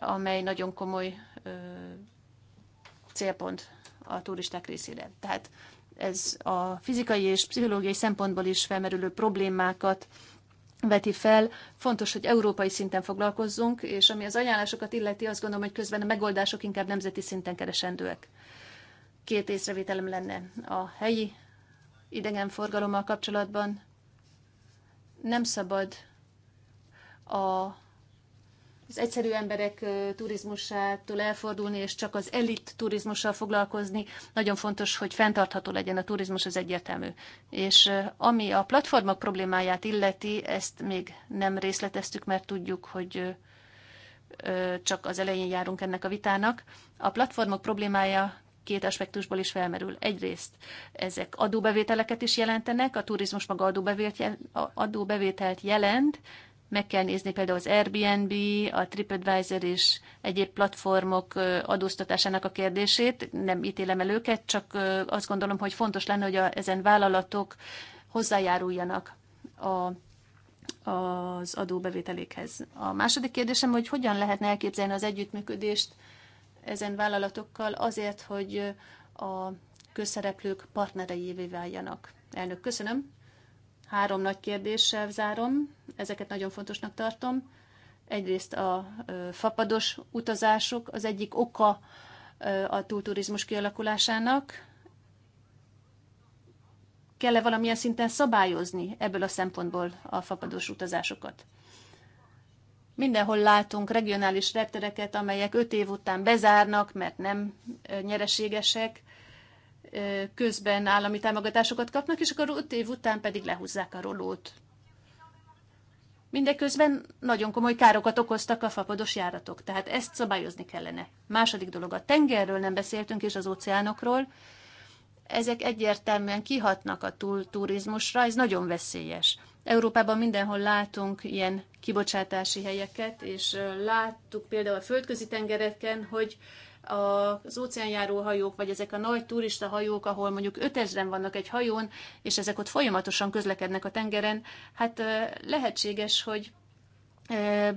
amely nagyon komoly ö, célpont a turisták részére. Tehát ez a fizikai és pszichológiai szempontból is felmerülő problémákat veti fel. Fontos, hogy európai szinten foglalkozzunk, és ami az ajánlásokat illeti, azt gondolom, hogy közben a megoldások inkább nemzeti szinten keresendőek. Két észrevételem lenne a helyi idegenforgalommal kapcsolatban. Nem szabad a az egyszerű emberek turizmusától elfordulni, és csak az elit turizmussal foglalkozni. Nagyon fontos, hogy fenntartható legyen a turizmus, az egyértelmű. És ami a platformok problémáját illeti, ezt még nem részleteztük, mert tudjuk, hogy csak az elején járunk ennek a vitának. A platformok problémája két aspektusból is felmerül. Egyrészt ezek adóbevételeket is jelentenek, a turizmus maga adóbevételt jelent, meg kell nézni például az Airbnb, a TripAdvisor és egyéb platformok adóztatásának a kérdését. Nem ítélem el őket, csak azt gondolom, hogy fontos lenne, hogy a, ezen vállalatok hozzájáruljanak a az adóbevételékhez. A második kérdésem, hogy hogyan lehetne elképzelni az együttműködést ezen vállalatokkal azért, hogy a közszereplők partnereivé váljanak. Elnök, köszönöm. Három nagy kérdéssel zárom, ezeket nagyon fontosnak tartom. Egyrészt a fapados utazások az egyik oka a túlturizmus kialakulásának. Kell-e valamilyen szinten szabályozni ebből a szempontból a fapados utazásokat? Mindenhol látunk regionális reptereket, amelyek öt év után bezárnak, mert nem nyereségesek, közben állami támogatásokat kapnak, és akkor öt év után pedig lehúzzák a rolót. Mindeközben nagyon komoly károkat okoztak a fapados járatok, tehát ezt szabályozni kellene. Második dolog, a tengerről nem beszéltünk, és az óceánokról. Ezek egyértelműen kihatnak a túl turizmusra, ez nagyon veszélyes. Európában mindenhol látunk ilyen kibocsátási helyeket, és láttuk például a földközi tengereken, hogy az óceánjáró hajók, vagy ezek a nagy turista hajók, ahol mondjuk 5000-en vannak egy hajón, és ezek ott folyamatosan közlekednek a tengeren, hát lehetséges, hogy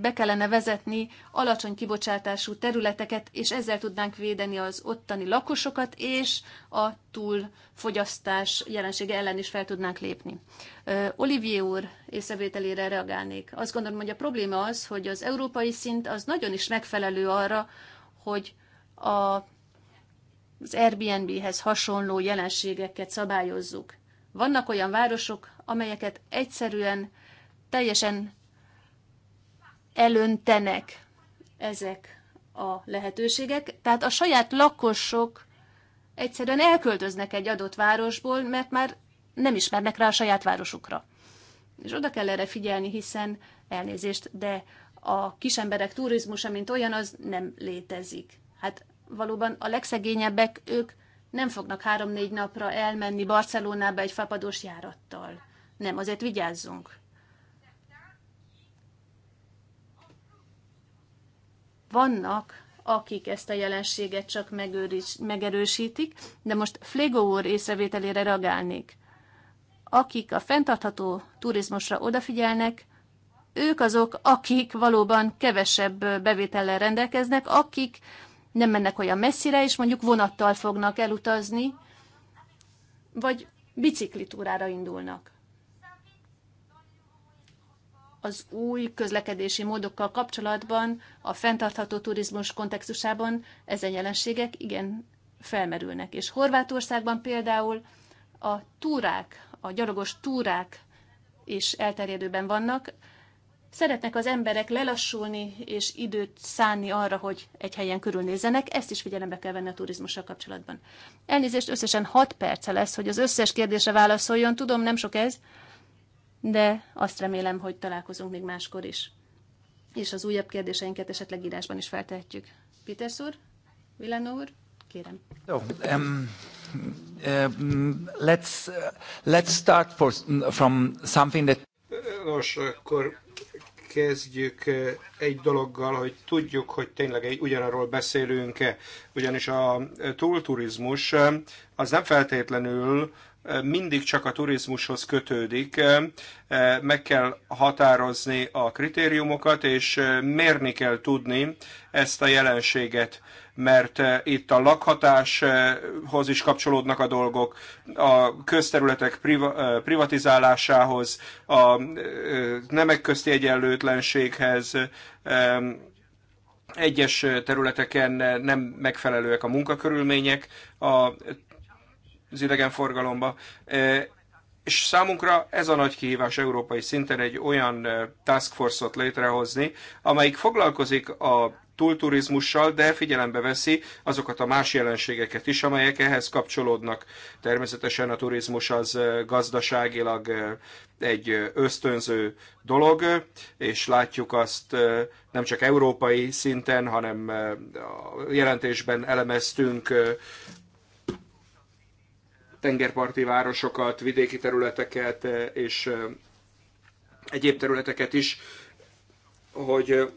be kellene vezetni alacsony kibocsátású területeket, és ezzel tudnánk védeni az ottani lakosokat, és a túlfogyasztás jelensége ellen is fel tudnánk lépni. Olivier úr észrevételére reagálnék. Azt gondolom, hogy a probléma az, hogy az európai szint az nagyon is megfelelő arra, hogy a, az Airbnb-hez hasonló jelenségeket szabályozzuk. Vannak olyan városok, amelyeket egyszerűen teljesen elöntenek ezek a lehetőségek. Tehát a saját lakosok egyszerűen elköltöznek egy adott városból, mert már nem ismernek rá a saját városukra. És oda kell erre figyelni, hiszen elnézést, de a kisemberek turizmusa, mint olyan, az nem létezik. Hát valóban a legszegényebbek, ők nem fognak három-négy napra elmenni Barcelonába egy fapados járattal. Nem, azért vigyázzunk. Vannak, akik ezt a jelenséget csak megőriz, megerősítik, de most Flego úr észrevételére reagálnék. Akik a fenntartható turizmusra odafigyelnek, ők azok, akik valóban kevesebb bevétellel rendelkeznek, akik nem mennek olyan messzire, és mondjuk vonattal fognak elutazni, vagy biciklitúrára indulnak az új közlekedési módokkal kapcsolatban, a fenntartható turizmus kontextusában ezen jelenségek igen felmerülnek. És Horvátországban például a túrák, a gyalogos túrák is elterjedőben vannak. Szeretnek az emberek lelassulni és időt szánni arra, hogy egy helyen körülnézzenek, ezt is figyelembe kell venni a turizmussal kapcsolatban. Elnézést, összesen 6 perce lesz, hogy az összes kérdésre válaszoljon. Tudom, nem sok ez, de azt remélem, hogy találkozunk még máskor is. És az újabb kérdéseinket esetleg írásban is feltehetjük. Péter úr? Villan úr? Kérem. So, um, um, let's, uh, let's start for, from something that... Nos, akkor kezdjük eh, egy dologgal, hogy tudjuk, hogy tényleg egy, ugyanarról beszélünk-e, ugyanis a eh, túlturizmus eh, az nem feltétlenül mindig csak a turizmushoz kötődik. Meg kell határozni a kritériumokat, és mérni kell tudni ezt a jelenséget mert itt a lakhatáshoz is kapcsolódnak a dolgok, a közterületek privatizálásához, a nemek közti egyenlőtlenséghez, egyes területeken nem megfelelőek a munkakörülmények a az idegenforgalomba. És számunkra ez a nagy kihívás európai szinten egy olyan task force-ot létrehozni, amelyik foglalkozik a túlturizmussal, de figyelembe veszi azokat a más jelenségeket is, amelyek ehhez kapcsolódnak. Természetesen a turizmus az gazdaságilag egy ösztönző dolog, és látjuk azt nem csak európai szinten, hanem a jelentésben elemeztünk tengerparti városokat, vidéki területeket eh, és eh, egyéb területeket is, hogy eh,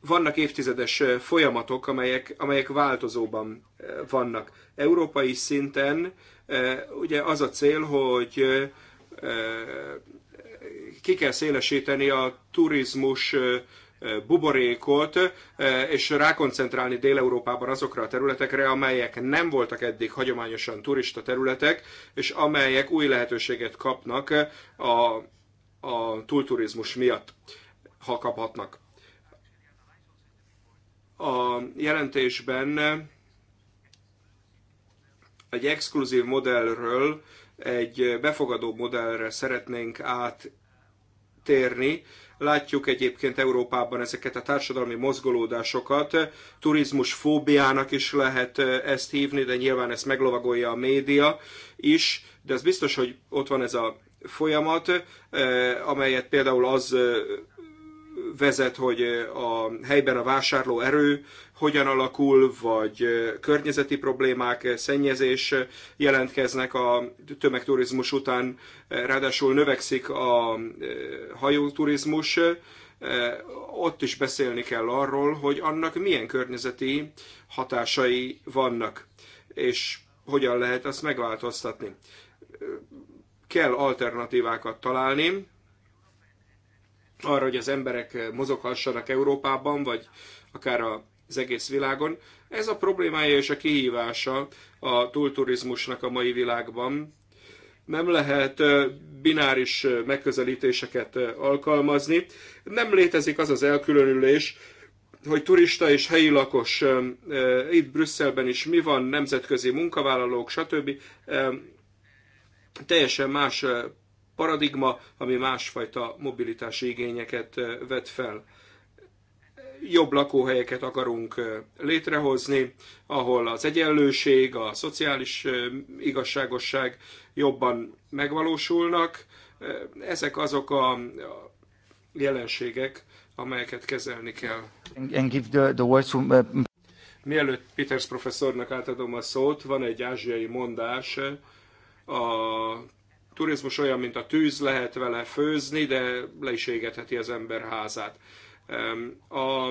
vannak évtizedes folyamatok, amelyek, amelyek változóban vannak. Európai szinten ugye az a cél, hogy ki kell szélesíteni a turizmus buborékot, eh, és rákoncentrálni Dél-Európában azokra a területekre, amelyek nem voltak eddig hagyományosan turista területek, és amelyek új lehetőséget kapnak eh, a, a túlturizmus miatt, ha kaphatnak. A jelentésben egy exkluzív modellről egy befogadó modellre szeretnénk áttérni, Látjuk egyébként Európában ezeket a társadalmi mozgolódásokat, turizmus fóbiának is lehet ezt hívni, de nyilván ezt meglovagolja a média is, de ez biztos, hogy ott van ez a folyamat, amelyet például az vezet, hogy a helyben a vásárló erő hogyan alakul, vagy környezeti problémák, szennyezés jelentkeznek a tömegturizmus után, ráadásul növekszik a hajóturizmus, ott is beszélni kell arról, hogy annak milyen környezeti hatásai vannak, és hogyan lehet azt megváltoztatni. Kell alternatívákat találni, arra, hogy az emberek mozoghassanak Európában, vagy akár az egész világon. Ez a problémája és a kihívása a túlturizmusnak a mai világban. Nem lehet bináris megközelítéseket alkalmazni. Nem létezik az az elkülönülés, hogy turista és helyi lakos itt Brüsszelben is mi van, nemzetközi munkavállalók, stb. Teljesen más paradigma, ami másfajta mobilitási igényeket vet fel. Jobb lakóhelyeket akarunk létrehozni, ahol az egyenlőség, a szociális igazságosság jobban megvalósulnak. Ezek azok a jelenségek, amelyeket kezelni kell. And give the, the words from, uh... Mielőtt Peters professzornak átadom a szót, van egy ázsiai mondás, a turizmus olyan, mint a tűz, lehet vele főzni, de le is égetheti az ember házát. A,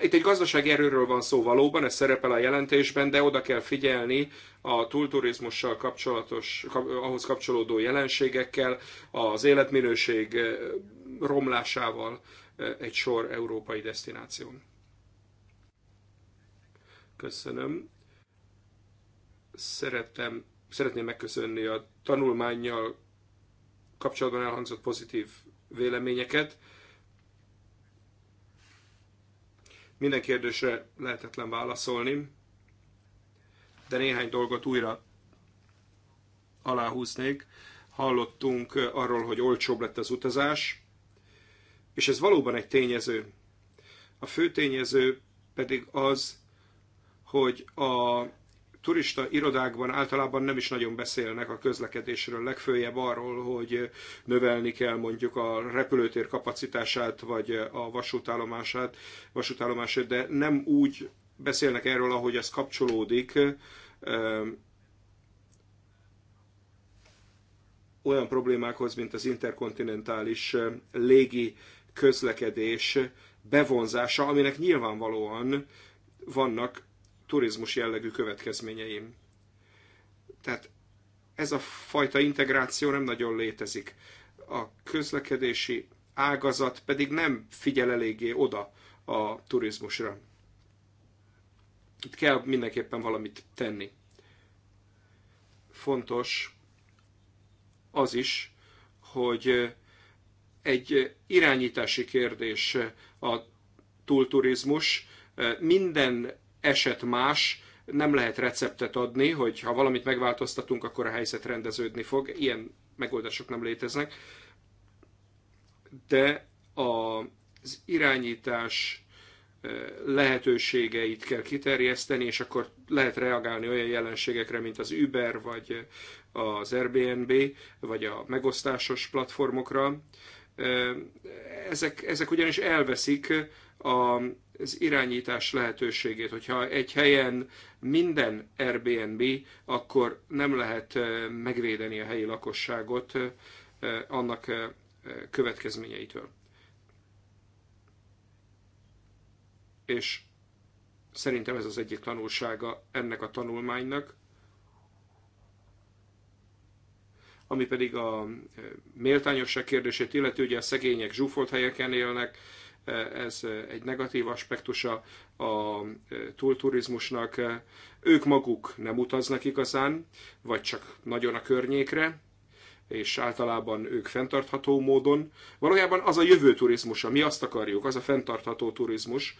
itt egy gazdasági erőről van szó valóban, ez szerepel a jelentésben, de oda kell figyelni a túlturizmussal kapcsolatos, ahhoz kapcsolódó jelenségekkel, az életminőség eh, romlásával eh, egy sor európai destináción. Köszönöm. Szeretem, szeretném megköszönni a tanulmányjal kapcsolatban elhangzott pozitív véleményeket. Minden kérdésre lehetetlen válaszolni, de néhány dolgot újra aláhúznék. Hallottunk arról, hogy olcsóbb lett az utazás, és ez valóban egy tényező. A fő tényező pedig az, hogy a turista irodákban általában nem is nagyon beszélnek a közlekedésről, legfőjebb arról, hogy növelni kell mondjuk a repülőtér kapacitását, vagy a vasútállomását, vasútállomását, de nem úgy beszélnek erről, ahogy ez kapcsolódik olyan problémákhoz, mint az interkontinentális légi közlekedés bevonzása, aminek nyilvánvalóan vannak turizmus jellegű következményeim. Tehát ez a fajta integráció nem nagyon létezik. A közlekedési ágazat pedig nem figyel eléggé oda a turizmusra. Itt kell mindenképpen valamit tenni. Fontos az is, hogy egy irányítási kérdés a túlturizmus. Minden eset más, nem lehet receptet adni, hogy ha valamit megváltoztatunk, akkor a helyzet rendeződni fog. Ilyen megoldások nem léteznek. De az irányítás eh, lehetőségeit kell kiterjeszteni, és akkor lehet reagálni olyan jelenségekre, mint az Uber, vagy az Airbnb, vagy a megosztásos platformokra. Ezek, ezek ugyanis elveszik a, az irányítás lehetőségét. Hogyha egy helyen minden Airbnb, akkor nem lehet megvédeni a helyi lakosságot annak következményeitől. És szerintem ez az egyik tanulsága ennek a tanulmánynak, ami pedig a eh, méltányosság kérdését illeti, ugye a szegények zsúfolt helyeken élnek, eh, ez eh, egy negatív aspektusa a túlturizmusnak. Ők maguk nem utaznak igazán, vagy csak nagyon a környékre, és általában ők fenntartható módon. Valójában az a jövő turizmus, ami azt akarjuk, az a fenntartható turizmus,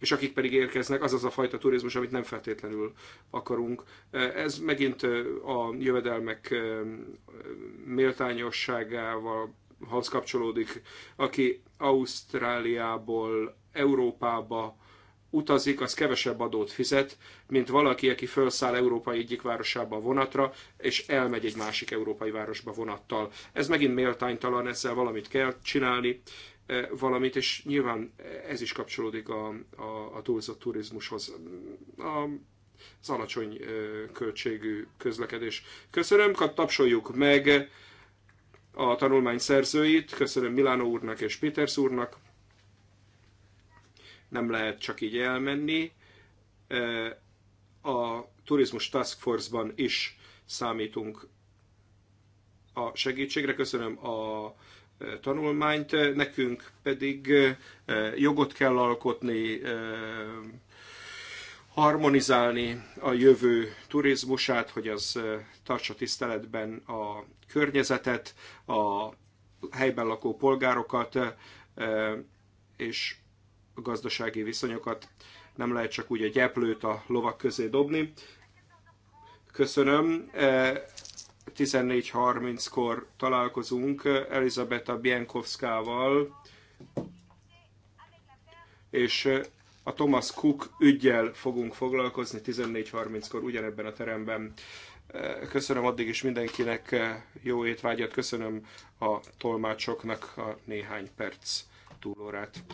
és akik pedig érkeznek, az az a fajta turizmus, amit nem feltétlenül akarunk. Ez megint a jövedelmek méltányosságával hoz kapcsolódik, aki Ausztráliából Európába utazik, az kevesebb adót fizet, mint valaki, aki felszáll Európai egyik városába vonatra, és elmegy egy másik európai városba vonattal. Ez megint méltánytalan, ezzel valamit kell csinálni valamit, és nyilván ez is kapcsolódik a, a, a túlzott turizmushoz. A, az alacsony költségű közlekedés. Köszönöm, tapsoljuk meg a tanulmány szerzőit, köszönöm Milano úrnak és Peters úrnak. Nem lehet csak így elmenni. A Turizmus Task Force-ban is számítunk a segítségre. Köszönöm a tanulmányt, nekünk pedig jogot kell alkotni, harmonizálni a jövő turizmusát, hogy az tartsa tiszteletben a környezetet, a helyben lakó polgárokat és a gazdasági viszonyokat. Nem lehet csak úgy a gyeplőt a lovak közé dobni. Köszönöm. 14.30-kor találkozunk Elizabeta Bienkowskával, és a Thomas Cook ügyjel fogunk foglalkozni 14.30-kor ugyanebben a teremben. Köszönöm addig is mindenkinek jó étvágyat, köszönöm a tolmácsoknak a néhány perc túlórát.